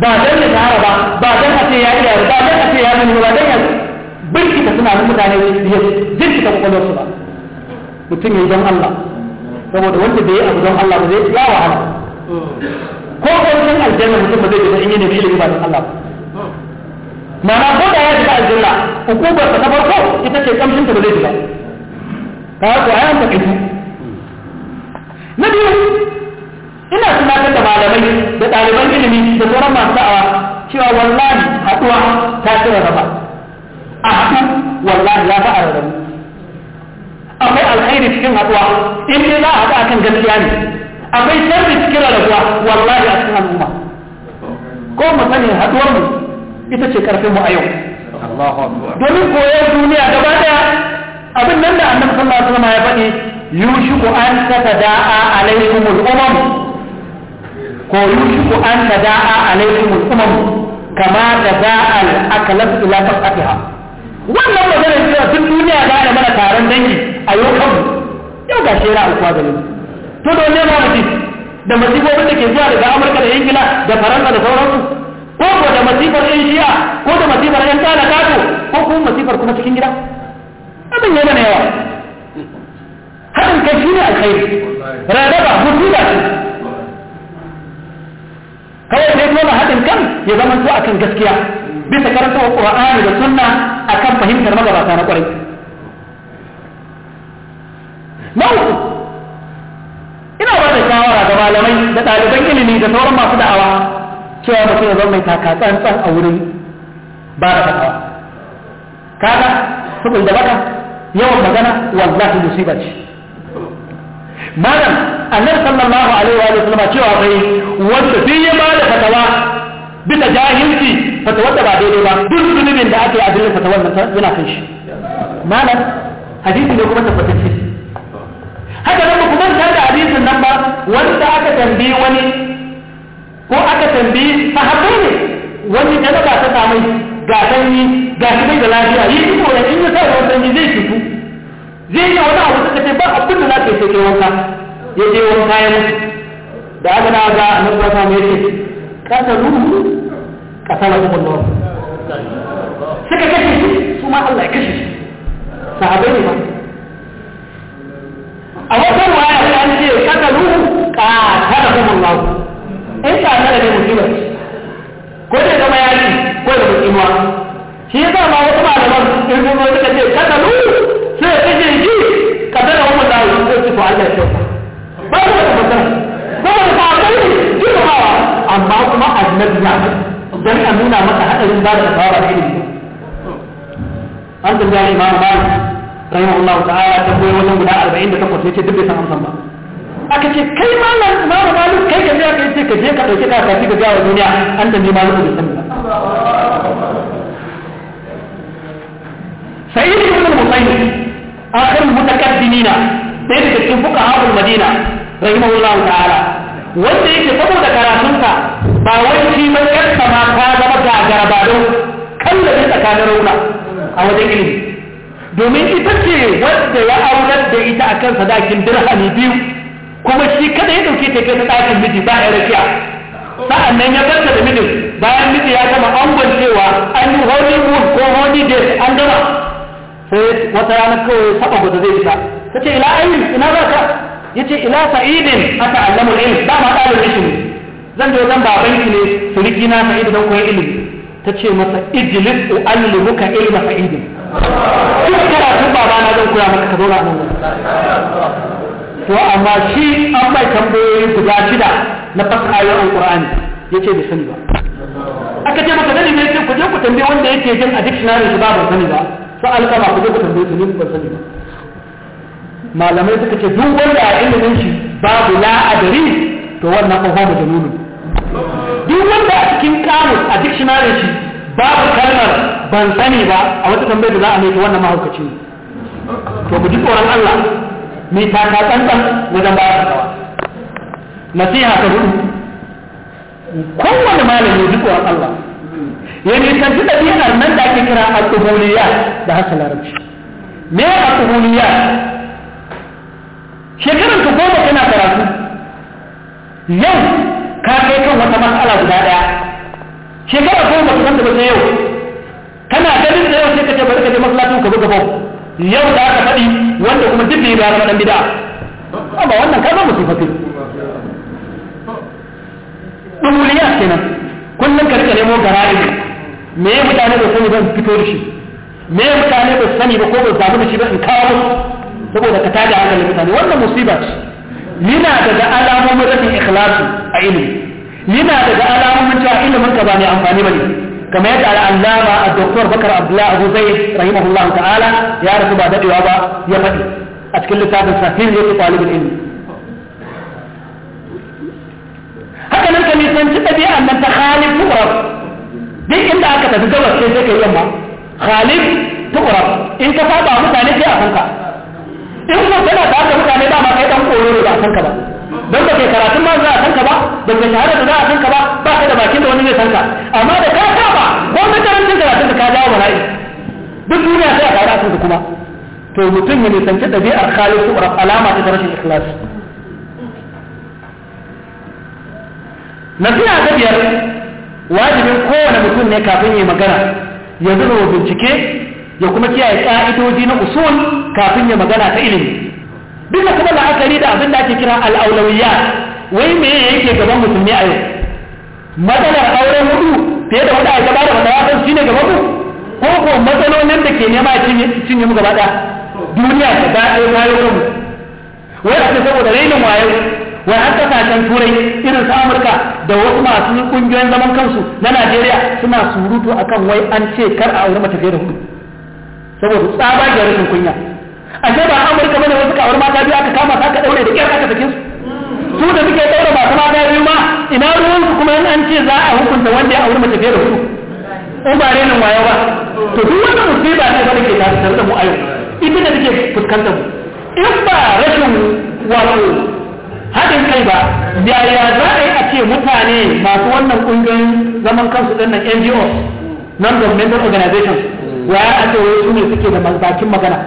ba don ya tara ba ba don a ce ya iya ba don a ce ya nuna ba don ya ta suna nan mutane ya kwakwalwar su ba mutum ya yi don Allah saboda wanda bai yi abu don Allah ba zai ya wahala ko ƙarfin aljanna mutum ba zai yi in yi ne ilimi ba don Allah ba ma'ana ko da ya shiga aljanna hukumar ta farko ita ce kamshin ta ba zai ji ba ka ko ayan ta kai na biyu ina tunatar da malamai da ɗaliban ilimi da sauran masu da'awa cewa wallahi haɗuwa ta fi rarraba a haɗu wallahi ya fi a rarrabu akwai alkhairi cikin haɗuwa in dai za a haɗu akan gaskiya ne akwai sharri cikin rarrabuwa wallahi a cikin al'umma ko mu sani haɗuwar mu ita ce karfin mu a yau domin koyar duniya gaba daya abin nan da annabi sallallahu alaihi wasallam ya faɗi يوشك أن تتداعى عليكم الأمم كو يوشك أن تداعى عليكم الأمم كما تداعى الأكلة إلى صفحتها wannan maganar cewa duk duniya za a mana taron dangi a yau kanmu yau ga shera a kwa gare to da wanne ma mutum da masifofin da ke zuwa daga amurka da ingila da faransa da sauransu ko ko da masifar asia ko da masifar yan tsada kato ko kuma masifar kuma cikin gida abin yana yawa haɗin kai shi ne alkhairi rarraba musiba ce kawai sai dole haɗin kan ya zama to akan gaskiya bisa karanta qur'ani da sunna akan fahimtar magabata na kwarai na ina ba da shawara ga malamai da ɗaliban ilimi da sauran masu da'awa cewa mutum ya zama mai taka tsantsan a wurin ba da fatawa kaga sukul da baka yawan magana wallahi musiba ce malam annabi sallallahu alaihi wa sallam cewa kai wanda sai ya bada fatawa bisa jahilci fatawar da ba daidai ba duk zunubin da ake adilin fatawar nan yana kan shi malam hadisi ne kuma tabbatacce haka nan ba kuma da hadisin nan ba wanda aka tambayi wani ko aka tambayi sahabbai ne wani da ba ta samu ga sanyi ga shi da lafiya yi ko in ya sa sanyi zai cutu zai yi wani abu suka ce ba abin da za ka yi sai wanka ya je wanka ya mutu da aka na ga nan kwata mai ce kasa ruhu kasa na kuma nawa suka kashe shi su ma Allah ya kashe shi sahabai ne ba a wata waya ta an ce kasa ruhu kasa na kuma nawa in kasa da ne musibar ko da zama yaki ko da musimuwa shi yasa ma wasu malaman in sun zo suka ce kasa ruhu sai ya kashe وجدت عليها شبهة ماذا تفكر ماذا تعطيني شبهة عن بعض ما أجنبي يعمل الضريقة مونة ما تحقق من بعد الإطارة إلي أنت جاء الإمام مالك رحمه الله تعالى تقول وزن بلا 40 da takwas yace duk bai san amsan ba aka ce kai malam imamu malik kai ka je ka yace ka je ka dauki ka tafi ka ga wa duniya an da ne maliku da san سعيد بن المصيب آخر المتكبرين sai daga cikin fuka abul madina rahimahullahu ta'ala wanda yake saboda karatunka ba wai shi ba yarka ma ka zama kalla kallabi tsakanin rauna a wajen ilimi domin ita ce wanda ya aurar da ita a kan sadakin dirhami biyu kuma shi kada ya dauke ta kai ta ɗakin miji ba ya rakiya sa'an nan ya barka da mijin bayan miji ya gama angon cewa an yi honeymoon ko honey an gama sai wata rana kawai saba guda zai fita ta ce ila ayin ina za ka ya ce ila sa'idin aka allamul ilm dama ɗalibin shi ne zan je wajen babanki ne suriki na sa'idu don koyi ilimi ta ce masa ijilis u'allimuka ilma fa'idin duk karatun baba na zan koya maka ka zauna nan to amma shi an bai tambayoyi guda shida na fasayoyin alqur'ani yace bai sani ba aka ce maka dani ne ku je ku tambaye wanda yake jin a dictionary shi ba ban sani ba sai alƙaba ku je ku tambaye su ne ban sani ba malamai suka ce duk wanda a ilimin shi babu la'adari to wannan da majalulu duk wanda a cikin kamus a dictionary shi babu kalmar ban sani ba a wata tambayar da za a maita wannan mahaukaci ne to mu ji tsoron Allah mai taka tsantsan wajen ba da nasiha ta hudu kowane malami ji tsoron Allah ya da ɗabi'ar nan da ake kira al da hasalarci larabci me al shekaran ka goma kana karatu yau ka kai kan wata matsala guda daya shekara goma ka san da wata yau kana ganin da yau sai ka ce bari ka je masallacin ka buga yau da aka faɗi wanda kuma duk da ya zama dan bid'a amma wannan ka zama sifatin dumuliyat kenan kullum ka rika nemo gara'i me mutane da sani ban fito da shi me mutane da sani ba ko ba zamu da shi ba in kawo saboda ka tada hankali mutane wannan musiba ce yana daga alamomin rashin ikhlasi a ilimi yana daga alamomin cewa ilimin ka ba ne amfani bane kamar yadda al'allama a doktor bakar abdullahi abu zai rahimahullahu ta'ala ya rasu ba dadewa ba ya faɗi a cikin littafin sahih ya fi ɗalibin ilimi haka nan ka nisanci ɗabi'an nan ta khalif tukurab duk inda aka tafi gabas sai sai ka yi yamma khalif tukurab in ka saba mutane sai a kanka in ko tana da haka mutane ba dama kai dan koro ne ba san ka ba don ba kai karatun ma za a san ka ba ba kai shahada da za a san ka ba ba ka da bakin da wani zai san ka amma da ka saba wani karancin karatun da ka jawo bala'i duk duniya sai a kawo asin ka kuma to mutum ya nisanci ɗabi'ar khalisu alama ta rashin ikhlasi nasiha ta biyar wajibin kowane mutum ne kafin ya magana ya zuba bincike ya kuma kiyaye ka'idoji na usul kafin ya magana ta ilimi duka kuma la'akari da abin da ake kira al'aulawiyya wai me yake gaban musulmi a yau matsalar aure hudu fiye da hudu a gaba da wasan shine gaba mu ko ko matsalolin da ke nema a cinye mu gaba da duniya ta ba ɗaya wayo kanmu wai a ce saboda rainin wayo wai har kasashen turai irin su amurka da wasu masu kungiyoyin zaman kansu na najeriya suna surutu akan wai an ce kar a aure mata fiye da hudu saboda tsaba da kunya. kunya ashe ba amurka bane wasu kawar mata biya aka kama ka daure da kyar aka sakin su su da suke daure masu mata ma ina ruwan su kuma an ce za a hukunta wanda ya auri mace fiye da su in ba renin wayo ba to duk wanda musiba ne ba da ke da mu a yau ita da take fuskantar mu in ba rashin wato haɗin kai ba yaya za a yi a ce mutane masu wannan ƙungiyoyin zaman kansu ɗin nan NGOs non-governmental organizations wa ya ake wai su ne suke da bakin magana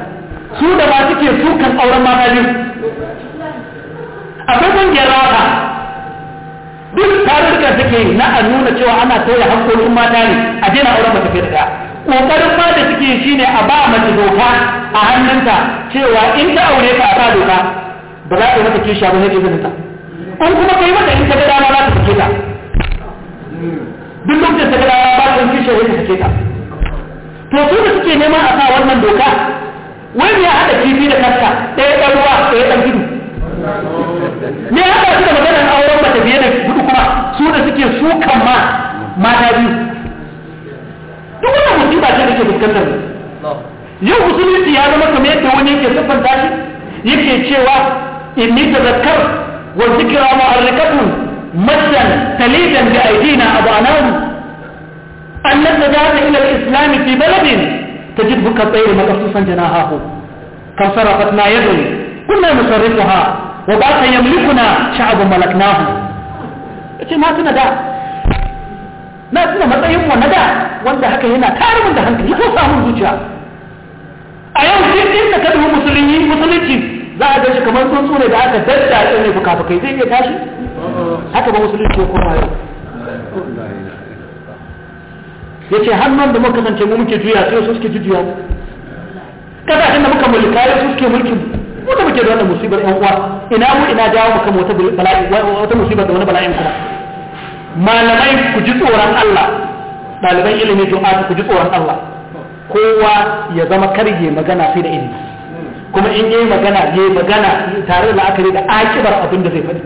su da ba suke sukan auren mata biyu akwai kungiyar rafa duk tarurrukan suke na a nuna cewa ana tauye hankokin mata ne a daina auren mace fiye da ɗaya ƙoƙarin ma da suke shi ne a ba mace doka a hannunta cewa in ta aure ka a ba doka ba za a yi mata kishiya ba zai izinin ta in kuma kai mata in ta gada dama za ta sake ta duk lokacin ta gada dama ba ta kishiya zai ta sake ta to su da suke neman a sa wannan doka wani ya haɗa kifi da kanta ɗaya ɗan ruwa ɗaya ɗan gudu ne ya haɗa su da maganar auren mata biye da gudu kuma su da suke sukan ma mata biyu duk wannan musiba ce da ke fuskantar yau musulunci ya zama kamar yadda wani yake siffanta shi yake cewa inni tazakkar wa zikra mu'arrikatun masan, talidan bi aidina abu anamu الذي جاءت إلى الإسلام في بلد تجده كطير مقصوصا جناهاه كم صرفت ما يدني كنا نصرفها وباق يملكنا شعب ملكناه أتي ما تندع ما تندع ما تندع ما تندع واندهك هنا تعلم اندهنك يخصى من زجا أيام سيدي إنك أدهو مسلمين مسلمين لا أدهش كمان تنصوني دعاك دجا إني بكافك إذن يتاشي آه. هكذا مسلمين يقول رأيك الله يا yace hannun da muka kasance mu muke juya sai su suke juya kasashen da muka mulka su suke mulki mu da muke da wannan musibar yan uwa ina mu ina jawo muka wata bala'i wata musibar da wani bala'in kuma malamai ku ji tsoron Allah ɗaliban ilimin juma'a ku ji tsoron Allah kowa ya zama karye magana sai da ilimi kuma in yi magana yi magana tare da la'akari da akibar abin da zai faɗi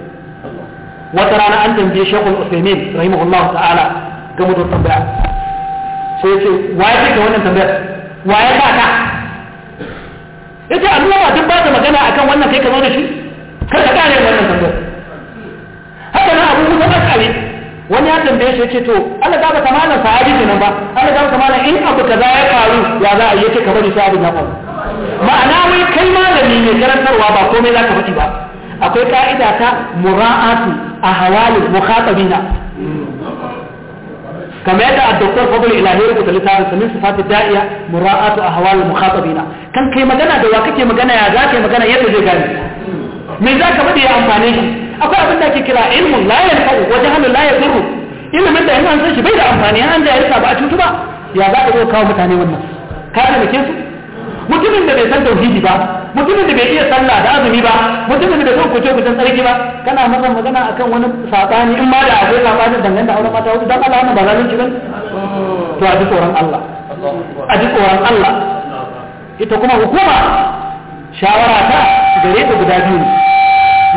wata rana an tambaye shekul usaimin rahimahullahu ta'ala gamu da tambaya sai ce wa ya ka wannan tambayar wa ya ba ka ya ce annuwa ba duk ba da magana a kan wannan kai ka da shi kar ka kare wannan tambayar haka nan abu musa asali wani ya tambaye shi ya ce to Allah za ka tamalan ne nan ba Allah za ka tamalan in abu kaza ya faru ya za a yi yake kamar isa abin ya faru ma'ana wai kai malami mai karantarwa ba komai za ka faɗi ba akwai ka'ida ta mura'atu a hawalin mukhatabina kamar yadda addoktor fadul ilahi rubuta littafin sanin sifati da'iya mura'atu ahwal mukhatabina kan kai magana da wa kake magana ya zaka magana yadda zai gane me zaka bada ya amfane shi akwai abin da ake kira ilmun la yanfa'u wa jahalun la yadurru ilimin da in an san shi bai da amfani an da yarsa ba a cutu ba ya za ka mutane wannan ka taimake su mutumin da bai san tauhidi ba mutumin da bai iya sallah da azumi ba mutumin da bai son kuce kucen tsarki ba kana masa magana akan wani sabani in ma da akwai sabani dangane da auren mata hudu dan Allah wannan ba zalunci bane to a ji tsoron Allah a ji tsoron Allah ita kuma hukuma shawara ta gare ta guda biyu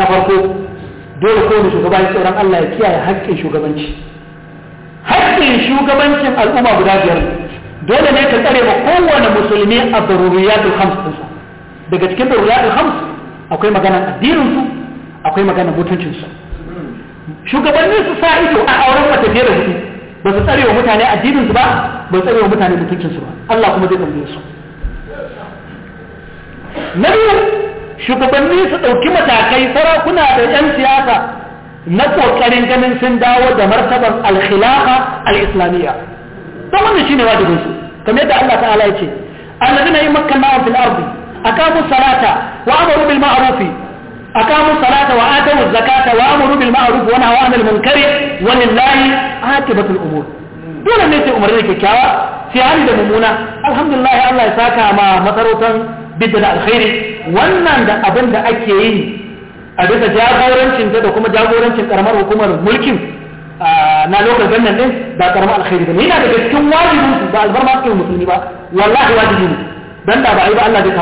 na farko dole ne shugaba ya tsoron Allah ya kiyaye haƙƙin shugabanci haƙƙin shugabancin al'umma guda biyar dole ne ka tsare ma kowane musulmi a daruriyatul hamsa daga cikin daruriyar hams akwai maganar addininsu akwai maganar mutuncinsu shugabannin su sa ido a auren matafiya da hudu ba su tsarewa mutane addininsu ba ba su tsarewa mutane mutuncinsu ba Allah kuma zai tambaye su na biyu shugabanni su ɗauki matakai sarakuna da 'yan siyasa na ƙoƙarin ganin sun dawo da martabar alkhilafa al-islamiyya ta wannan shine wajibinsu kamar yadda Allah ta'ala ya ce annabina yi makkan na'am fil ardi أقاموا الصلاة وأمروا بالمعروف أقاموا الصلاة وآتوا الزكاة وأمروا بالمعروف ونهوا عن المنكر ولله عاقبة الأمور dole ne sai umarni kyakkyawa sai hali da mummuna alhamdulillah Allah ya saka ma masarautan bidda da alkhairi wannan da abin da ake yi a bisa jagorancin da kuma jagorancin karamar hukumar mulkin na lokacin gannan din ba karamar alkhairi ba daga cikin wajibin ba albarma cikin musulmi ba wallahi wajibi ne da ba a yi ba Allah zai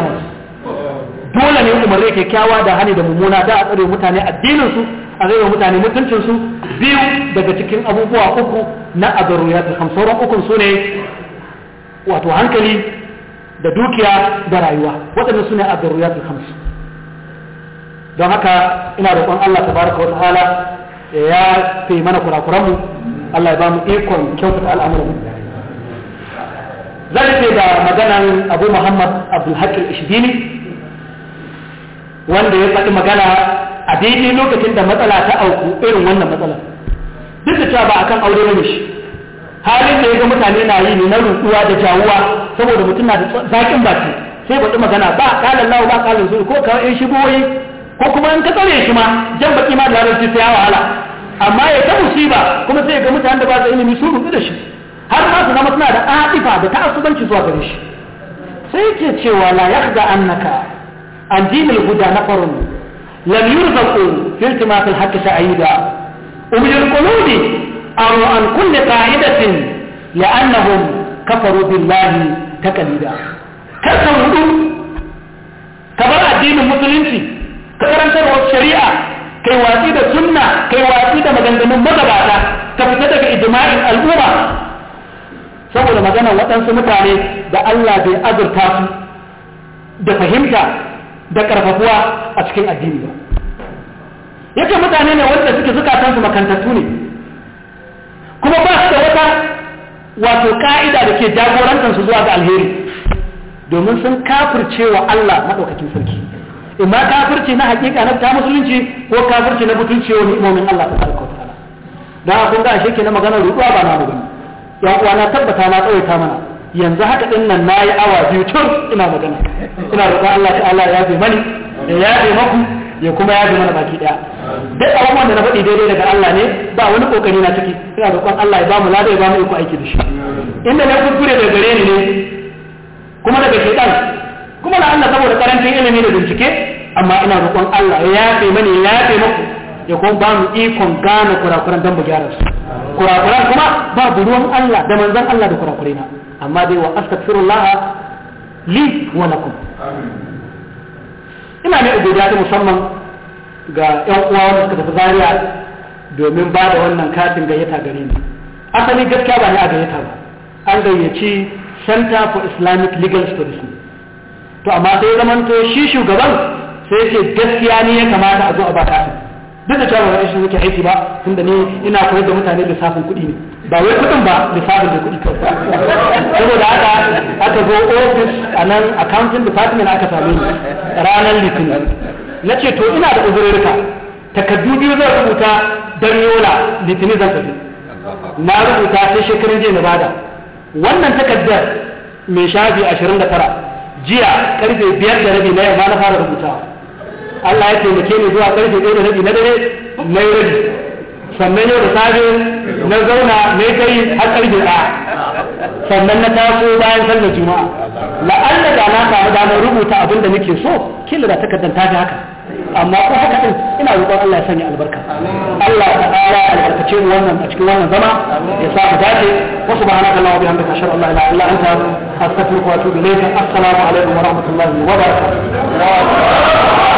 dole ne umarni kyakkyawa da hani da mummuna da a tsare mutane addininsu a tsare mutane mutuncinsu biyu daga cikin abubuwa uku na ya kam sauran ukun su ne wato hankali da dukiya da rayuwa waɗanda su ne adaruriyat su don haka ina roƙon Allah ta tabaraka wa ta'ala ya fi mana kurakuranmu Allah ya ba mu ikon kyautata al'amuran zan ce da maganan Abu Muhammad Abdul hakil Ishbili wanda ya faɗi magana a daidai lokacin da matsala ta auku irin wannan matsala duk da cewa ba a kan aure ne shi halin da ya ga mutane na yi ne na rukuwa da jawuwa saboda mutum na da zaƙin baki sai faɗi magana ba kalan lawa ba kalan zuwa ko kawai shi boye ko kuma in ka tsare shi ma jan baki ma da larabci sai ya wahala amma ya ta ba, kuma sai ga mutane da ba su ilimi su rubu da shi har ma su zama suna da atifa da ta'asubanci zuwa gare shi sai ke cewa la yakhda annaka عن الهدى نفر لم يرزقوا في التماس الحق سعيدا ومن القلوب أو عن كل قاعدة لأنهم كفروا بالله تكليدا كالتوحيد كبر الدين المسلمين كبرنتر والشريعة kai watsi da sunna kai watsi da maganganun magabata ka fita daga ijma'in al'umma saboda maganar waɗansu mutane da Allah bai azurta su da fahimta da karfafuwa a cikin addini ba yake mutane ne wanda suke su makantattu ne kuma ba su da wata wato ka'ida da ke jagorantar su zuwa ga alheri domin sun kafirce wa Allah maɗaukakin sarki ma kafirce na hakika na ta musulunci ko kafirci na butunci wa ni'imomin Allah ta barka ta'ala da kun ga ashe na maganar ruɗuwa ba na Ya'uwa na tabbata na tsawaita mana yanzu haka din nan nayi awa biyu tun ina magana ina roƙon Allah ta'ala ya bi mani ya yafe maku ya kuma ya bi mana baki daya duk abubuwan da na faɗi daidai daga Allah ne ba wani kokari na ciki ina roƙon Allah ya ba mu lada ba mu iko aiki da shi inda na kuskure da gare ni ne kuma daga shaitan kuma na Allah saboda karancin ilimi da bincike amma ina roƙon Allah ya yafe mani ya yafe maku ya kuma ba mu ikon gane kurakuran dan mu gyara su kurakuran kuma babu ruwan Allah da manzon Allah da kurakurai na amma dai wa astaghfirullah li wa lakum ina ne godiya ta musamman ga ƴan uwa wanda suka tafi Zariya domin ba da wannan katin gayyata gare ni asali gaskiya ba ne a gayyata ba an gayyaci center for islamic legal studies ne to amma sai zamanto shi shugaban sai ce gaskiya ne ya kamata a zo a ba katin duk da cewa ba shi nake aiki ba tunda ni ina koyar da mutane lissafin kuɗi ne ba wai kudin ba lissafin da kudi saboda haka aka zo ofis a nan accounting department aka same ni ranar litinin na ce to ina da uzurrika takardu biyu zan rubuta don yola litinin zan tafi na rubuta sai shekarun jiya bada wannan takardar mai shafi ashirin da tara jiya karfe biyar da rabi na yamma na fara rubuta Allah ya taimake ni zuwa karfe 1 da rabi na dare na rabi sannan yau da safe na zauna ne kai har karfe ɗaya sannan na taso bayan sallar juma'a la'alla da na samu damar rubuta abin da nake so kila da takardar ta ji haka amma ko haka din ina roƙon Allah ya sanya albarka Allah ta ƙara albarkace mu wannan a cikin wannan zama ya sa mu dace wa subhanaka allahumma bihamdika ashhadu an la ilaha illa anta astaghfiruka wa atubu ilayk assalamu alaikum wa rahmatullahi wa barakatuh